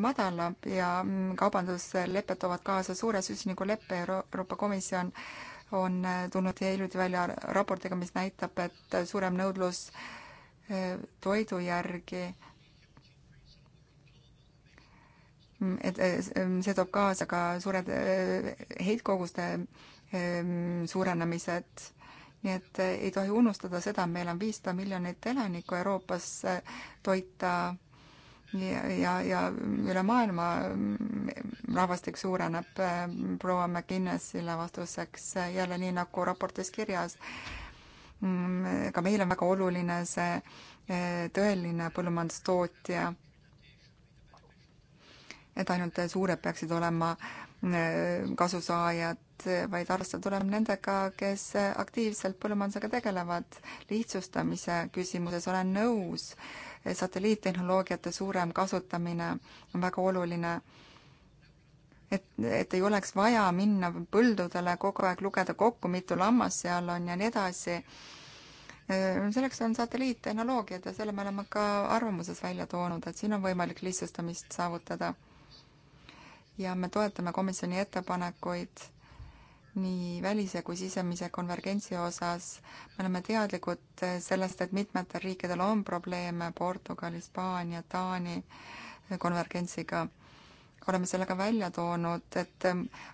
madalam ja mm, kaubanduslepped toovad kaasa suure süsinikuleppe, Euroopa Komisjon on tulnud hiljuti välja raportiga, mis näitab, et suurem nõudlus toidu järgi Mm, et äh, ähm, see toob kaasa ka suured äh, heitkoguste ähm, suurenemised nii et äh, ei tohi unustada seda, meil on viissada miljonit elanikku Euroopas toita ja, ja, ja üle maailma mm, rahvastik suureneb. proua McInnesile vastuseks jälle nii nagu raportis kirjas. Mm, ka meil on väga oluline see tõeline põllumajandustootja et ainult suured peaksid olema äh, kasusaajad, vaid arvestada tuleb nendega, kes aktiivselt põllumajandusega tegelevad. lihtsustamise küsimuses olen nõus, satelliittehnoloogiate suurem kasutamine on väga oluline et, et ei oleks vaja minna põldudele kogu aeg lugeda kokku, mitu lammast seal on ja nii edasi. Äh, selleks on satelliittehnoloogiad ja selle me oleme ka arvamuses välja toonud, et siin on võimalik lihtsustamist saavutada ja me toetame komisjoni ettepanekuid nii välise kui sisemise konvergentsi osas. me oleme teadlikud sellest, et mitmetel riikidel on probleeme Portugal, Hispaania, Taani konvergentsiga. oleme sellega välja toonud, et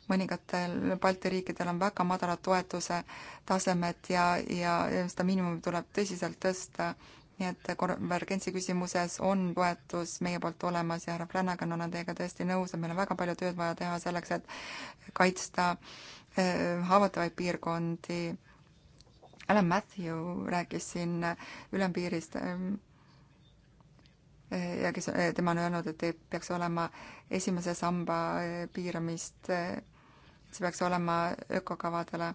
mõningatel Balti riikidel on väga madalad toetuse tasemed ja, ja seda miinimumi tuleb tõsiselt tõsta nii et konvergentsi küsimuses on toetus meie poolt olemas ja härra Flanagan, olen teiega tõesti nõus, et meil on väga palju tööd vaja teha selleks, et kaitsta eh, haavatavaid piirkondi. Alan Matthew rääkis siin eh, ülempiirist eh, ja kes, tema on öelnud, et ei peaks olema esimese samba piiramist, see peaks olema ökokavadele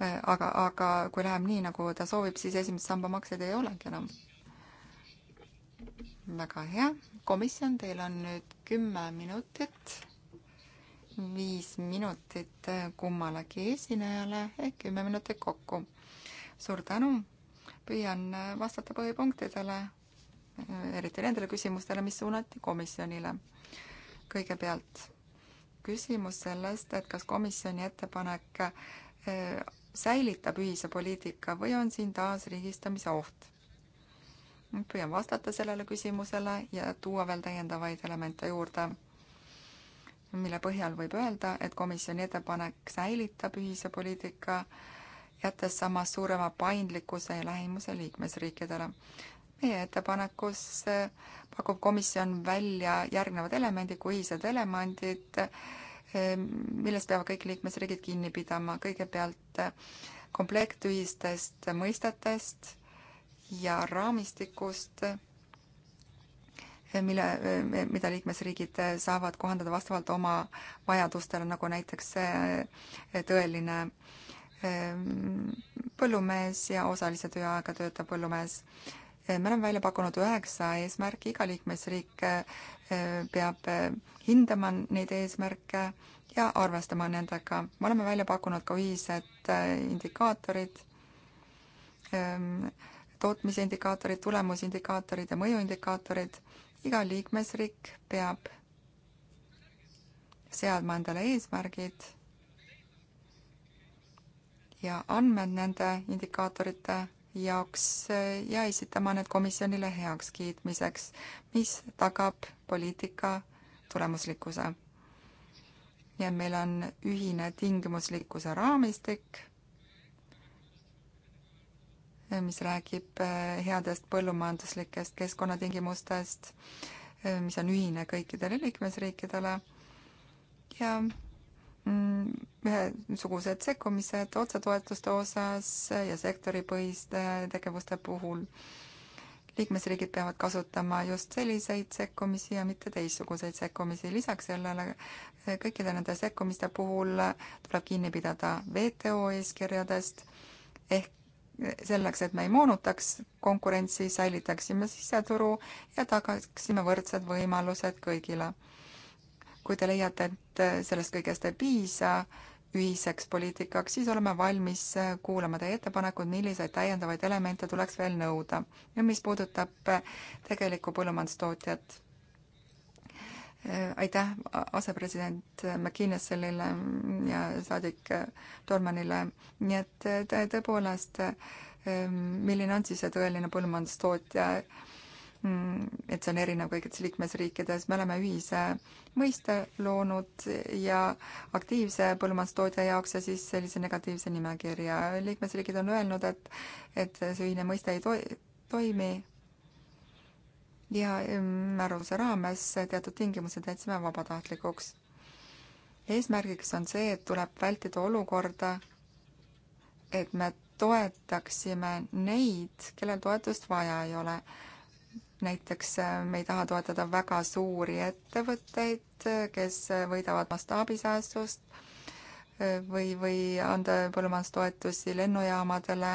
Äh, aga, aga kui läheb nii, nagu ta soovib, siis esimese samba makseid ei olegi enam. väga hea, komisjon, teil on nüüd kümme minutit, viis minutit äh, kummalegi esinejale ehk kümme minutit kokku. suur tänu, püüan äh, vastata põhipunktidele, eriti nendele küsimustele, mis suunati komisjonile. kõigepealt küsimus sellest, et kas komisjoni ettepanek säilitab ühise poliitika või on siin taas riigistamise oht? püüan vastata sellele küsimusele ja tuua veel täiendavaid elemente juurde, mille põhjal võib öelda, et komisjoni ettepanek säilitab ühise poliitika, jättes samas suurema paindlikkuse ja lähimuse liikmesriikidele. meie ettepanekus pakub komisjon välja järgnevad elemendid kui ühised elemendid, Ehm, millest peavad kõik liikmesriigid kinni pidama, kõigepealt eh, komplekt ühistest mõistetest ja raamistikust, eh, mille, eh, mida liikmesriigid saavad kohandada vastavalt oma vajadustele, nagu näiteks tõeline ehm, põllumees ja osalise tööajaga töötav põllumees. me oleme välja pakkunud üheksa eesmärki, iga liikmesriik peab hindama neid eesmärke ja arvestama nendega. me oleme välja pakkunud ka ühised indikaatorid, tootmisindikaatorid, tulemusindikaatorid ja mõjuindikaatorid. iga liikmesriik peab seadma endale eesmärgid ja andmed nende indikaatorite jaoks eh, ja esitama need komisjonile heakskiitmiseks, mis tagab poliitika tulemuslikkuse. ja meil on ühine tingimuslikkuse raamistik, eh, mis räägib eh, headest põllumajanduslikest keskkonnatingimustest, mis on ühine kõikidele liikmesriikidele ja Mm, ühesugused sekkumised otsetoetuste osas ja sektoripõhiste tegevuste puhul. liikmesriigid peavad kasutama just selliseid sekkumisi ja mitte teistsuguseid sekkumisi. lisaks sellele kõikide nende sekkumiste puhul tuleb kinni pidada WTO eeskirjadest ehk selleks, et me ei moonutaks konkurentsi, säilitaksime siseturu ja tagaksime võrdsed võimalused kõigile kui te leiate, et äh, sellest kõigest ei piisa ühiseks poliitikaks, siis oleme valmis äh, kuulama teie ettepanekud, milliseid täiendavaid elemente tuleks veel nõuda. ja mis puudutab äh, tegelikku põllumajandustootjat, aitäh asepresident McKinnesselile ja saadik Tormanile, nii et tõepoolest, milline on siis see tõeline põllumajandustootja, Mm, et see on erinev kõikides liikmesriikides, me oleme ühise mõiste loonud ja aktiivse põllumajandustootja jaoks ja siis sellise negatiivse nimekirja. liikmesriigid on öelnud, et, et see ühine mõiste ei toi-, toimi ja mm, määruse raames teatud tingimused jätsime vabatahtlikuks. eesmärgiks on see, et tuleb vältida olukorda, et me toetaksime neid, kellel toetust vaja ei ole näiteks äh, me ei taha toetada väga suuri ettevõtteid, äh, kes äh, võidavad mastaabisäästust või, või anda põllumajandustoetusi lennujaamadele,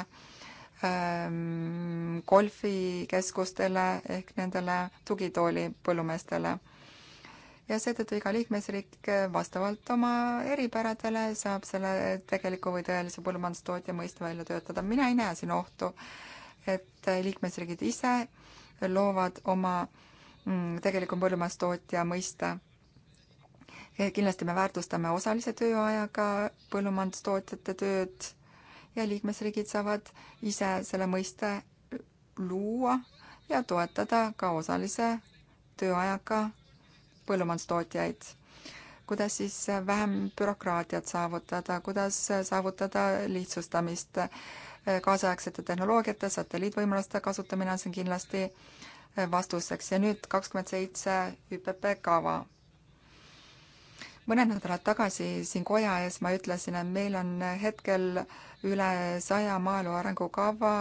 ähm, golfikeskustele ehk nendele tugitooli põllumeestele. ja seetõttu iga liikmesriik vastavalt oma eripäradele saab selle tegeliku või tõelise põllumajandustootja mõiste välja töötada. mina ei näe siin ohtu, et liikmesriigid ise loovad oma mm, tegeliku põllumajandustootja mõiste. Eh, kindlasti me väärtustame osalise tööajaga põllumajandustootjate tööd ja liikmesriigid saavad ise selle mõiste luua ja toetada ka osalise tööajaga põllumajandustootjaid. kuidas siis vähem bürokraatiat saavutada, kuidas saavutada lihtsustamist, Äh, kaasaegsete tehnoloogiate, satelliitvõimaluste kasutamine, see on kindlasti äh, vastuseks ja nüüd kakskümmend seitse ÜPP kava. mõned nädalad tagasi siin koja ees ma ütlesin, et meil on hetkel üle saja maaelu arengukava,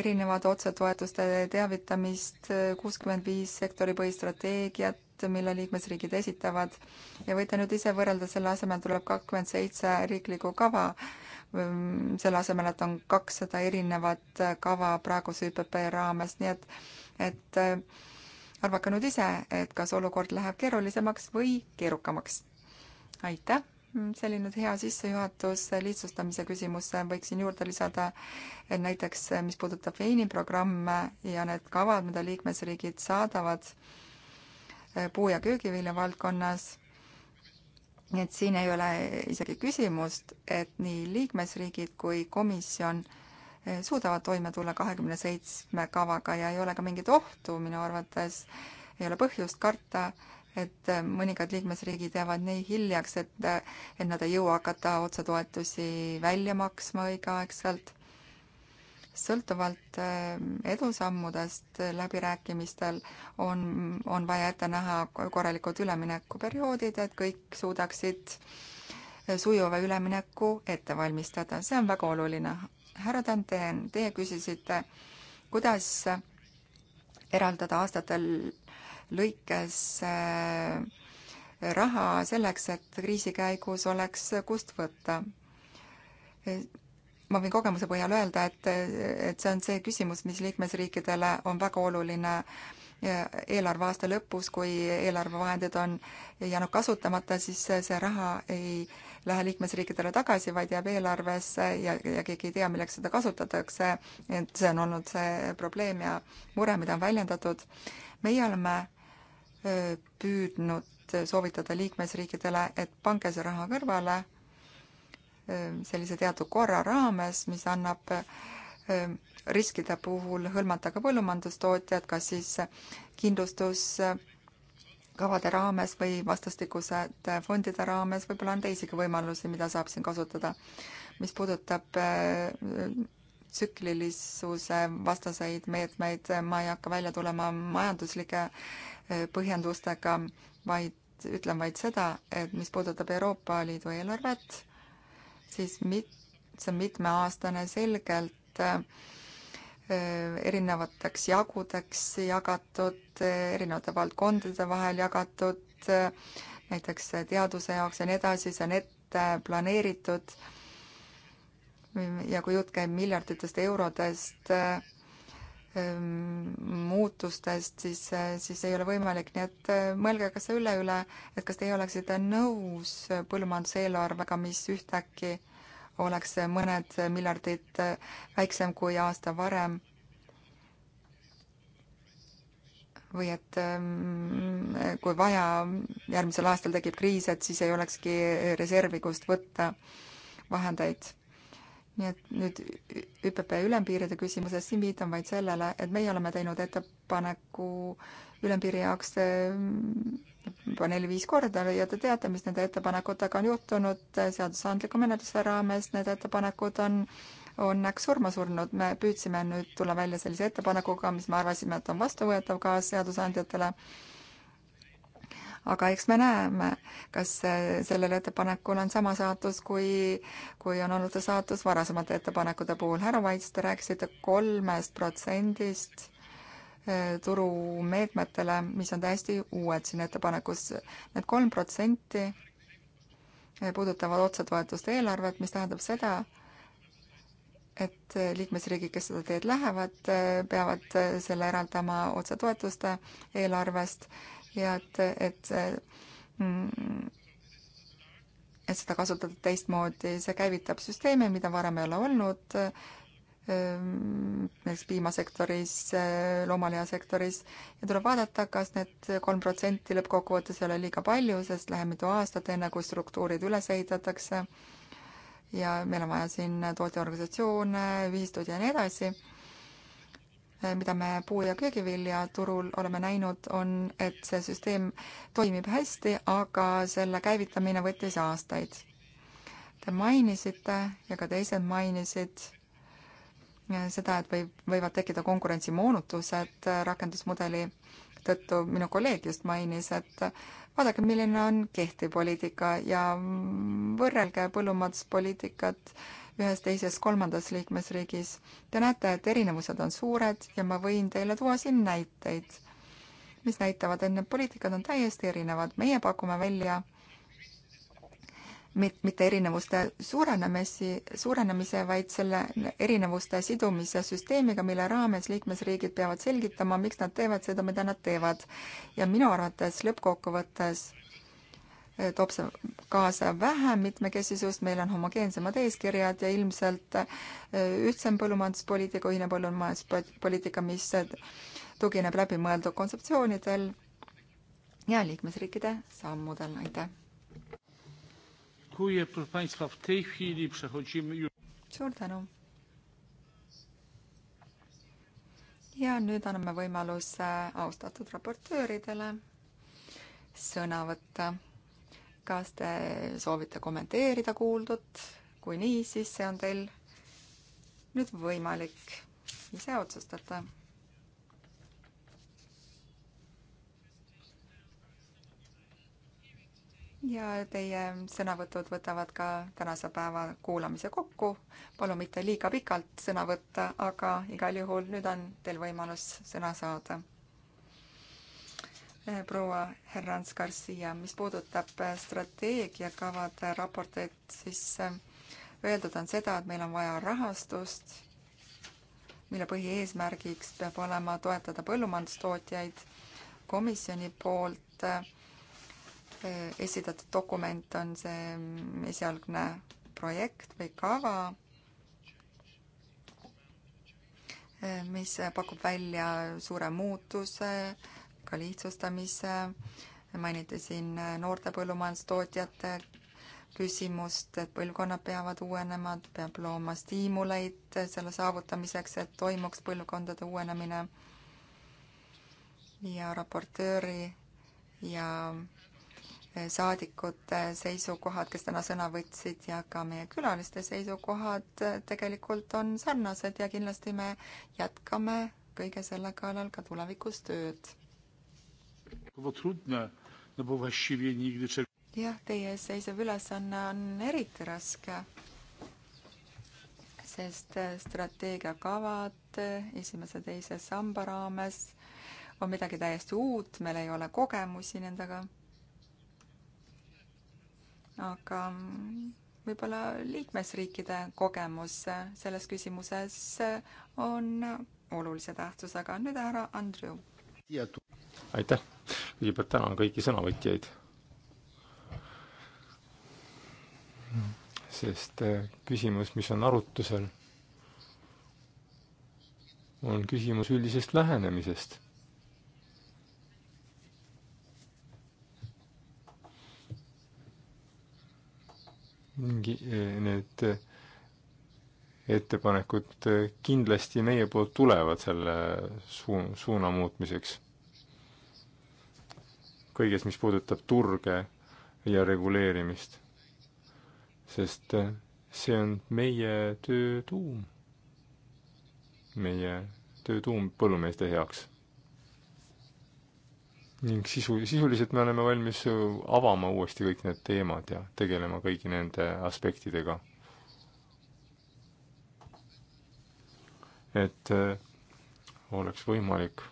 erinevad otsetoetuste teavitamist, kuuskümmend viis sektoripõhist strateegiat, mille liikmesriigid esitavad ja võite nüüd ise võrrelda, selle asemel tuleb kakskümmend seitse riiklikku kava Ehm, selle asemel, et on kakssada erinevat äh, kava praeguse ÜPP raames, nii et, et äh, arvake nüüd ise, et kas olukord läheb keerulisemaks või keerukamaks. aitäh, mm, see oli nüüd hea sissejuhatus lihtsustamise küsimusse, võiksin juurde lisada, et näiteks äh, mis puudutab Veini programme ja need kavad, mida liikmesriigid saadavad puu- ja köögivilja valdkonnas nii et siin ei ole isegi küsimust, et nii liikmesriigid kui komisjon eh, suudavad toime tulla kahekümne seitsme kavaga ja ei ole ka mingit ohtu minu arvates, ei ole põhjust karta, et eh, mõningad liikmesriigid jäävad nii hiljaks, et, eh, et nad ei jõua hakata otsetoetusi välja maksma õigeaegselt sõltuvalt ähm, edusammudest läbirääkimistel on, on vaja ette näha korralikud üleminekuperioodid, et kõik suudaksid äh, sujuva ülemineku ette valmistada, see on väga oluline. härra Danteen, teie küsisite, kuidas eraldada aastatel lõikes äh, raha selleks, et kriisi käigus oleks kust võtta äh, ma võin kogemuse põhjal öelda, et, et see on see küsimus, mis liikmesriikidele on väga oluline eelarveaasta lõpus, kui eelarvevahendid on jäänud kasutamata, siis see raha ei lähe liikmesriikidele tagasi, vaid jääb eelarvesse ja, ja keegi ei tea, milleks seda kasutatakse. et see on olnud see probleem ja mure, mida on väljendatud. meie oleme püüdnud soovitada liikmesriikidele, et pange see raha kõrvale Ähm, sellise teatud korra raames, mis annab ähm, riskide puhul hõlmata ka põllumajandustootjad, kas siis kindlustuskavade raames või vastastikused fondide raames, võib-olla on teisigi võimalusi, mida saab siin kasutada. mis puudutab äh, tsüklilisuse vastaseid meetmeid, äh, ma ei hakka välja tulema majanduslike äh, põhjendustega, vaid ütlen vaid seda, et mis puudutab Euroopa Liidu eelarvet, siis mit-, see on mitmeaastane, selgelt äh, erinevateks jagudeks jagatud, erinevate valdkondade vahel jagatud, näiteks teaduse jaoks ja nii edasi, see on ette planeeritud. ja kui jutt käib miljarditest eurodest, Ehm, muutustest, siis, eh, siis ei ole võimalik, nii et eh, mõelge ka selle üle, et kas teie oleksite nõus põllumajanduseelarvega, mis ühtäkki oleks mõned miljardid eh, väiksem kui aasta varem. või et ehm, kui vaja, järgmisel aastal tekib kriis, et siis ei olekski reservi, kust võtta vahendeid nii et nüüd ÜPP ülempiiride küsimuses, siin viitan vaid sellele, et meie oleme teinud ettepaneku ülempiiri jaoks juba mm, neli-viis korda ja te teate, mis nende ettepanekutega on juhtunud seadusandliku menetluse raames, need ettepanekud on on näks surma surnud, me püüdsime nüüd tulla välja sellise ettepanekuga, mis me arvasime, et on vastuvõetav ka seadusandjatele aga eks me näeme, kas äh, sellel ettepanekul on sama saatus, kui, kui on olnud see saatus varasemate ettepanekute puhul. härra Vaits, te rääkisite kolmest protsendist äh, turumeetmetele, mis on täiesti uued siin ettepanekus. Need kolm protsenti äh, puudutavad otsetoetust eelarvet, mis tähendab seda, et liikmesriigid, kes seda teed lähevad, peavad selle eraldama otsetoetuste eelarvest ja et, et see mm, et seda kasutada teistmoodi, see käivitab süsteeme, mida varem ei ole olnud, mm, näiteks piimasektoris, loomalihasektoris ja tuleb vaadata, kas need kolm protsenti lõppkokkuvõttes ei ole liiga palju, sest läheb mitu aastat, enne kui struktuurid üles ehitatakse ja meil on vaja siin tootjaorganisatsioone, ühistuid ja nii edasi Äh, mida me puu- ja köögiviljaturul oleme näinud, on, et see süsteem toimib hästi, aga selle käivitamine võttis aastaid. Te mainisite ja ka teised mainisid äh, seda, et võib, võivad tekkida konkurentsimoonutused äh, rakendusmudeli tõttu, minu kolleeg just mainis, et vaadake, milline on kehtiv poliitika ja mm, võrrelge põllumajanduspoliitikat ühes, teises, kolmandas liikmesriigis. Te näete, et erinevused on suured ja ma võin teile tuua siin näiteid, mis näitavad, et need poliitikad on täiesti erinevad. meie pakume välja mit-, mitte erinevuste suurenemisi, suurenemise, vaid selle erinevuste sidumise süsteemiga, mille raames liikmesriigid peavad selgitama, miks nad teevad seda, mida nad teevad. ja minu arvates lõppkokkuvõttes Eh, toob see kaasa vähem mitmekesisust, meil on homogeensemad eeskirjad ja ilmselt eh, ühtsem põllumajanduspoliitika, ühine põllumajanduspoliitika, mis tugineb läbimõeldud kontseptsioonidel ja liikmesriikide sammudel, aitäh. suur tänu. ja nüüd anname võimaluse austatud raportööridele sõna võtta kas te soovite kommenteerida kuuldut? kui nii, siis see on teil nüüd võimalik, ise otsustate. ja teie sõnavõtud võtavad ka tänase päeva kuulamise kokku. palun mitte liiga pikalt sõna võtta, aga igal juhul nüüd on teil võimalus sõna saada Eh, proua Herrans Garcia, mis puudutab eh, strateegiakavade raporteid, siis eh, öeldud on seda, et meil on vaja rahastust, mille põhieesmärgiks peab olema toetada põllumajandustootjaid. komisjoni poolt esitatud dokument on see mm, esialgne projekt või kava, mis pakub välja suure muutuse, ka lihtsustamise, mainiti siin noorte põllumajandustootjate küsimust, et põlvkonnad peavad uuenema, peab looma stiimuleid selle saavutamiseks, et toimuks põlvkondade uuenemine. ja raportööri ja saadikute seisukohad, kes täna sõna võtsid ja ka meie külaliste seisukohad tegelikult on sarnased ja kindlasti me jätkame kõige selle kallal ka tulevikus tööd jah, teie ees seisev ülesanne on eriti raske, sest eh, strateegiakavad eh, esimese-teise samba raames on midagi täiesti uut, meil ei ole kogemusi nendega. aga mm, võib-olla liikmesriikide kogemus eh, selles küsimuses on olulise tähtsusega. nüüd härra Andrew.
aitäh, kõigepealt tänan kõiki sõnavõtjaid, sest äh, küsimus, mis on arutusel, on küsimus üldisest lähenemisest mingi äh, need äh, ettepanekud kindlasti meie poolt tulevad selle suu-, suuna muutmiseks kõiges, mis puudutab turge ja reguleerimist. sest eh, see on meie töö tuum, meie töö tuum põllumeeste heaks. ning sisu, sisuliselt me oleme valmis avama uuesti kõik need teemad ja tegelema kõigi nende aspektidega. et eh, oleks võimalik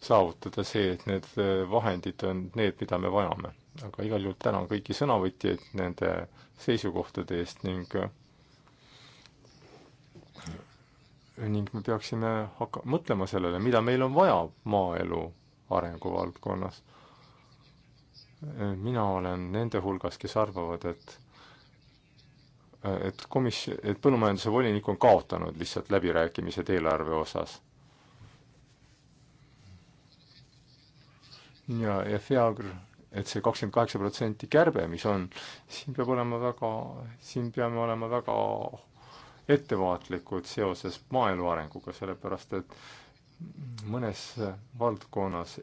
saavutada see, et need äh, vahendid on need, mida me vajame. aga igal juhul tänan kõiki sõnavõtjaid nende seisukohtade eest ning äh, ning me peaksime hakka-, mõtlema sellele, mida meil on vaja maaelu arenguvaldkonnas. Äh, mina olen nende hulgas, kes arvavad, et et komis-, et põllumajanduse volinik on kaotanud lihtsalt läbirääkimised eelarve osas ja, ja FEAGR, et see kakskümmend kaheksa protsenti kärbe, mis on, siin peab olema väga, siin peame olema väga ettevaatlikud seoses maaelu arenguga, sellepärast et mõnes valdkonnas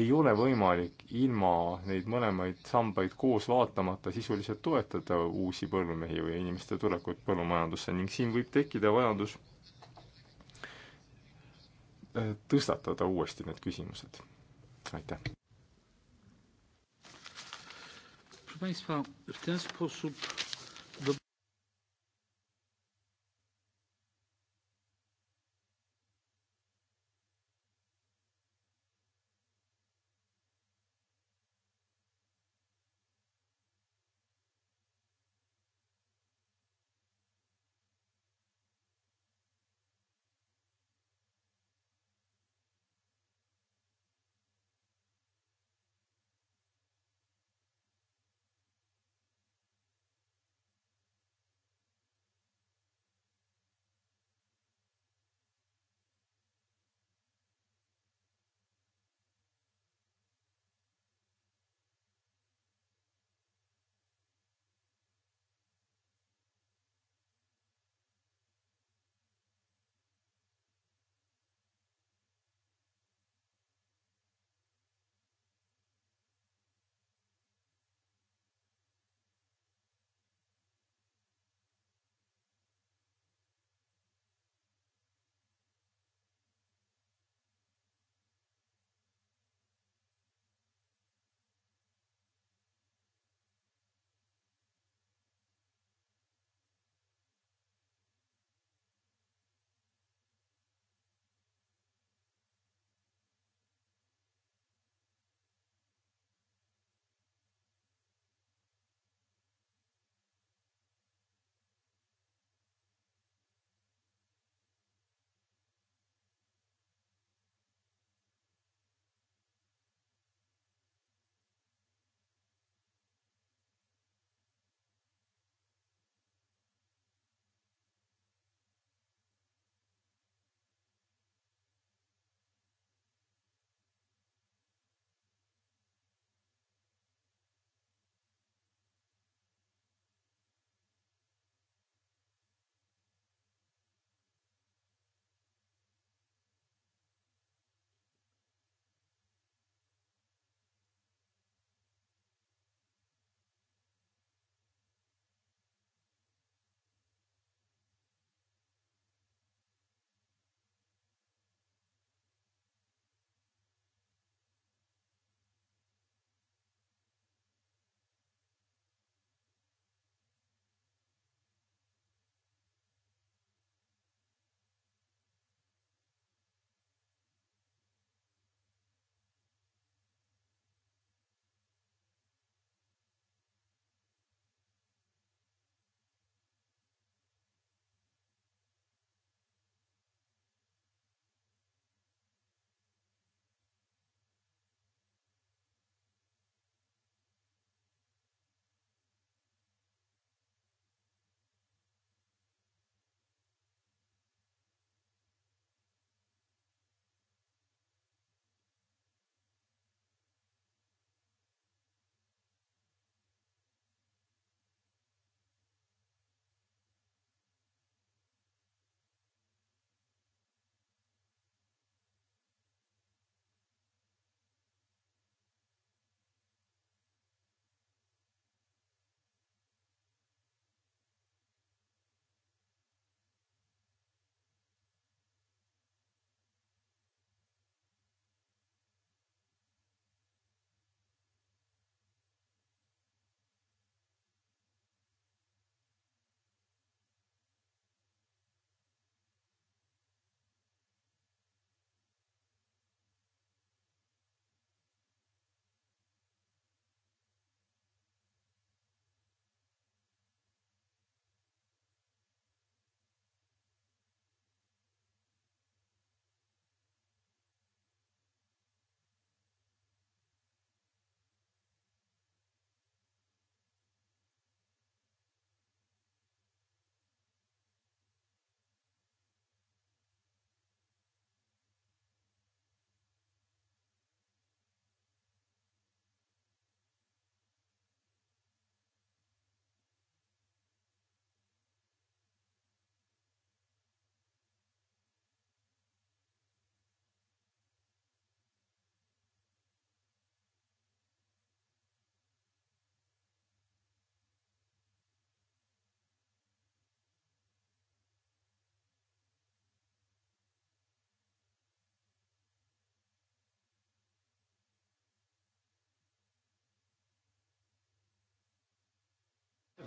ei ole võimalik ilma neid mõlemaid sambaid koos vaatamata sisuliselt toetada uusi põllumehi või inimeste tulekut põllumajandusse ning siin võib tekkida vajadus Äh, tõstatada uuesti need küsimused. aitäh!
Proszę Państwa, w ten sposób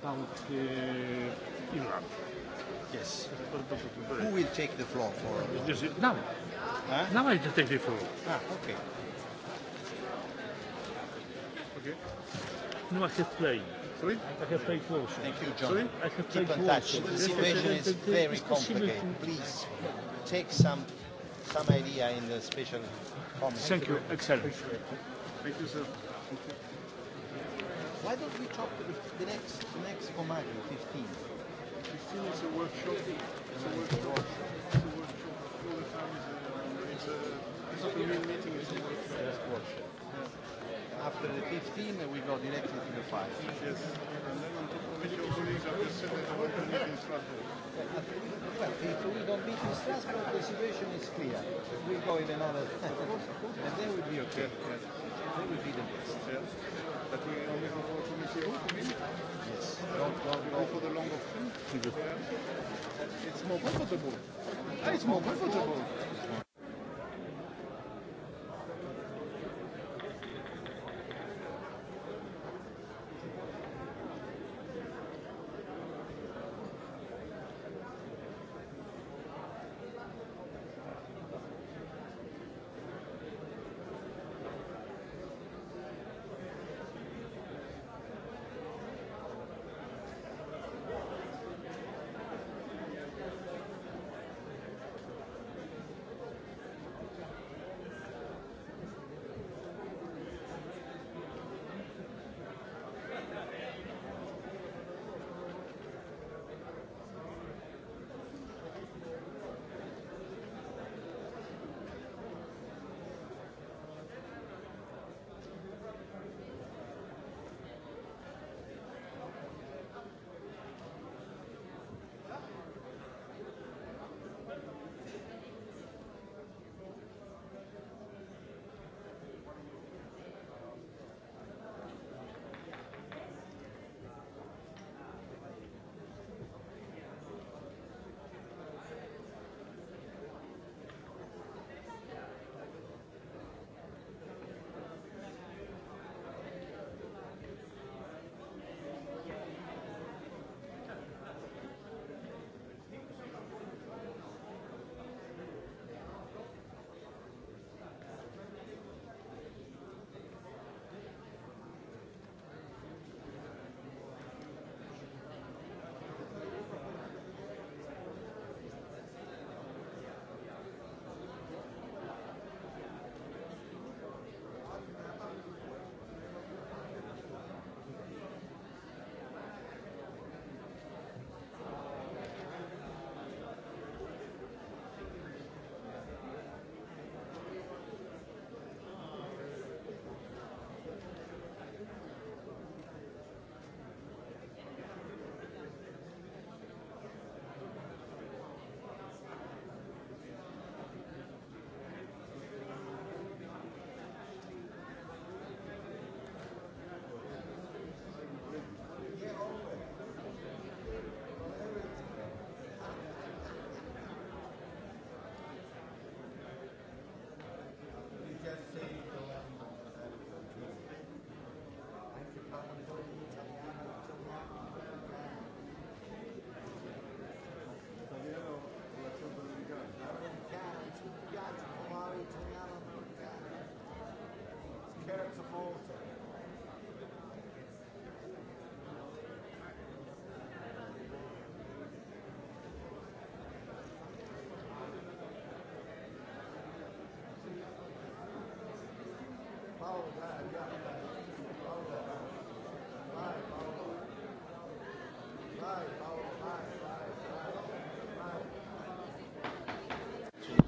about uh, Iran. Yes. Who will take the floor for? This is, now. Huh? Now I take the floor. Ah, okay. Okay. No, I can play. Sorry? I can play closer. Thank you, John. Sorry? I can play Keep in closer. touch. The situation is very complicated. Please take some some idea in the special comment. Thank you. Excellent. Thank you, sir. Thank you. Why don't we talk to the, the next the next
Comagri, 15? 15 is a workshop. It's a workshop. It's a workshop. All the time is a, it's a, it's not a real meeting, it's a workshop. It's a workshop. Yeah. After the 15, we go directly to the 5. Yes. And then on top of it, your
colleagues have just said that they want to meet in Strasbourg. Well, if we don't meet in Strasbourg, the situation is clear. We go in another... and then we'll be okay. Yeah, yeah. Then we'll be the best. Yeah. But we only have for Committee O Committee? Yes. No, no, no. Wait for the long option? Yeah. It's more comfortable. Ah, it's more comfortable.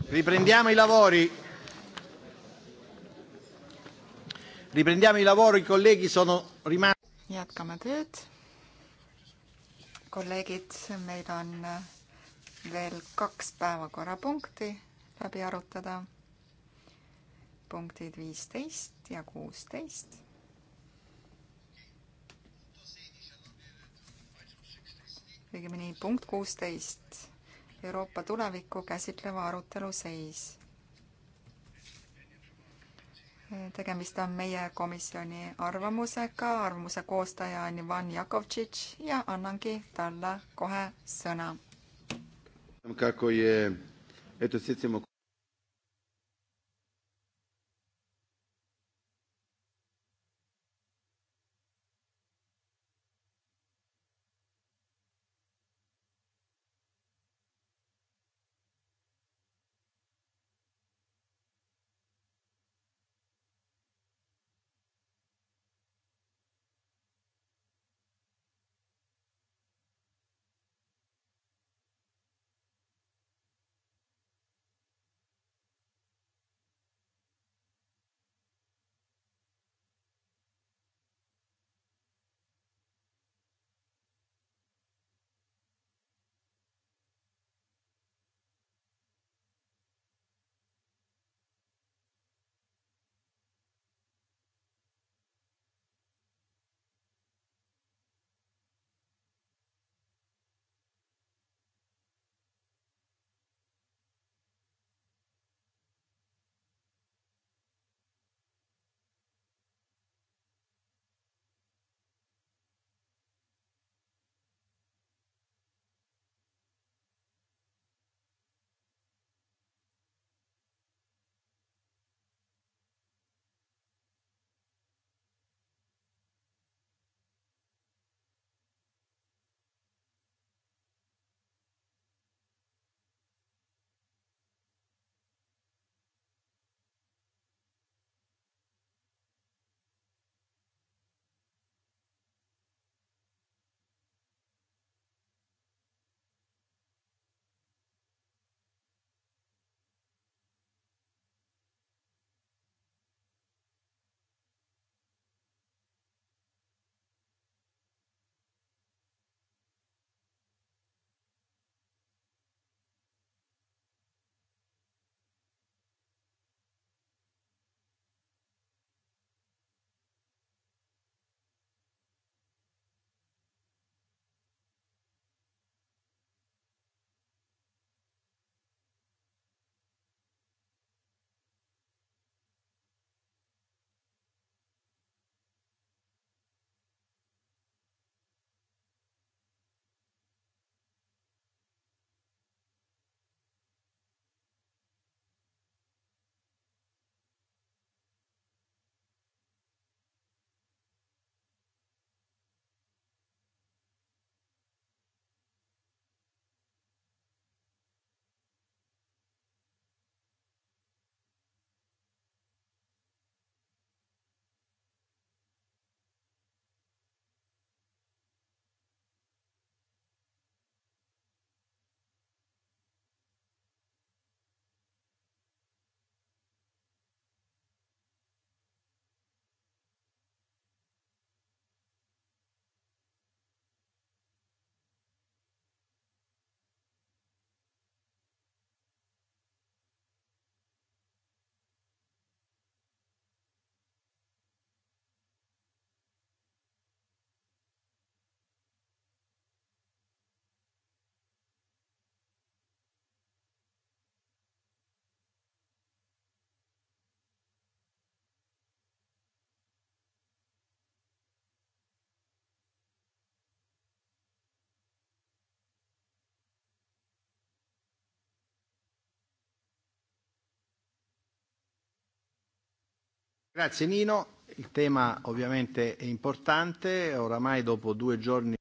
Riprendiamo i lavori. Riprendiamo i lavori, colleghi, sono rimasti.
jätkame tööd. kolleegid, meil on veel kaks päevakorrapunkti läbi arutada. punktid viisteist ja kuusteist. õigemini punkt kuusteist Euroopa tulevikku käsitleva arutelu seis. tegemist on meie komisjoni arvamusega, arvamuse koostaja on Ivan Jakovtšitš ja annangi talle kohe sõna.
Grazie Nino, il tema ovviamente è importante, oramai dopo due giorni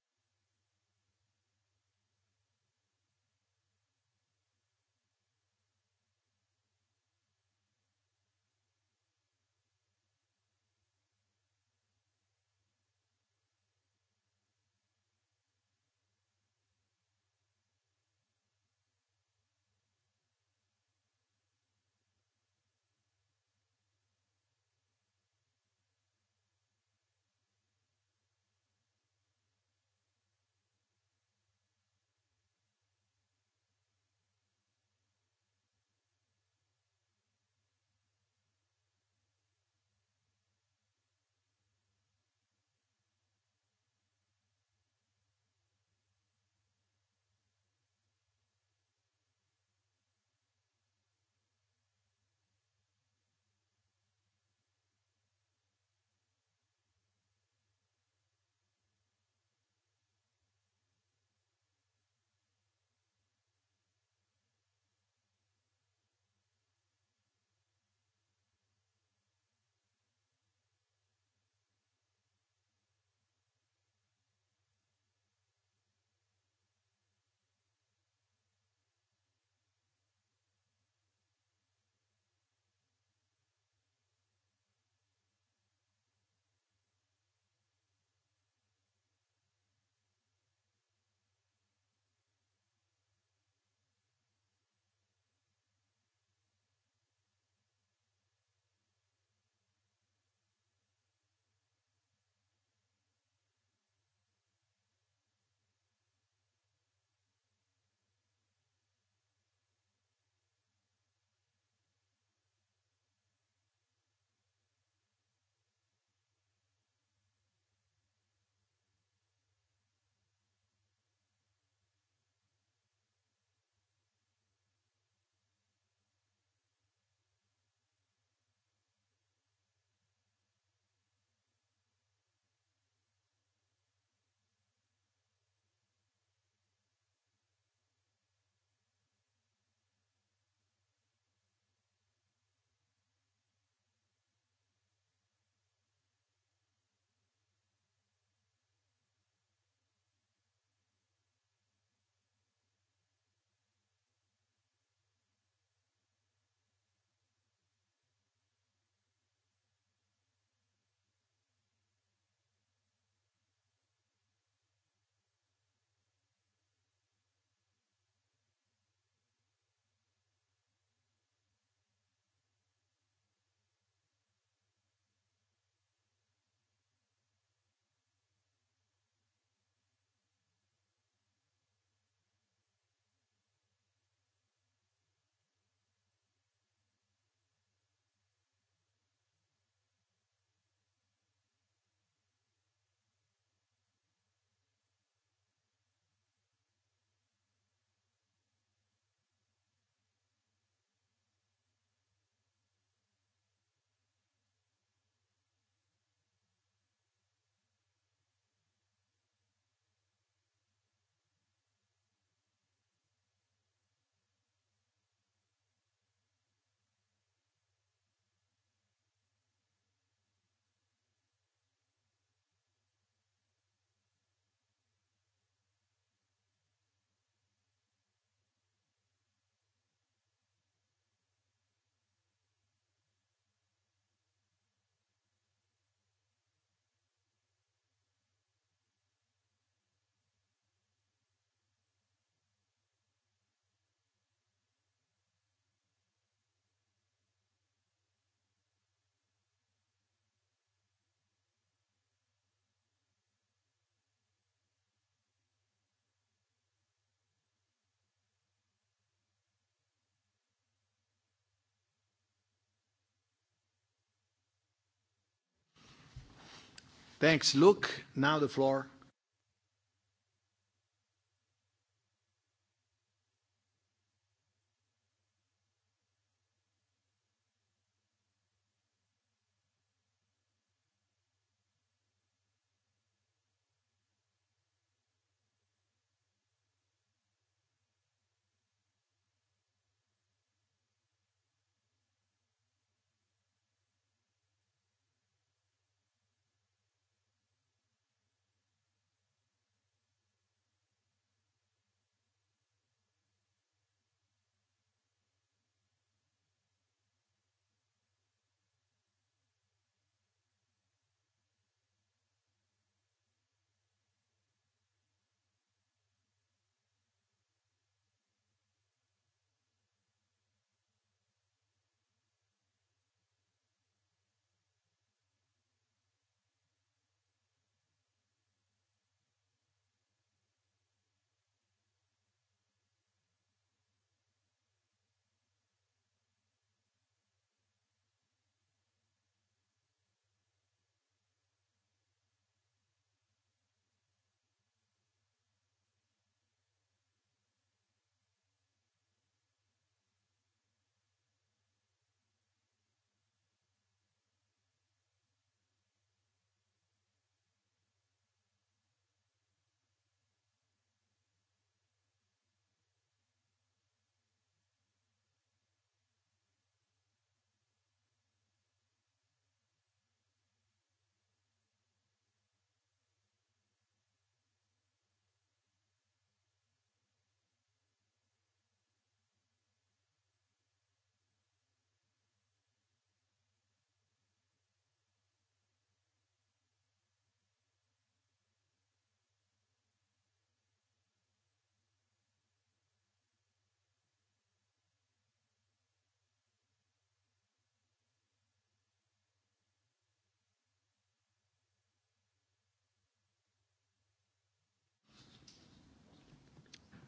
Thanks, Luc. Now the floor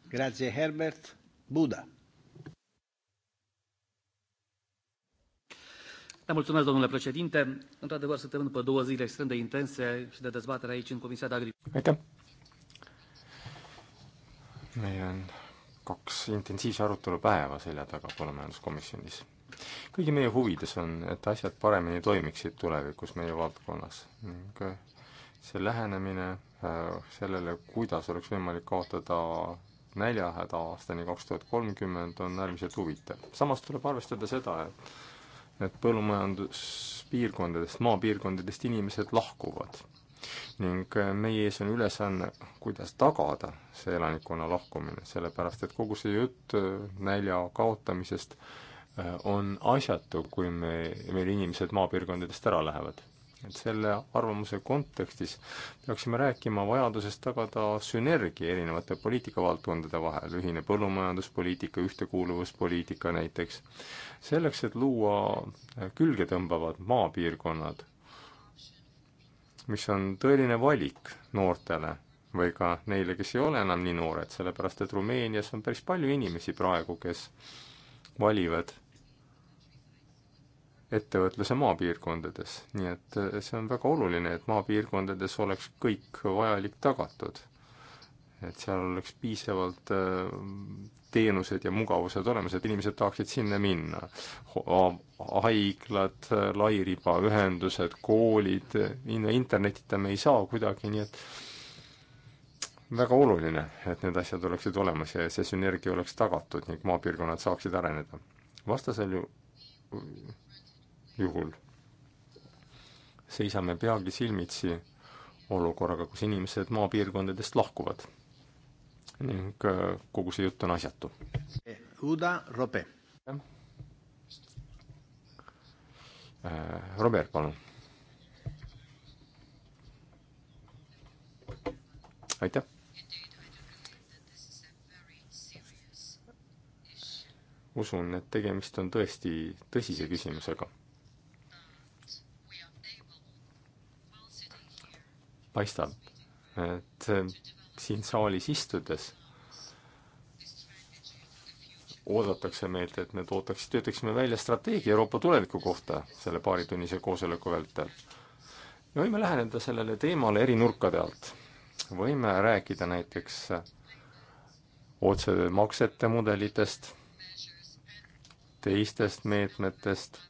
Grazie Herbert. Buda.
Da, mulțumesc, domnule președinte. Într-adevăr, suntem după două zile extrem de intense și de dezbatere aici în Comisia de Agricultură.
aitäh! meil on kaks intensiivse arutelu päeva selja taga põllumajanduskomisjonis. kõigi meie huvides on, et asjad paremini toimiksid tulevikus meie valdkonnas ning see lähenemine äh, sellele, kuidas oleks võimalik kaotada näljahäda aastani kaks tuhat kolmkümmend on äärmiselt huvitav. samas tuleb arvestada seda, et et põllumajanduspiirkondadest, maapiirkondadest inimesed lahkuvad. ning äh, meie ees on ülesanne, kuidas tagada see elanikkonna lahkumine, sellepärast et kogu see jutt äh, nälja kaotamisest äh, on asjatu, kui me, meil inimesed maapiirkondadest ära lähevad et selle arvamuse kontekstis peaksime rääkima vajadusest tagada sünergia erinevate poliitikavaldkondade vahel, ühine põllumajanduspoliitika, ühtekuuluvuspoliitika näiteks, selleks, et luua külgetõmbavad maapiirkonnad, mis on tõeline valik noortele või ka neile, kes ei ole enam nii noored, sellepärast et Rumeenias on päris palju inimesi praegu, kes valivad ettevõtluse maapiirkondades. nii et äh, see on väga oluline, et maapiirkondades oleks kõik vajalik tagatud. et seal oleks piisavalt äh, teenused ja mugavused olemas, et inimesed tahaksid sinna minna. haiglad, äh, lairibaühendused, koolid, ilma internetita me ei saa kuidagi, nii et väga oluline, et need asjad oleksid olemas ja see sünergia oleks tagatud ning maapiirkonnad saaksid areneda. vastasel ju juhul seisame peagi silmitsi olukorraga, kus inimesed maapiirkondadest lahkuvad. ning äh, kogu see jutt on asjatu. Uda Robe. Äh, Robert, palun. aitäh. usun, et tegemist on tõesti tõsise küsimusega paistab, et äh, siin saalis istudes oodatakse meilt, et me toodaks, töötaksime välja strateegia Euroopa tuleviku kohta selle paaritunnise koosoleku vältel. me võime läheneda sellele teemale eri nurkade alt. võime rääkida näiteks äh, otsemaksete mudelitest, teistest meetmetest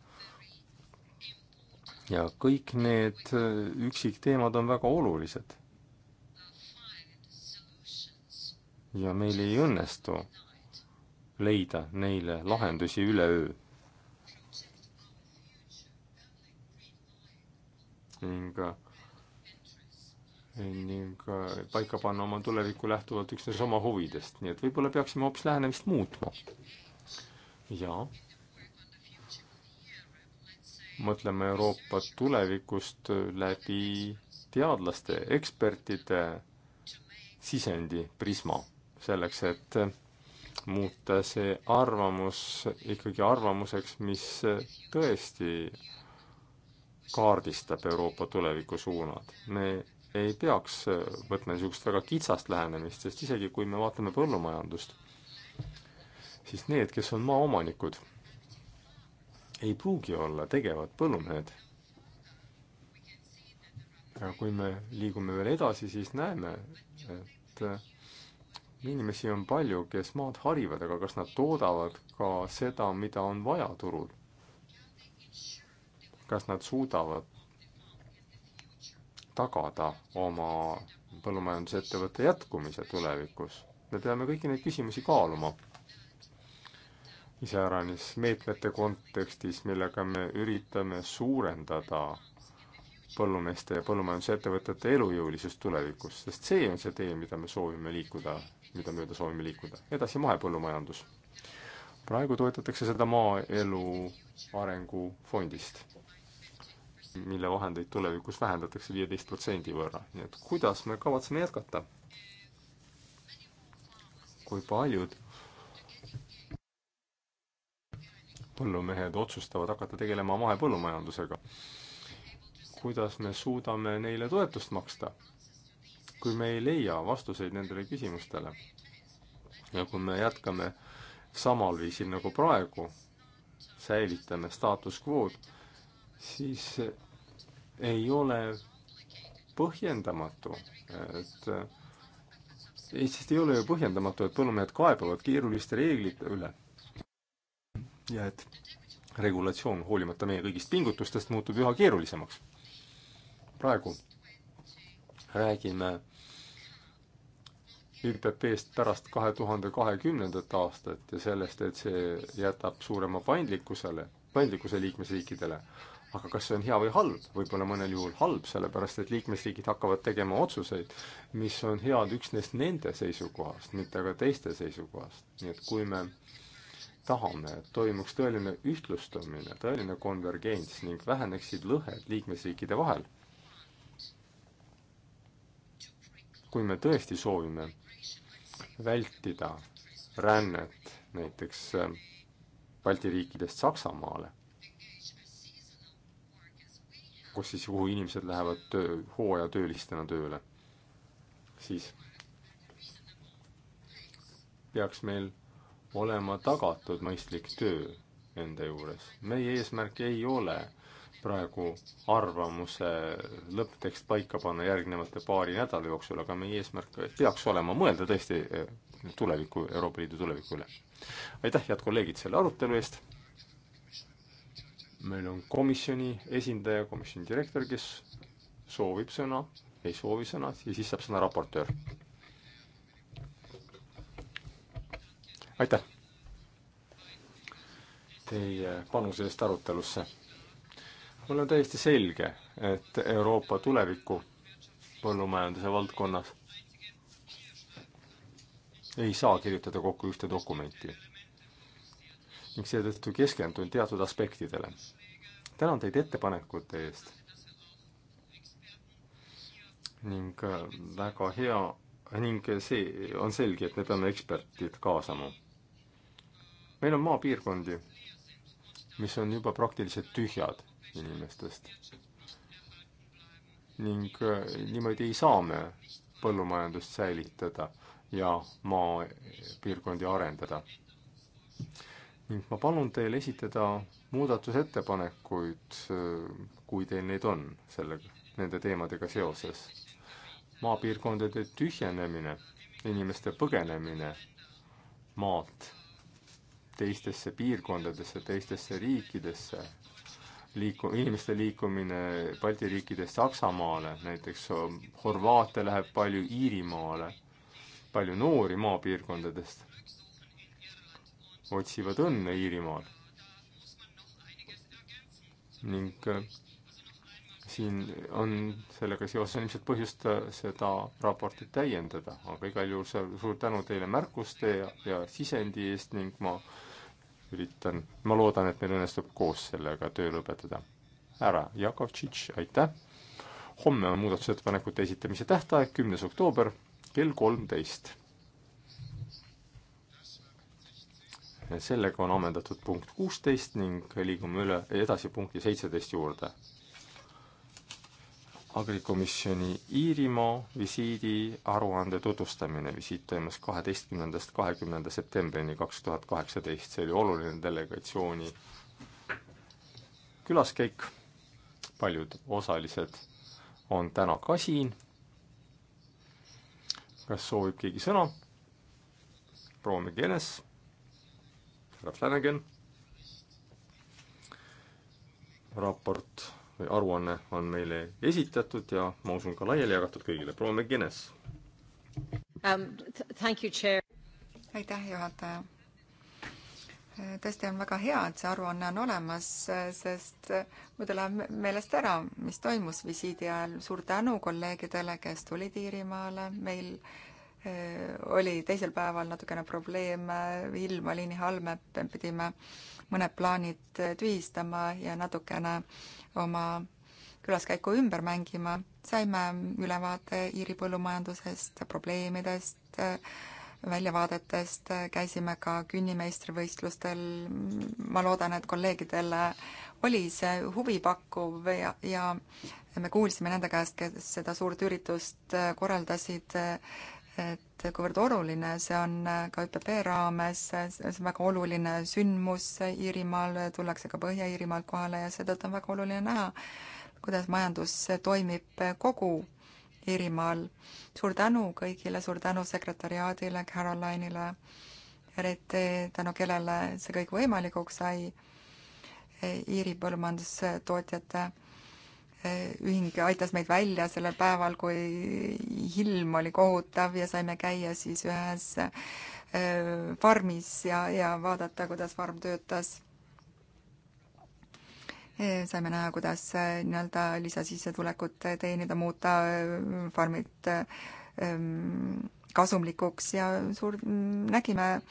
ja kõik need äh, üksikteemad on väga olulised. ja meil ei õnnestu leida neile lahendusi üleöö. ning, äh, ning äh, paika panna oma tulevikku lähtuvalt üksteise oma huvidest, nii et võib-olla peaksime hoopis lähenemist muutma. jaa mõtleme Euroopa tulevikust läbi teadlaste, ekspertide sisendi prisma, selleks et muuta see arvamus ikkagi arvamuseks, mis tõesti kaardistab Euroopa tulevikusuunad. me ei peaks võtma niisugust väga kitsast lähenemist, sest isegi kui me vaatame põllumajandust, siis need, kes on maaomanikud ei pruugi olla tegevad põllumehed. aga kui me liigume veel edasi, siis näeme, et inimesi on palju, kes maad harivad, aga kas nad toodavad ka seda, mida on vaja turul? kas nad suudavad tagada oma põllumajandusettevõtte jätkumise tulevikus? me peame kõiki neid küsimusi kaaluma iseäranis meetmete kontekstis, millega me üritame suurendada põllumeeste ja põllumajandusettevõtete elujõulisust tulevikus, sest see on see tee, mida me soovime liikuda, mida mööda soovime liikuda. edasi mahepõllumajandus. praegu toetatakse seda Maaelu Arengufondist, mille vahendeid tulevikus vähendatakse viieteist protsendi võrra, nii et kuidas me kavatseme jätkata? kui paljud põllumehed otsustavad hakata tegelema mahepõllumajandusega. kuidas me suudame neile toetust maksta, kui me ei leia vastuseid nendele küsimustele? ja kui me jätkame samal viisil nagu praegu, säilitame staatus quo'd, siis ei ole põhjendamatu, et Eestist ei ole ju põhjendamatu, et põllumehed kaebavad keeruliste reeglite üle ja et regulatsioon, hoolimata meie kõigist pingutustest, muutub üha keerulisemaks. praegu räägime ÜPP-st pärast kahe tuhande kahekümnendat aastat ja sellest, et see jätab suurema paindlikkusele, paindlikkuse liikmesriikidele. aga kas see on hea või halb? võib-olla mõnel juhul halb, sellepärast et liikmesriigid hakkavad tegema otsuseid, mis on head üksnes nende seisukohast, mitte ka teiste seisukohast. nii et kui me tahame, et toimuks tõeline ühtlustumine, tõeline konvergents ning väheneksid lõhed liikmesriikide vahel. kui me tõesti soovime vältida rännet näiteks äh, Balti riikidest Saksamaale, kus siis, kuhu inimesed lähevad töö, hooajatöölistena tööle, siis peaks meil olema tagatud mõistlik töö enda juures. meie eesmärk ei ole praegu arvamuse lõpptekst paika panna järgnevate paari nädala jooksul, aga meie eesmärk peaks olema mõelda tõesti eh, tuleviku, Euroopa Liidu tuleviku üle. aitäh, head kolleegid, selle arutelu eest! meil on komisjoni esindaja, komisjoni direktor, kes soovib sõna, ei soovi sõna ja siis saab sõna raportöör. aitäh teie panuse eest arutelusse. mul on täiesti selge, et Euroopa tuleviku põllumajanduse valdkonnas ei saa kirjutada kokku ühte dokumenti ning seetõttu keskendun teatud aspektidele. tänan teid ettepanekute eest ning äh, väga hea ning see on selge, et me peame eksperdid kaasama meil on maapiirkondi, mis on juba praktiliselt tühjad inimestest. ning eh, niimoodi ei saa me põllumajandust säilitada ja maapiirkondi arendada. ning ma palun teil esitada muudatusettepanekuid, eh, kui teil neid on, selle, nende teemadega seoses. maapiirkondade tühjenemine, inimeste põgenemine maalt teistesse piirkondadesse, teistesse riikidesse, liiku-, inimeste liikumine Balti riikidest Saksamaale, näiteks ähm, Horvaate läheb palju Iirimaale, palju noori maapiirkondadest otsivad õnne Iirimaal. ning äh, siin on, sellega seoses on ilmselt põhjust äh, seda raportit täiendada, aga igal juhul suur tänu teile märkuste ja, ja sisendi eest ning ma äh, üritan, ma loodan, et meil õnnestub koos sellega töö lõpetada ära. Jakovtšitš, aitäh! homme on muudatusettepanekute esitamise tähtaeg, kümnes oktoober kell kolmteist. sellega on ammendatud punkt kuusteist ning liigume üle, edasi punkti seitseteist juurde agrikomisjoni Iirimaa visiidi aruande tutvustamine. visiit toimus kaheteistkümnendast kahekümnenda septembrini kaks tuhat kaheksateist, see oli oluline delegatsiooni külaskäik, paljud osalised on täna ka siin, kas soovib keegi sõna? proua McGuinness, härra Flanagan, raport või aruanne on meile esitatud ja ma usun ka laiali jagatud kõigile. proua McGuinness um,.
aitäh, juhataja. tõesti on väga hea, et see aruanne on olemas, sest muidu läheb meelest ära, mis toimus visiidi ajal. suur tänu kolleegidele, kes tulid Iirimaale. meil äh, Äh, oli teisel päeval natukene probleeme, ilm oli nii halb, et pidime mõned plaanid äh, tühistama ja natukene oma külaskäiku ümber mängima. saime ülevaate Iiri põllumajandusest, probleemidest, äh, väljavaadetest, käisime ka künnimeistrivõistlustel. ma loodan, et kolleegidele oli see huvipakkuv ja, ja me kuulsime nende käest, kes seda suurt üritust korraldasid et kuivõrd oluline see on ka ÜPP raames, see on väga oluline sündmus Iirimaal, tullakse ka Põhja-Iirimaalt kohale ja seetõttu on väga oluline näha, kuidas majandus toimib kogu Iirimaal. suur tänu kõigile, suur tänu sekretäriaadile, Caroline'ile, eriti tänu kellele see kõik võimalikuks sai, Iiri põllumajandustootjate ühing aitas meid välja sellel päeval, kui ilm oli kohutav ja saime käia siis ühes äh, farmis ja, ja vaadata, kuidas farm töötas. Äh, saime näha, kuidas äh, nii-öelda lisasissetulekut teenida, muuta farmid ähm, kasumlikuks ja suur, mm, nägime äh,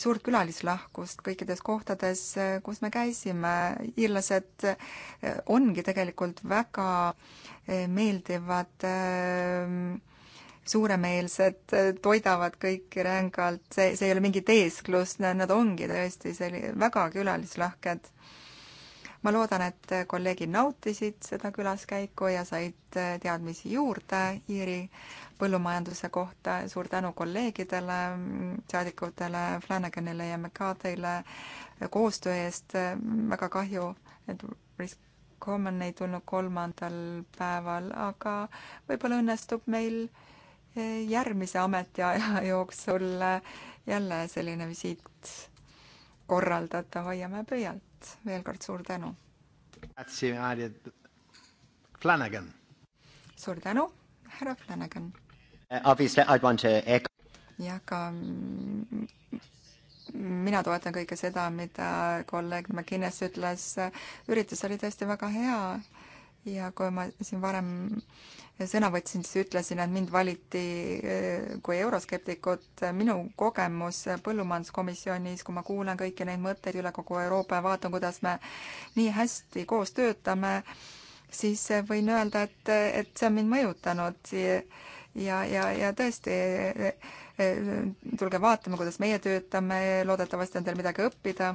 suurt külalislahkust kõikides kohtades, kus me käisime. iirlased eh, ongi tegelikult väga eh, meeldivad, eh, suuremeelsed, toidavad kõiki rängalt, see, see ei ole mingi teesklus, nad ongi tõesti selli-, väga külalislahked. ma loodan, et kolleegid nautisid seda külaskäiku ja said teadmisi juurde Iiri põllumajanduse kohta. suur tänu kolleegidele, saadikutele, Flanaganile ja McCarthy'le koostöö eest. väga kahju, et Risk Common ei tulnud kolmandal päeval, aga võib-olla õnnestub meil järgmise ametiaja jooksul jälle selline visiit korraldada, hoiame pöialt. veel kord suur tänu. suur tänu, härra Flanagan. Uh, jah, ka mina toetan kõike seda, mida kolleeg McInnes ütles, üritus oli tõesti väga hea ja kui ma siin varem sõna võtsin, siis ütlesin, et mind valiti eh, kui euroskeptikut. minu kogemus põllumajanduskomisjonis, kui ma kuulan kõiki neid mõtteid üle kogu Euroopa ja vaatan, kuidas me nii hästi koos töötame, siis võin öelda, et, et see on mind mõjutanud ja, ja, ja tõesti, e, e, tulge vaatama, kuidas meie töötame, loodetavasti on teil midagi õppida.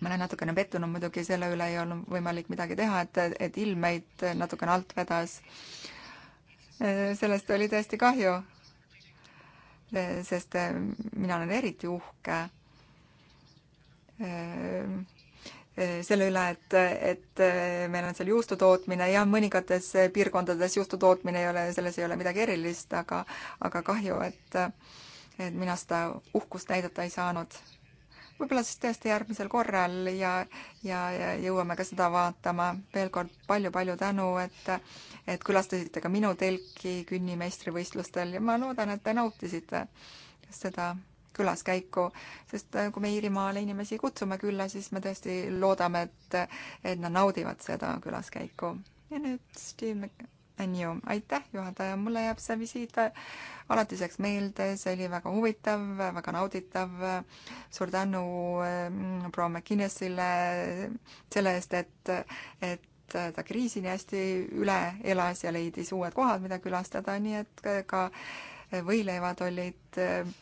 ma olen natukene pettunud muidugi, selle üle ei olnud võimalik midagi teha, et, et ilm meid natukene alt vedas. E, sellest oli tõesti kahju, sest mina olen eriti uhke Eh, selle üle, et, et eh, meil on seal juustu tootmine ja mõningates eh, piirkondades juustu tootmine ei ole, selles ei ole midagi erilist, aga, aga kahju, et, et mina seda uhkust näidata ei saanud. võib-olla siis tõesti järgmisel korral ja, ja, ja jõuame ka seda vaatama. veel kord palju-palju tänu, et, et külastasite ka minu telki künnimeistrivõistlustel ja ma loodan, et te nautisite seda külaskäiku, sest äh, kui me Iirimaale inimesi kutsume külla, siis me tõesti loodame, et, et nad naudivad seda külaskäiku. ja nüüd Steve McAnew, aitäh, juhataja, mulle jääb see visiit äh, alatiseks meelde, see oli väga huvitav, väga nauditav. suur tänu äh, proua McInnesile selle eest, et, et ta kriisi nii hästi üle elas ja leidis uued kohad, mida külastada, nii et ka võileivad olid äh,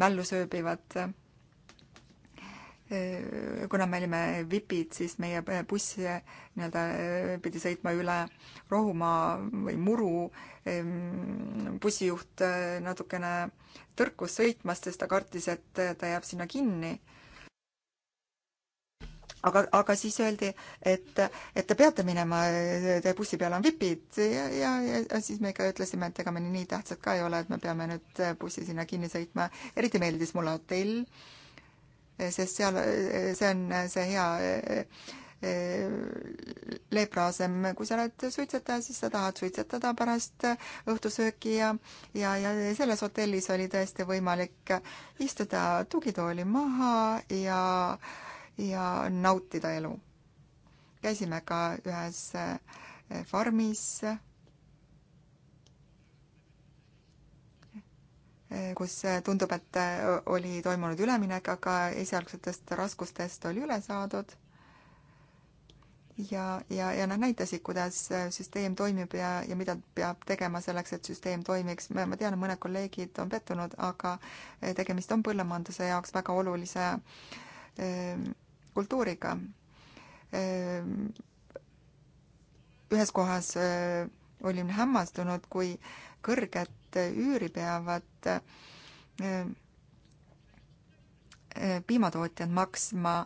mällu sööbivad. kuna me olime vipid, siis meie buss nii-öelda pidi sõitma üle rohumaa või muru. bussijuht natukene tõrkus sõitmast, sest ta kartis, et ta jääb sinna kinni aga, aga siis öeldi, et, et te peate minema, teie bussi peal on vipid ja, ja, ja siis me ikka ütlesime, et ega me nii tähtsad ka ei ole, et me peame nüüd bussi sinna kinni sõitma. eriti meeldis mulle hotell, sest seal, see on see hea e, leebra asem, kui sa oled suitsetaja, siis sa tahad suitsetada pärast õhtusööki ja, ja, ja selles hotellis oli tõesti võimalik istuda tugitooli maha ja äh, ja nautida elu. käisime ka ühes eh, farmis, eh, kus tundub, et eh, oli toimunud üleminek, aga esialgsetest raskustest oli üle saadud ja, ja, ja nad näitasid, kuidas süsteem toimib ja, ja mida peab tegema selleks, et süsteem toimiks. ma tean, et mõned kolleegid on pettunud, aga tegemist on põllumajanduse jaoks väga olulise öö, kultuuriga. Ehm, ühes kohas eh, olin hämmastunud, kui kõrget üüri peavad ehm, eh, piimatootjad maksma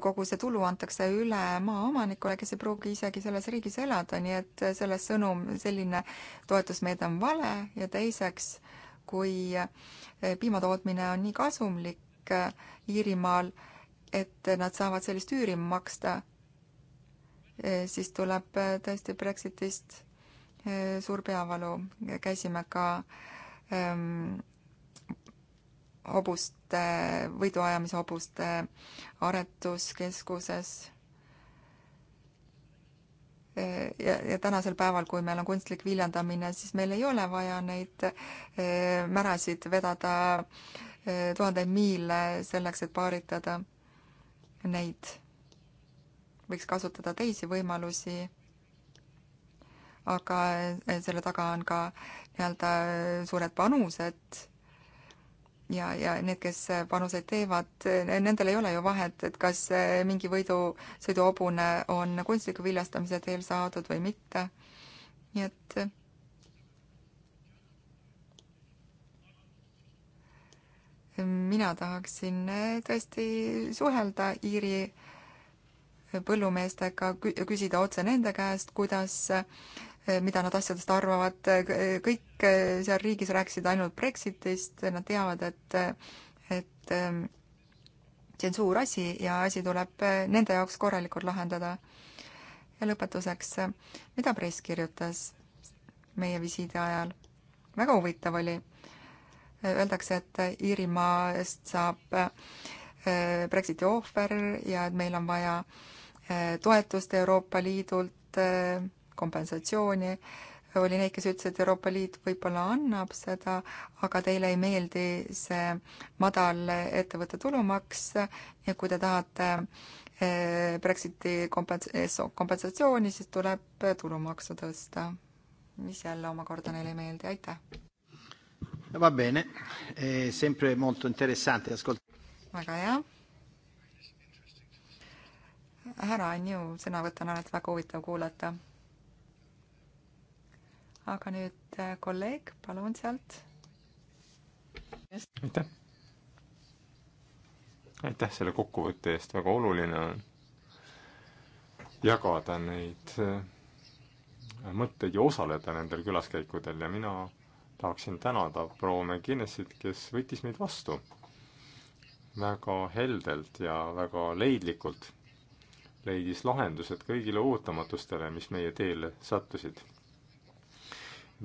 kogu see tulu antakse üle maaomanikule, kes ei pruugi isegi selles riigis elada, nii et selle sõnum, selline toetusmeede on vale ja teiseks, kui eh, piimatootmine on nii kasumlik Iirimaal, et nad saavad sellist üüri maksta, e, siis tuleb tõesti Brexitist e, suur peavalu. käisime ka ähm, hobuste, võiduajamise hobuste aretuskeskuses e, ja, ja tänasel päeval, kui meil on kunstlik viljandamine, siis meil ei ole vaja neid märasid vedada tuhandeid miile selleks, et paaritada neid, võiks kasutada teisi võimalusi, aga eh, selle taga on ka nii-öelda suured panused ja, ja need, kes panuseid teevad, nendel ei ole ju vahet, et kas eh, mingi võidusõiduhobune on kunstliku viljastamise teel saadud või mitte. nii et mina tahaksin eh, tõesti suhelda Iiri põllumeestega, küsida otse nende käest, kuidas, eh, mida nad asjadest arvavad, kõik eh, seal riigis rääkisid ainult Brexitist, nad teavad, et, et see on suur asi ja asi tuleb nende jaoks korralikult lahendada. ja lõpetuseks, mida press kirjutas meie visiidi ajal? väga huvitav oli öeldakse, et Iirimaast saab äh, Brexiti ohver ja et meil on vaja äh, toetust Euroopa Liidult, äh, kompensatsiooni. oli neid, kes ütlesid, et Euroopa Liit võib-olla annab seda, aga teile ei meeldi see madal ettevõtte tulumaks ja kui te tahate Brexiti kompens-, eh, kompensatsiooni, siis tuleb tulumaksu tõsta, mis jälle omakorda neile ei meeldi, aitäh!
Eh, va bene, è sempre molto interessante ascoltare.
väga hea. härra Anju sõnavõtt on alati väga huvitav kuulata. aga nüüd eh, kolleeg, palun sealt.
aitäh. aitäh selle kokkuvõtte eest, väga oluline on jagada neid eh, mõtteid ja osaleda nendel külaskäikudel ja mina tahaksin tänada proua McGinnisit, kes võttis meid vastu väga heldelt ja väga leidlikult, leidis lahendused kõigile ootamatustele, mis meie teele sattusid.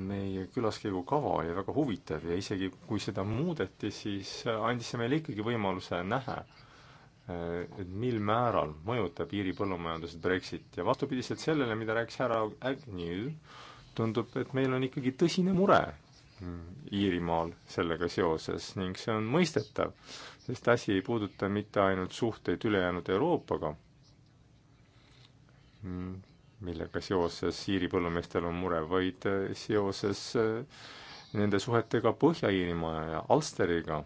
meie külaskäigu kava oli väga huvitav ja isegi kui seda muudeti, siis andis see meile ikkagi võimaluse näha, et mil määral mõjutab Iiri põllumajandust Brexit ja vastupidiselt sellele, mida rääkis härra Agnew, tundub, et meil on ikkagi tõsine mure Iirimaal sellega seoses ning see on mõistetav, sest asi ei puuduta mitte ainult suhteid ülejäänud Euroopaga, millega seoses Iiri põllumeestel on mure, vaid seoses eh, nende suhetega Põhja-Iirimaa ja Alsteriga.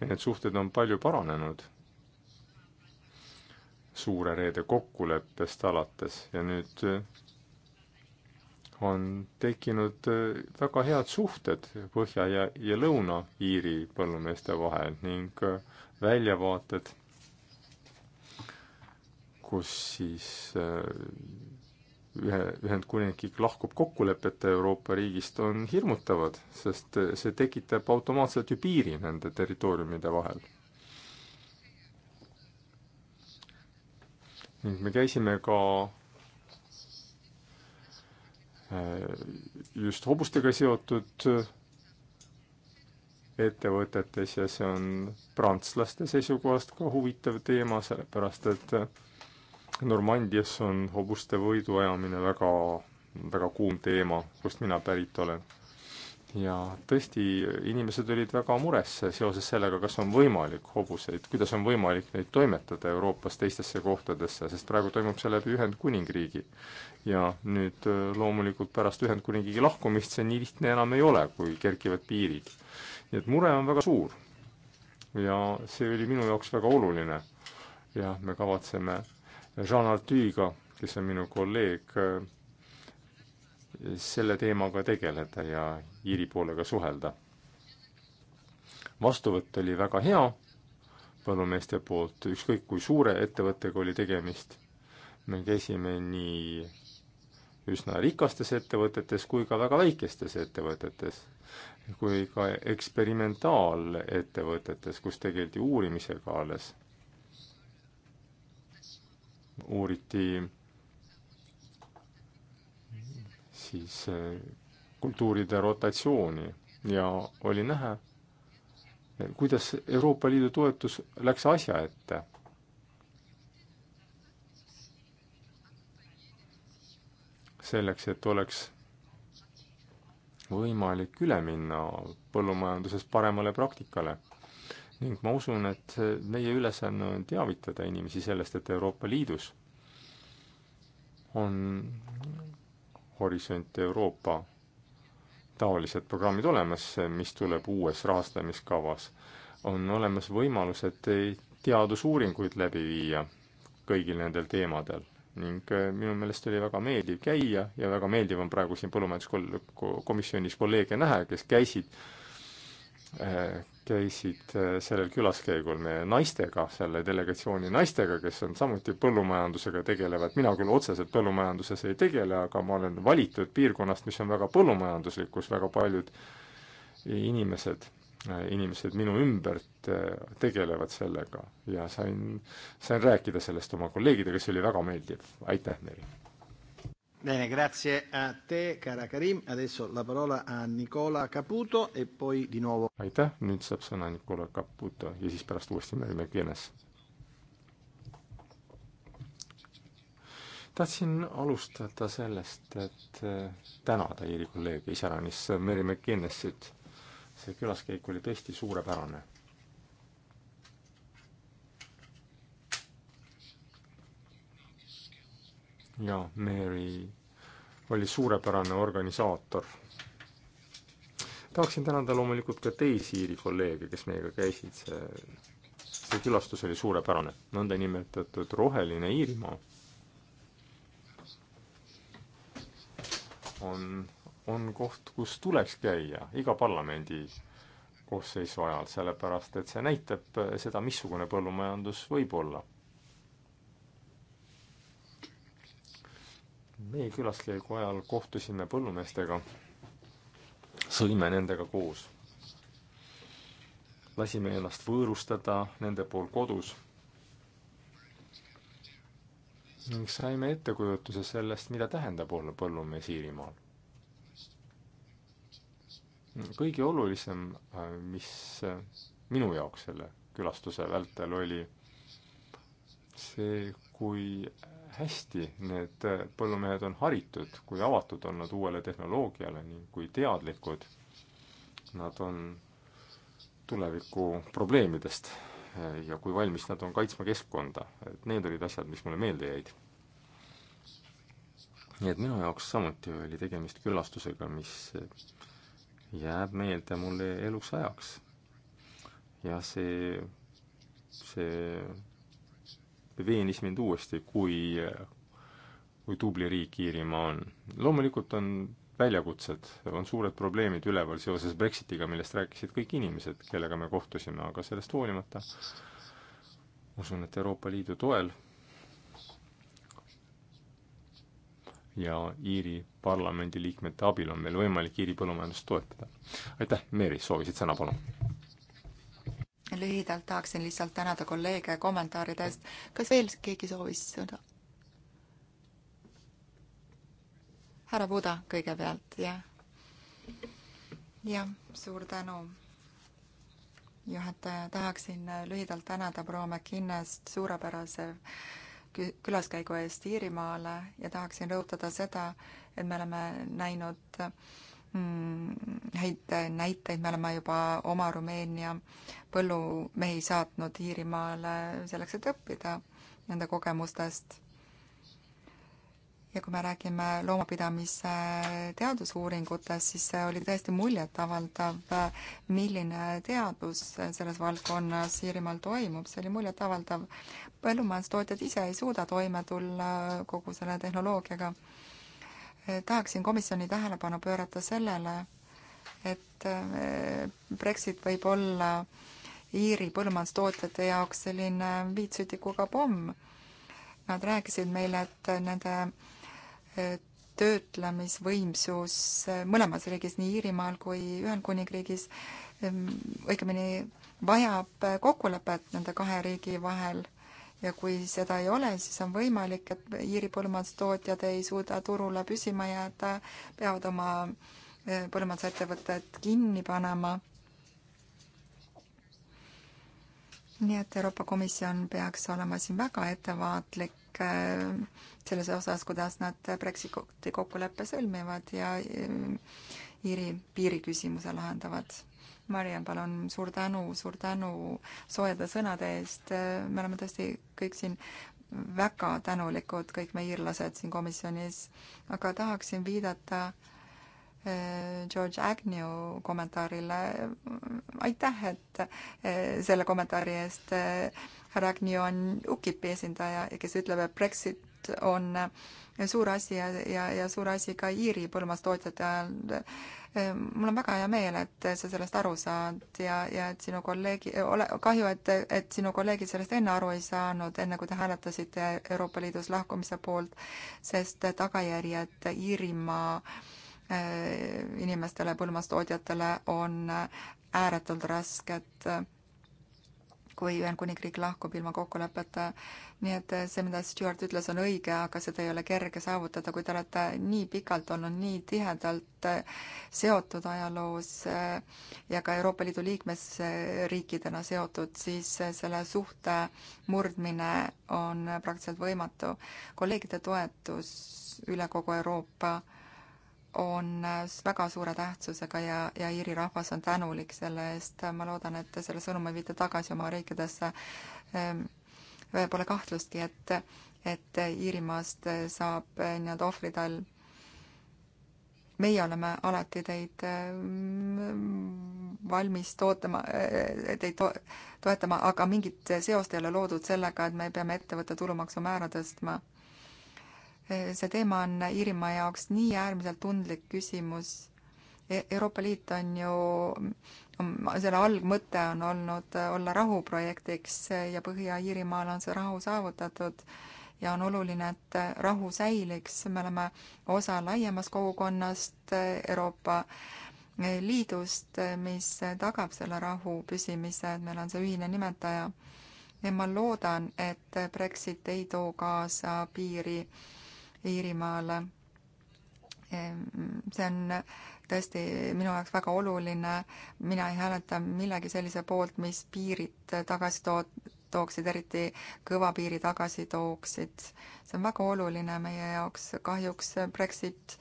ja need suhted on palju paranenud suure reede kokkuleppest alates ja nüüd eh, on tekkinud äh, väga head suhted Põhja- ja, ja Lõuna-Iiri põllumeeste vahel ning äh, väljavaated, kus siis äh, ühe, Ühendkuningriik lahkub kokkulepeta Euroopa riigist, on hirmutavad, sest see tekitab automaatselt ju piiri nende territooriumide vahel. ning me käisime ka Äh, just hobustega seotud äh, ettevõtetes ja see on prantslaste seisukohast ka huvitav teema, sellepärast et äh, Normandias on hobuste võiduajamine väga, väga kuum teema, kust mina pärit olen ja tõesti, inimesed olid väga mures seoses sellega, kas on võimalik hobuseid, kuidas on võimalik neid toimetada Euroopas teistesse kohtadesse, sest praegu toimub see läbi Ühendkuningriigi. ja nüüd äh, loomulikult pärast Ühendkuningriigi lahkumist see nii lihtne enam ei ole, kui kerkivad piirid. nii et mure on väga suur. ja see oli minu jaoks väga oluline. ja me kavatseme Jean Artüiga, kes on minu kolleeg, äh, selle teemaga tegeleda ja, Iiri poolega suhelda. vastuvõtt oli väga hea põllumeeste poolt, ükskõik kui suure ettevõttega oli tegemist, me käisime nii üsna rikastes ettevõtetes kui ka väga väikestes ettevõtetes, kui ka eksperimentaalettevõtetes, kus tegeldi uurimisega alles. uuriti siis kultuuride rotatsiooni ja oli näha, kuidas Euroopa Liidu toetus läks asja ette. selleks, et oleks võimalik üle minna põllumajanduses paremale praktikale. ning ma usun, et meie ülesanne on teavitada inimesi sellest, et Euroopa Liidus on Horisont Euroopa taolised programmid olemas, mis tuleb uues rahastamiskavas. on olemas võimalused teadusuuringuid läbi viia kõigil nendel teemadel ning äh, minu meelest oli väga meeldiv käia ja väga meeldiv on praegu siin põllumajanduskomisjonis kolleege näha, kes käisid äh, käisid äh, sellel külaskäigul meie naistega, selle delegatsiooni naistega, kes on samuti põllumajandusega tegelevad, mina küll otseselt põllumajanduses ei tegele, aga ma olen valitud piirkonnast, mis on väga põllumajanduslik, kus väga paljud inimesed, äh, inimesed minu ümbert äh, tegelevad sellega ja sain, sain rääkida sellest oma kolleegidega, see oli väga meeldiv, aitäh Meri! Bene, grazie a te, cara Karim. Adesso la parola a Nicola Caputo e poi di nuovo. aitäh, nüüd saab sõna Nicola Caputo ja siis pärast uuesti Merle Kienes. tahtsin alustada sellest, et äh, tänada Iiri kolleegi, iseäranis Meri McKinnesit. see külaskäik oli tõesti suurepärane ja Mary oli suurepärane organisaator. tahaksin tänada loomulikult ka teisi Iiri kolleege, kes meiega käisid, see, see külastus oli suurepärane, nõndanimetatud roheline Iirimaa on, on koht, kus tuleks käia iga parlamendi koosseisu ajal, sellepärast et see näitab seda, missugune põllumajandus võib olla meie külaskäigu ajal kohtusime põllumeestega, sõime nendega koos. lasime ennast võõrustada nende pool kodus ning saime ettekujutuse sellest, mida tähendab olla põllumees Iirimaal. kõige olulisem, äh, mis äh, minu jaoks selle külastuse vältel oli, see, kui hästi need äh, põllumehed on haritud, kui avatud on nad uuele tehnoloogiale ning kui teadlikud nad on tuleviku probleemidest äh, ja kui valmis nad on kaitsma keskkonda, et need olid asjad, mis mulle meelde jäid. nii et minu jaoks samuti oli tegemist küllastusega, mis jääb meelde mulle eluks ajaks. ja see, see veenis mind uuesti, kui, kui tubli riik Iirimaa on. loomulikult on väljakutsed, on suured probleemid üleval seoses Brexitiga, millest rääkisid kõik inimesed, kellega me kohtusime, aga sellest hoolimata usun, et Euroopa Liidu toel ja Iiri parlamendi liikmete abil on meil võimalik Iiri põllumajandust toetada. aitäh, Meeri, soovisid sõna, palun?
lühidalt tahaksin lihtsalt tänada kolleege kommentaaride eest. kas veel keegi soovis sõna? härra Buda kõigepealt, jah. jah, suur tänu. juhataja, tahaksin lühidalt tänada proua McInnest suurepärase külaskäigu eest Iirimaale ja tahaksin rõhutada seda, et me oleme näinud äh, Mm, häid näiteid, me oleme juba oma Rumeenia põllumehi saatnud Iirimaale selleks, et õppida nende kogemustest. ja kui me räägime loomapidamise teadusuuringutest, siis see oli tõesti muljetavaldav, milline teadus selles valdkonnas Iirimaal toimub, see oli muljetavaldav. põllumajandustootjad ise ei suuda toime tulla kogu selle tehnoloogiaga Eh, tahaksin komisjoni tähelepanu pöörata sellele, et eh, Brexit võib olla Iiri põllumajandustootjate jaoks selline viitsütikuga pomm. Nad rääkisid meile, et nende eh, töötlemisvõimsus mõlemas riigis, nii Iirimaal kui Ühendkuningriigis, õigemini vajab kokkulepet nende kahe riigi vahel ja kui seda ei ole, siis on võimalik, et Iiri põllumajandustootjad ei suuda turule püsima jääda, peavad oma eh, põllumajandusettevõtted kinni panema. nii et Euroopa Komisjon peaks olema siin väga ettevaatlik eh, selles osas, kuidas nad Brexiti kokkuleppe sõlmivad ja eh, Iiri piiriküsimuse lahendavad Mariann, palun, suur tänu, suur tänu soojade sõnade eest, me oleme tõesti kõik siin väga tänulikud, kõik me iirlased siin komisjonis, aga tahaksin viidata eh, George Agnew kommentaarile, aitäh, et eh, selle kommentaari eest, eh, härra Agnew on UKIP-i esindaja, kes ütleb, et Brexit on suur asi ja, ja, ja suur asi ka Iiri põllumajandustootjate ajal Ehm, mul on väga hea meel, et sa sellest aru saad ja, ja et sinu kolleegi, eh, ole, kahju, et, et sinu kolleegid sellest enne aru ei saanud, enne kui te hääletasite Euroopa Liidust lahkumise poolt, sest tagajärjed Iirimaa eh, inimestele, põllumajandustootjatele on ääretult rasked kui Ühendkuningriik lahkub ilma kokkuleppeta. nii et see, mida Stewart ütles, on õige, aga seda ei ole kerge saavutada, kui te olete nii pikalt olnud nii tihedalt seotud ajaloos eh, ja ka Euroopa Liidu liikmesriikidena seotud, siis selle suhte murdmine on praktiliselt võimatu. kolleegide toetus üle kogu Euroopa on äh, väga suure tähtsusega ja, ja Iiri rahvas on tänulik selle eest. ma loodan, et te selle sõnumi viite tagasi oma riikidesse. Ähm, äh, pole kahtlustki, et, et Iirimaast äh, saab nii-öelda ohvritalv. meie oleme alati teid valmis tootma, teid to-, toetama, aga mingit seost ei ole loodud sellega, et me peame ettevõtte tulumaksumäära tõstma see teema on Iirimaa jaoks nii äärmiselt tundlik küsimus. E-, Euroopa Liit on ju, selle algmõte on olnud olla rahuprojektiks ja Põhja-Iirimaal on see rahu saavutatud ja on oluline, et rahu säiliks, me oleme osa laiemast kogukonnast Euroopa Liidust, mis tagab selle rahu püsimise, et meil on see ühine nimetaja. ja ma loodan, et Brexit ei too kaasa piiri äh, Iirimaale. Ehm, see on tõesti minu jaoks väga oluline, mina ei hääleta millegi sellise poolt, mis piirid tagasi tood-, tooksid, eriti kõva piiri tagasi tooksid. see on väga oluline meie jaoks, kahjuks Brexit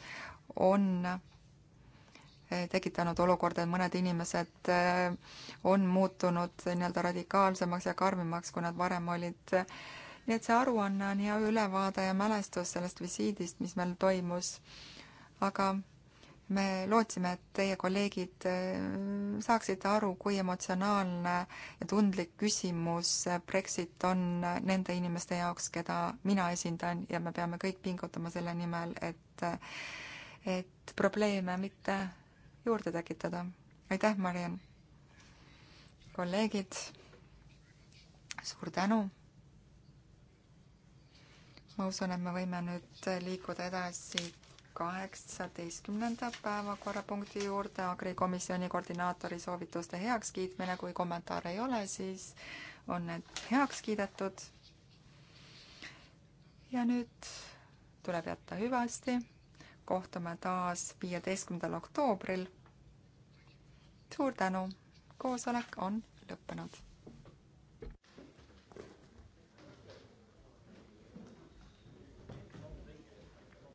on eh, tekitanud olukorda, et mõned inimesed eh, on muutunud nii-öelda radikaalsemaks ja karmimaks, kui nad varem olid nii et see aruanne on hea ülevaade ja mälestus sellest visiidist, mis meil toimus. aga me lootsime, et teie kolleegid äh, saaksid aru, kui emotsionaalne ja tundlik küsimus Brexit on nende inimeste jaoks, keda mina esindan ja me peame kõik pingutama selle nimel, et, et probleeme mitte juurde tekitada. aitäh, Mariann! kolleegid, suur tänu! ma usun, et me võime nüüd liikuda edasi kaheksateistkümnenda päevakorrapunkti juurde, agrikomisjoni koordinaatori soovituste heakskiitmine, kui kommentaare ei ole, siis on need heaks kiidetud. ja nüüd tuleb jätta hüvasti. kohtume taas viieteistkümnendal oktoobril. suur tänu, koosolek on lõppenud